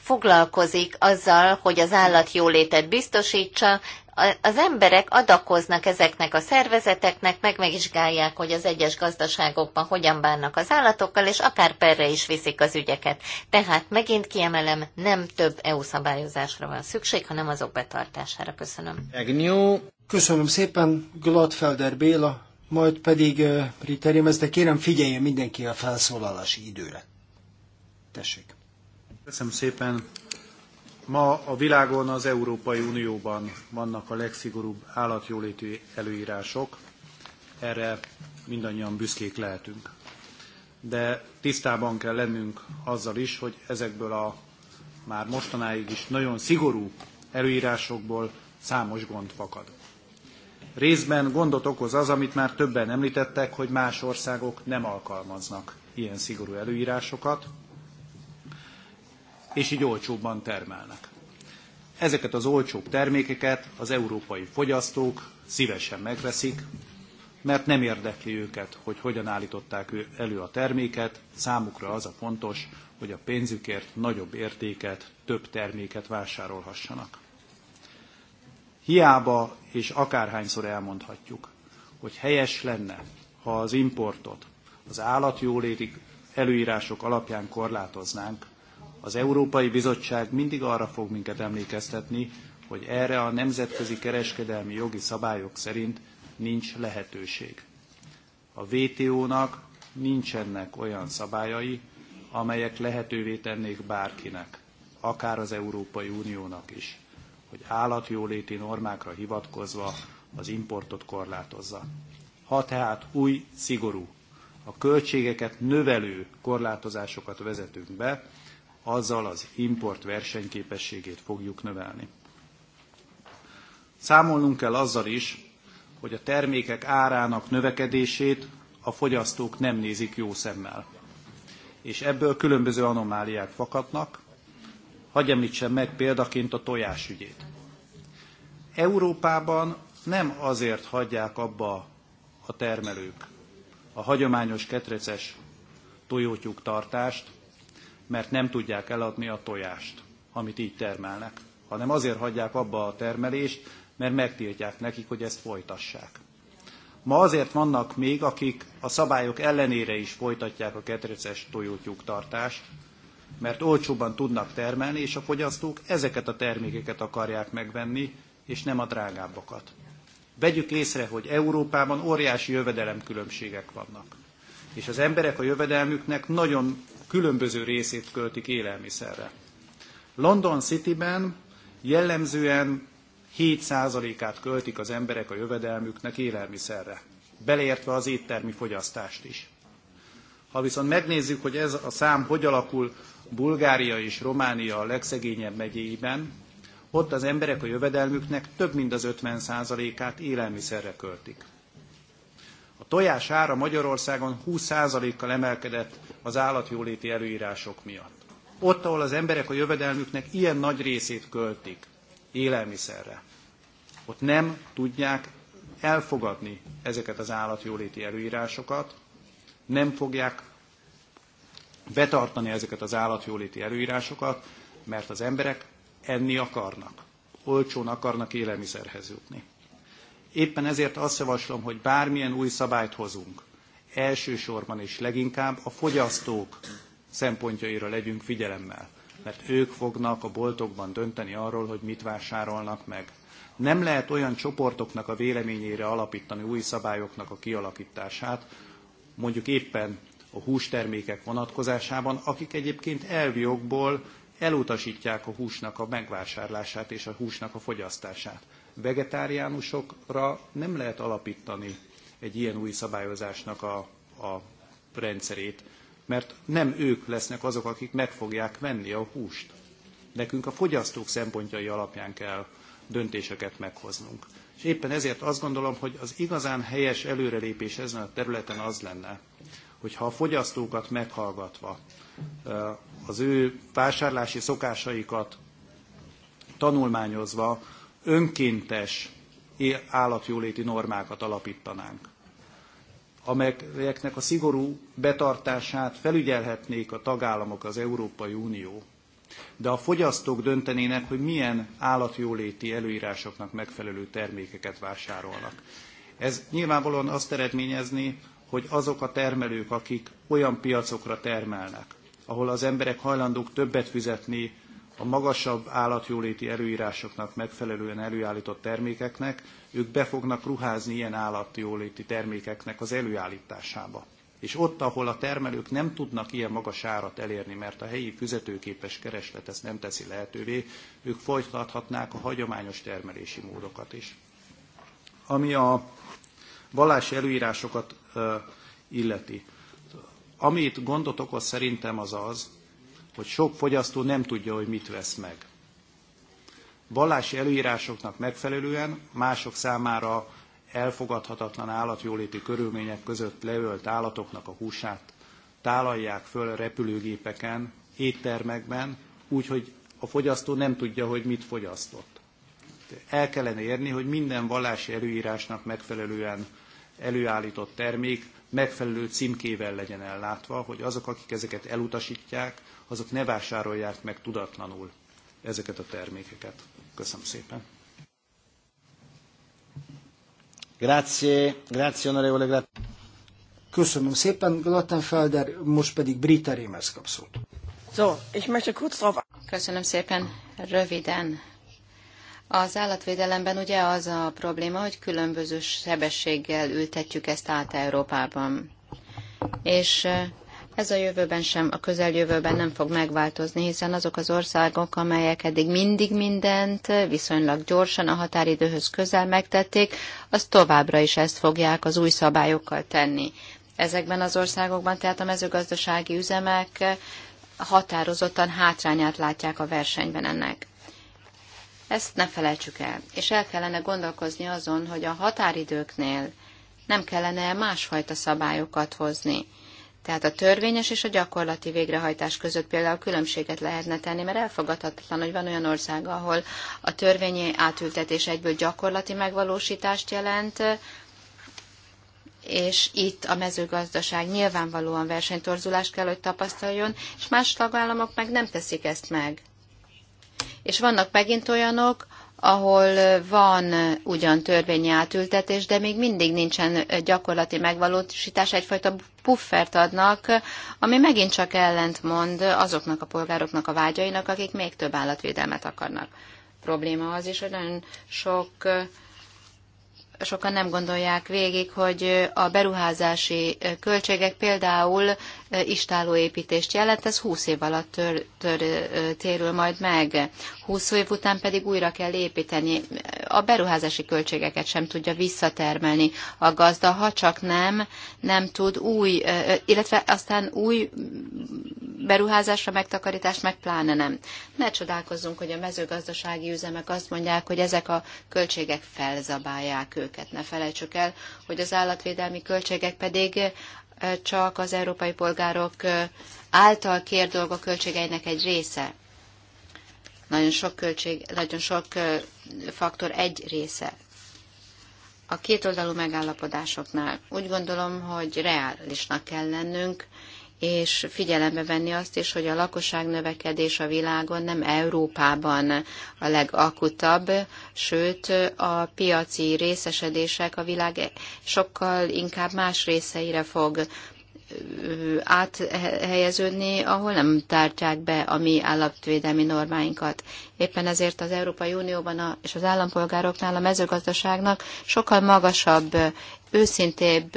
foglalkozik azzal, hogy az állat jólétet biztosítsa, az emberek adakoznak ezeknek a szervezeteknek, meg megvizsgálják, hogy az egyes gazdaságokban hogyan bánnak az állatokkal, és akár perre is viszik az ügyeket. Tehát megint kiemelem, nem több EU szabályozásra van szükség, hanem azok betartására. Köszönöm. Egnyú. Köszönöm szépen, Gladfelder Béla, majd pedig uh, eh, Rita de kérem figyeljen mindenki a felszólalási időre. Tessék. Köszönöm szépen Ma a világon az Európai Unióban vannak a legszigorúbb állatjóléti előírások, erre mindannyian büszkék lehetünk. De tisztában kell lennünk azzal is, hogy ezekből a már mostanáig is nagyon szigorú előírásokból számos gond fakad. Részben gondot okoz az, amit már többen említettek, hogy más országok nem alkalmaznak ilyen szigorú előírásokat, és így olcsóbban termelnek. Ezeket az olcsóbb termékeket az európai fogyasztók szívesen megveszik, mert nem érdekli őket, hogy hogyan állították elő a terméket, számukra az a fontos, hogy a pénzükért nagyobb értéket, több terméket vásárolhassanak. Hiába és akárhányszor elmondhatjuk, hogy helyes lenne, ha az importot az állatjóléti előírások alapján korlátoznánk, az Európai Bizottság mindig arra fog minket emlékeztetni, hogy erre a nemzetközi kereskedelmi jogi szabályok szerint nincs lehetőség. A WTO-nak nincsenek olyan szabályai, amelyek lehetővé tennék bárkinek, akár az Európai Uniónak is, hogy állatjóléti normákra hivatkozva az importot korlátozza. Ha tehát új, szigorú, a költségeket növelő korlátozásokat vezetünk be, azzal az import versenyképességét fogjuk növelni. Számolnunk kell azzal is, hogy a termékek árának növekedését a fogyasztók nem nézik jó szemmel. És ebből különböző anomáliák fakadnak. Hagy említsem meg példaként a tojásügyét. Európában nem azért hagyják abba a termelők a hagyományos ketreces tojótyúk tartást, mert nem tudják eladni a tojást, amit így termelnek, hanem azért hagyják abba a termelést, mert megtiltják nekik, hogy ezt folytassák. Ma azért vannak még, akik a szabályok ellenére is folytatják a ketreces tojótyúk tartást, mert olcsóban tudnak termelni, és a fogyasztók ezeket a termékeket akarják megvenni, és nem a drágábbakat. Vegyük észre, hogy Európában óriási jövedelemkülönbségek vannak. És az emberek a jövedelmüknek nagyon különböző részét költik élelmiszerre. London Cityben jellemzően 7%-át költik az emberek a jövedelmüknek élelmiszerre, beleértve az éttermi fogyasztást is. Ha viszont megnézzük, hogy ez a szám hogy alakul Bulgária és Románia a legszegényebb megyéiben, ott az emberek a jövedelmüknek több mint az 50%-át élelmiszerre költik. A tojás ára Magyarországon 20%-kal emelkedett az állatjóléti előírások miatt. Ott, ahol az emberek a jövedelmüknek ilyen nagy részét költik élelmiszerre, ott nem tudják elfogadni ezeket az állatjóléti előírásokat, nem fogják betartani ezeket az állatjóléti előírásokat, mert az emberek enni akarnak, olcsón akarnak élelmiszerhez jutni. Éppen ezért azt javaslom, hogy bármilyen új szabályt hozunk, elsősorban és leginkább a fogyasztók szempontjaira legyünk figyelemmel, mert ők fognak a boltokban dönteni arról, hogy mit vásárolnak meg. Nem lehet olyan csoportoknak a véleményére alapítani új szabályoknak a kialakítását, mondjuk éppen a hústermékek vonatkozásában, akik egyébként elvi jogból elutasítják a húsnak a megvásárlását és a húsnak a fogyasztását. Vegetáriánusokra nem lehet alapítani egy ilyen új szabályozásnak a, a rendszerét, mert nem ők lesznek azok, akik meg fogják venni a húst. Nekünk a fogyasztók szempontjai alapján kell döntéseket meghoznunk. És éppen ezért azt gondolom, hogy az igazán helyes előrelépés ezen a területen az lenne, hogyha a fogyasztókat meghallgatva, az ő vásárlási szokásaikat tanulmányozva önkéntes állatjóléti normákat alapítanánk amelyeknek a szigorú betartását felügyelhetnék a tagállamok, az Európai Unió. De a fogyasztók döntenének, hogy milyen állatjóléti előírásoknak megfelelő termékeket vásárolnak. Ez nyilvánvalóan azt eredményezni, hogy azok a termelők, akik olyan piacokra termelnek, ahol az emberek hajlandók többet fizetni a magasabb állatjóléti előírásoknak megfelelően előállított termékeknek, ők be fognak ruházni ilyen állatjóléti termékeknek az előállításába. És ott, ahol a termelők nem tudnak ilyen magas árat elérni, mert a helyi fizetőképes kereslet ezt nem teszi lehetővé, ők folytathatnák a hagyományos termelési módokat is. Ami a vallási előírásokat illeti. Amit gondot okoz szerintem az az, hogy sok fogyasztó nem tudja, hogy mit vesz meg. Vallási előírásoknak megfelelően mások számára elfogadhatatlan állatjóléti körülmények között leölt állatoknak a húsát tálalják föl repülőgépeken, éttermekben, úgyhogy a fogyasztó nem tudja, hogy mit fogyasztott. El kellene érni, hogy minden vallási előírásnak megfelelően előállított termék megfelelő címkével legyen ellátva, hogy azok, akik ezeket elutasítják, azok ne vásárolják meg tudatlanul ezeket a termékeket. Köszönöm szépen. Grazie, grazie onorevole Grazie. Köszönöm szépen, Glattenfelder, most pedig Brita Rémez kap szót. So, ich möchte kurz drauf... Köszönöm szépen, röviden. Az állatvédelemben ugye az a probléma, hogy különböző sebességgel ültetjük ezt át Európában. És ez a jövőben sem, a közeljövőben nem fog megváltozni, hiszen azok az országok, amelyek eddig mindig mindent viszonylag gyorsan a határidőhöz közel megtették, az továbbra is ezt fogják az új szabályokkal tenni. Ezekben az országokban tehát a mezőgazdasági üzemek határozottan hátrányát látják a versenyben ennek. Ezt ne felejtsük el, és el kellene gondolkozni azon, hogy a határidőknél nem kellene másfajta szabályokat hozni tehát a törvényes és a gyakorlati végrehajtás között például különbséget lehetne tenni, mert elfogadhatatlan, hogy van olyan ország, ahol a törvényi átültetés egyből gyakorlati megvalósítást jelent, és itt a mezőgazdaság nyilvánvalóan versenytorzulást kell, hogy tapasztaljon, és más tagállamok meg nem teszik ezt meg. És vannak megint olyanok, ahol van ugyan törvényi átültetés, de még mindig nincsen gyakorlati megvalósítás, egyfajta puffert adnak, ami megint csak ellentmond azoknak a polgároknak a vágyainak, akik még több állatvédelmet akarnak. Probléma az is, hogy nagyon sok sokan nem gondolják végig, hogy a beruházási költségek például istálóépítést jelent, ez 20 év alatt tör, tör, térül majd meg. 20 év után pedig újra kell építeni. A beruházási költségeket sem tudja visszatermelni a gazda, ha csak nem, nem tud új, illetve aztán új beruházásra, megtakarítást meg pláne nem. Ne csodálkozzunk, hogy a mezőgazdasági üzemek azt mondják, hogy ezek a költségek felzabálják őket. Ne felejtsük el, hogy az állatvédelmi költségek pedig csak az európai polgárok által kér dolga költségeinek egy része. Nagyon sok, költség, nagyon sok faktor egy része a kétoldalú megállapodásoknál. Úgy gondolom, hogy reálisnak kell lennünk, és figyelembe venni azt is, hogy a lakosság növekedés a világon nem Európában a legakutabb, sőt a piaci részesedések a világ sokkal inkább más részeire fog áthelyeződni, ahol nem tartják be a mi állatvédelmi normáinkat. Éppen ezért az Európai Unióban a, és az állampolgároknál a mezőgazdaságnak sokkal magasabb, őszintébb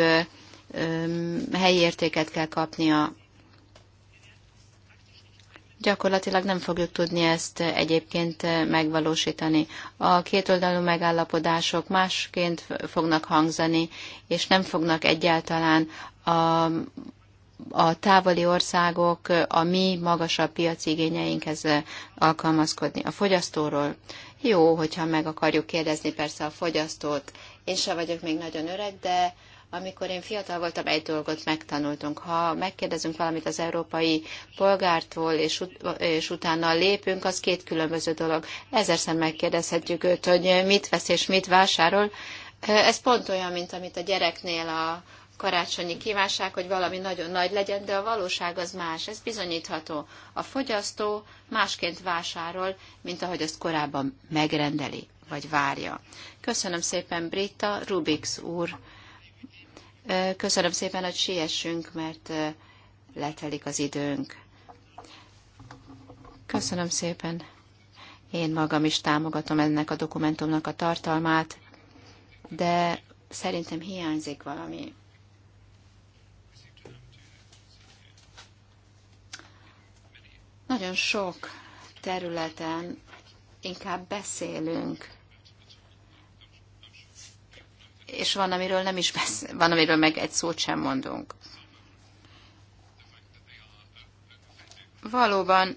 helyi értéket kell kapnia. Gyakorlatilag nem fogjuk tudni ezt egyébként megvalósítani. A kétoldalú megállapodások másként fognak hangzani, és nem fognak egyáltalán a, a távoli országok a mi magasabb piaci igényeinkhez alkalmazkodni. A fogyasztóról jó, hogyha meg akarjuk kérdezni persze a fogyasztót. Én se vagyok még nagyon öreg, de amikor én fiatal voltam, egy dolgot megtanultunk. Ha megkérdezünk valamit az európai polgártól, és, ut- és utána lépünk, az két különböző dolog. Ezerszer megkérdezhetjük őt, hogy mit vesz és mit vásárol. Ez pont olyan, mint amit a gyereknél a karácsonyi kívánság, hogy valami nagyon nagy legyen, de a valóság az más, ez bizonyítható. A fogyasztó másként vásárol, mint ahogy azt korábban megrendeli, vagy várja. Köszönöm szépen, Britta, Rubix úr Köszönöm szépen, hogy siessünk, mert letelik az időnk. Köszönöm szépen. Én magam is támogatom ennek a dokumentumnak a tartalmát, de szerintem hiányzik valami. Nagyon sok területen inkább beszélünk, és van, amiről nem is besz- van, amiről meg egy szót sem mondunk. Valóban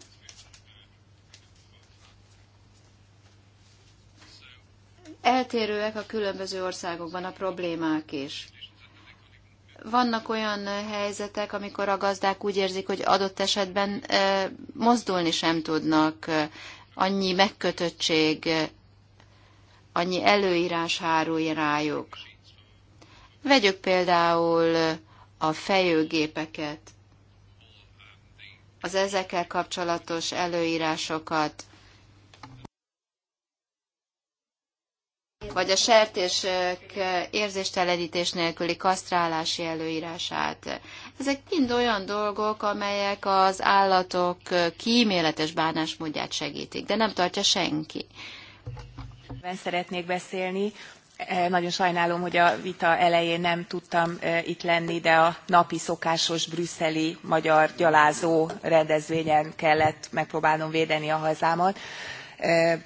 eltérőek a különböző országokban a problémák is. Vannak olyan helyzetek, amikor a gazdák úgy érzik, hogy adott esetben mozdulni sem tudnak, annyi megkötöttség annyi előírás hárul rájuk. Vegyük például a fejőgépeket, az ezekkel kapcsolatos előírásokat, vagy a sertések érzéstelenítés nélküli kasztrálási előírását. Ezek mind olyan dolgok, amelyek az állatok kíméletes bánásmódját segítik, de nem tartja senki. Ben szeretnék beszélni. Eh, nagyon sajnálom, hogy a vita elején nem tudtam eh, itt lenni, de a napi szokásos brüsszeli magyar gyalázó rendezvényen kellett megpróbálnom védeni a hazámat eh,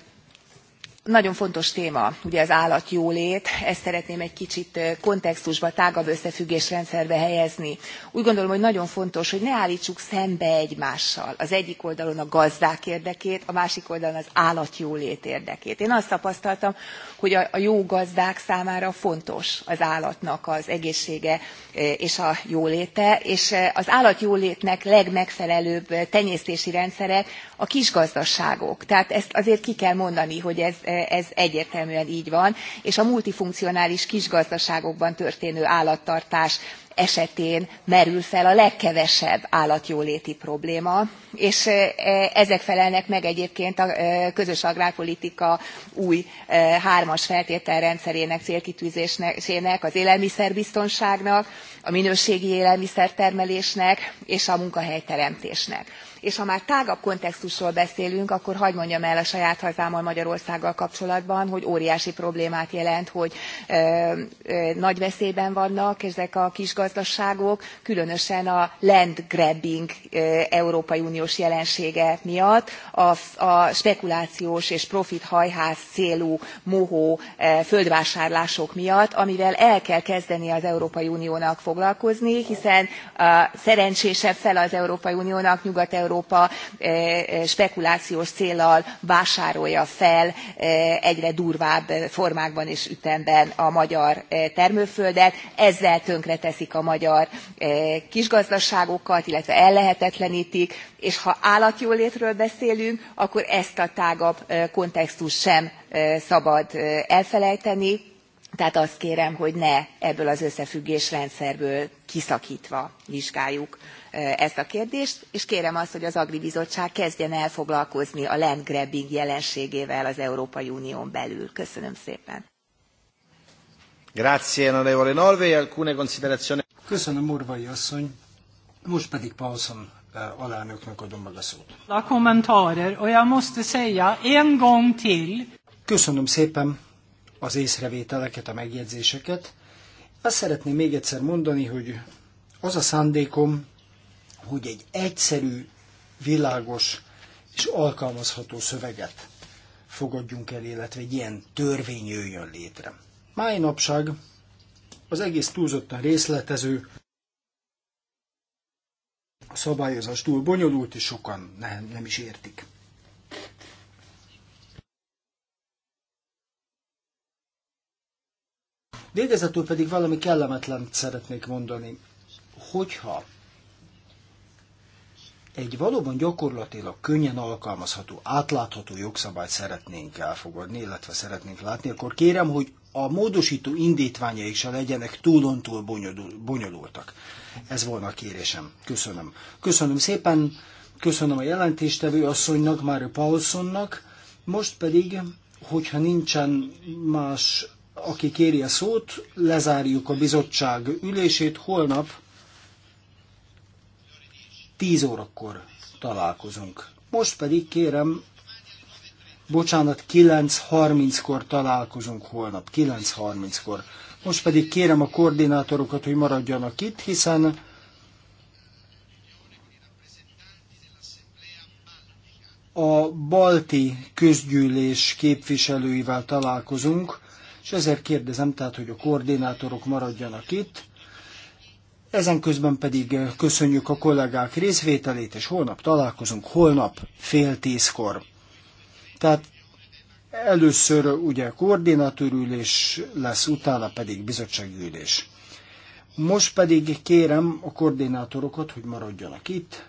nagyon fontos téma ugye az állatjólét ezt szeretném egy kicsit kontextusba tágabb összefüggésrendszerbe helyezni. úgy gondolom hogy nagyon fontos hogy ne álltsuk szembe egymással az egyik oldalon a gazdák érdekét a másik oldalon az állatjólét érdekét. én azt tapasztaltam hogy a jó gazdák számára fontos az állatnak az egészsége és a jóléte és az állatjólétnek legmegfelelőbb tenyésztési rendszerek a kisgazdaságok. tehát ezt azért ki kell mondani hogy ez ez egyértelműen gy van és a multifunkcionális kisgazdaságokban történő állattartás esetén merül fel a legkevesebb állatjóléti probléma és e, ezek felelnek meg egyébként a e, közös agrárpolitika új e, hármas feltételrendszerének célkitűzésének az élelmiszerbiztonságnak a minőségi élelmiszertermelésnek és a munkahelyteremtésnek és ha már tágabb kontextusról beszélünk akkor hadd mondjam el a saját hazámmal magyarországgal kapcsolatban hogy óriási problémát jelent hogy nagy veszélyben vannak ezek a kis gazdaságok különösen a grabbing európai uniós jelensége miatt a, a spekulációs és profithajhász célú mohó földvásárlások miatt amivel el kell kezdeni az európai uniónak foglalkozni hiszen a szerencsésebb fele az európai uniónak nyugat európai európa e, e, spekulációs céllal vásárolja fel e, egyre durvább formákban és ütemben a magyar termőföldet ezzel tönkreteszik a magyar kisgazdaságokat illetve ellehetetlentik és ha állatjólétről beszélünk akkor ezt a tágabb kontextust sem szabad elfelejteni tehát azt kérem hogy ne ebből az összefüggésrendszerből kiszaktva vizsgáljuk ezt a kérdést, és kérem azt, hogy az Agri Bizottság kezdjen el foglalkozni a landgrabbing jelenségével az Európai Unión belül. Köszönöm szépen. Grazie, onorevole Norvé, alcune considerazioni. Köszönöm, Morvai asszony. Most pedig Paulson alelnöknek adom meg a szót. A kommentarer, och jag måste säga en gång till. Köszönöm szépen az észrevételeket, a megjegyzéseket. Azt szeretném még egyszer mondani, hogy az a szándékom, hogy egy egyszerű, világos és alkalmazható szöveget fogadjunk el, illetve egy ilyen törvény jöjjön létre. Máj napság az egész túlzottan részletező, a szabályozás túl bonyolult, és sokan ne, nem is értik. Végezetül pedig valami kellemetlen szeretnék mondani. Hogyha egy valóban gyakorlatilag könnyen alkalmazható, átlátható jogszabályt szeretnénk elfogadni, illetve szeretnénk látni, akkor kérem, hogy a módosító indítványai se legyenek túlontúl bonyolul, bonyolultak. Ez volna a kérésem. Köszönöm. Köszönöm szépen, köszönöm a jelentéstevő asszonynak, Mário Paulsonnak, most pedig, hogyha nincsen más, aki kéri a szót, lezárjuk a bizottság ülését, holnap 10 órakor találkozunk. Most pedig kérem, bocsánat, 9.30-kor találkozunk holnap, 9.30-kor. Most pedig kérem a koordinátorokat, hogy maradjanak itt, hiszen a balti közgyűlés képviselőivel találkozunk, és ezért kérdezem tehát, hogy a koordinátorok maradjanak itt, ezen közben pedig eh, köszönjük a kollégák részvételét, és holnap találkozunk, holnap fél tízkor. Tehát először ugye koordinátorülés lesz, utána pedig bizottságülés. Most pedig kérem a koordinátorokat, hogy maradjanak itt,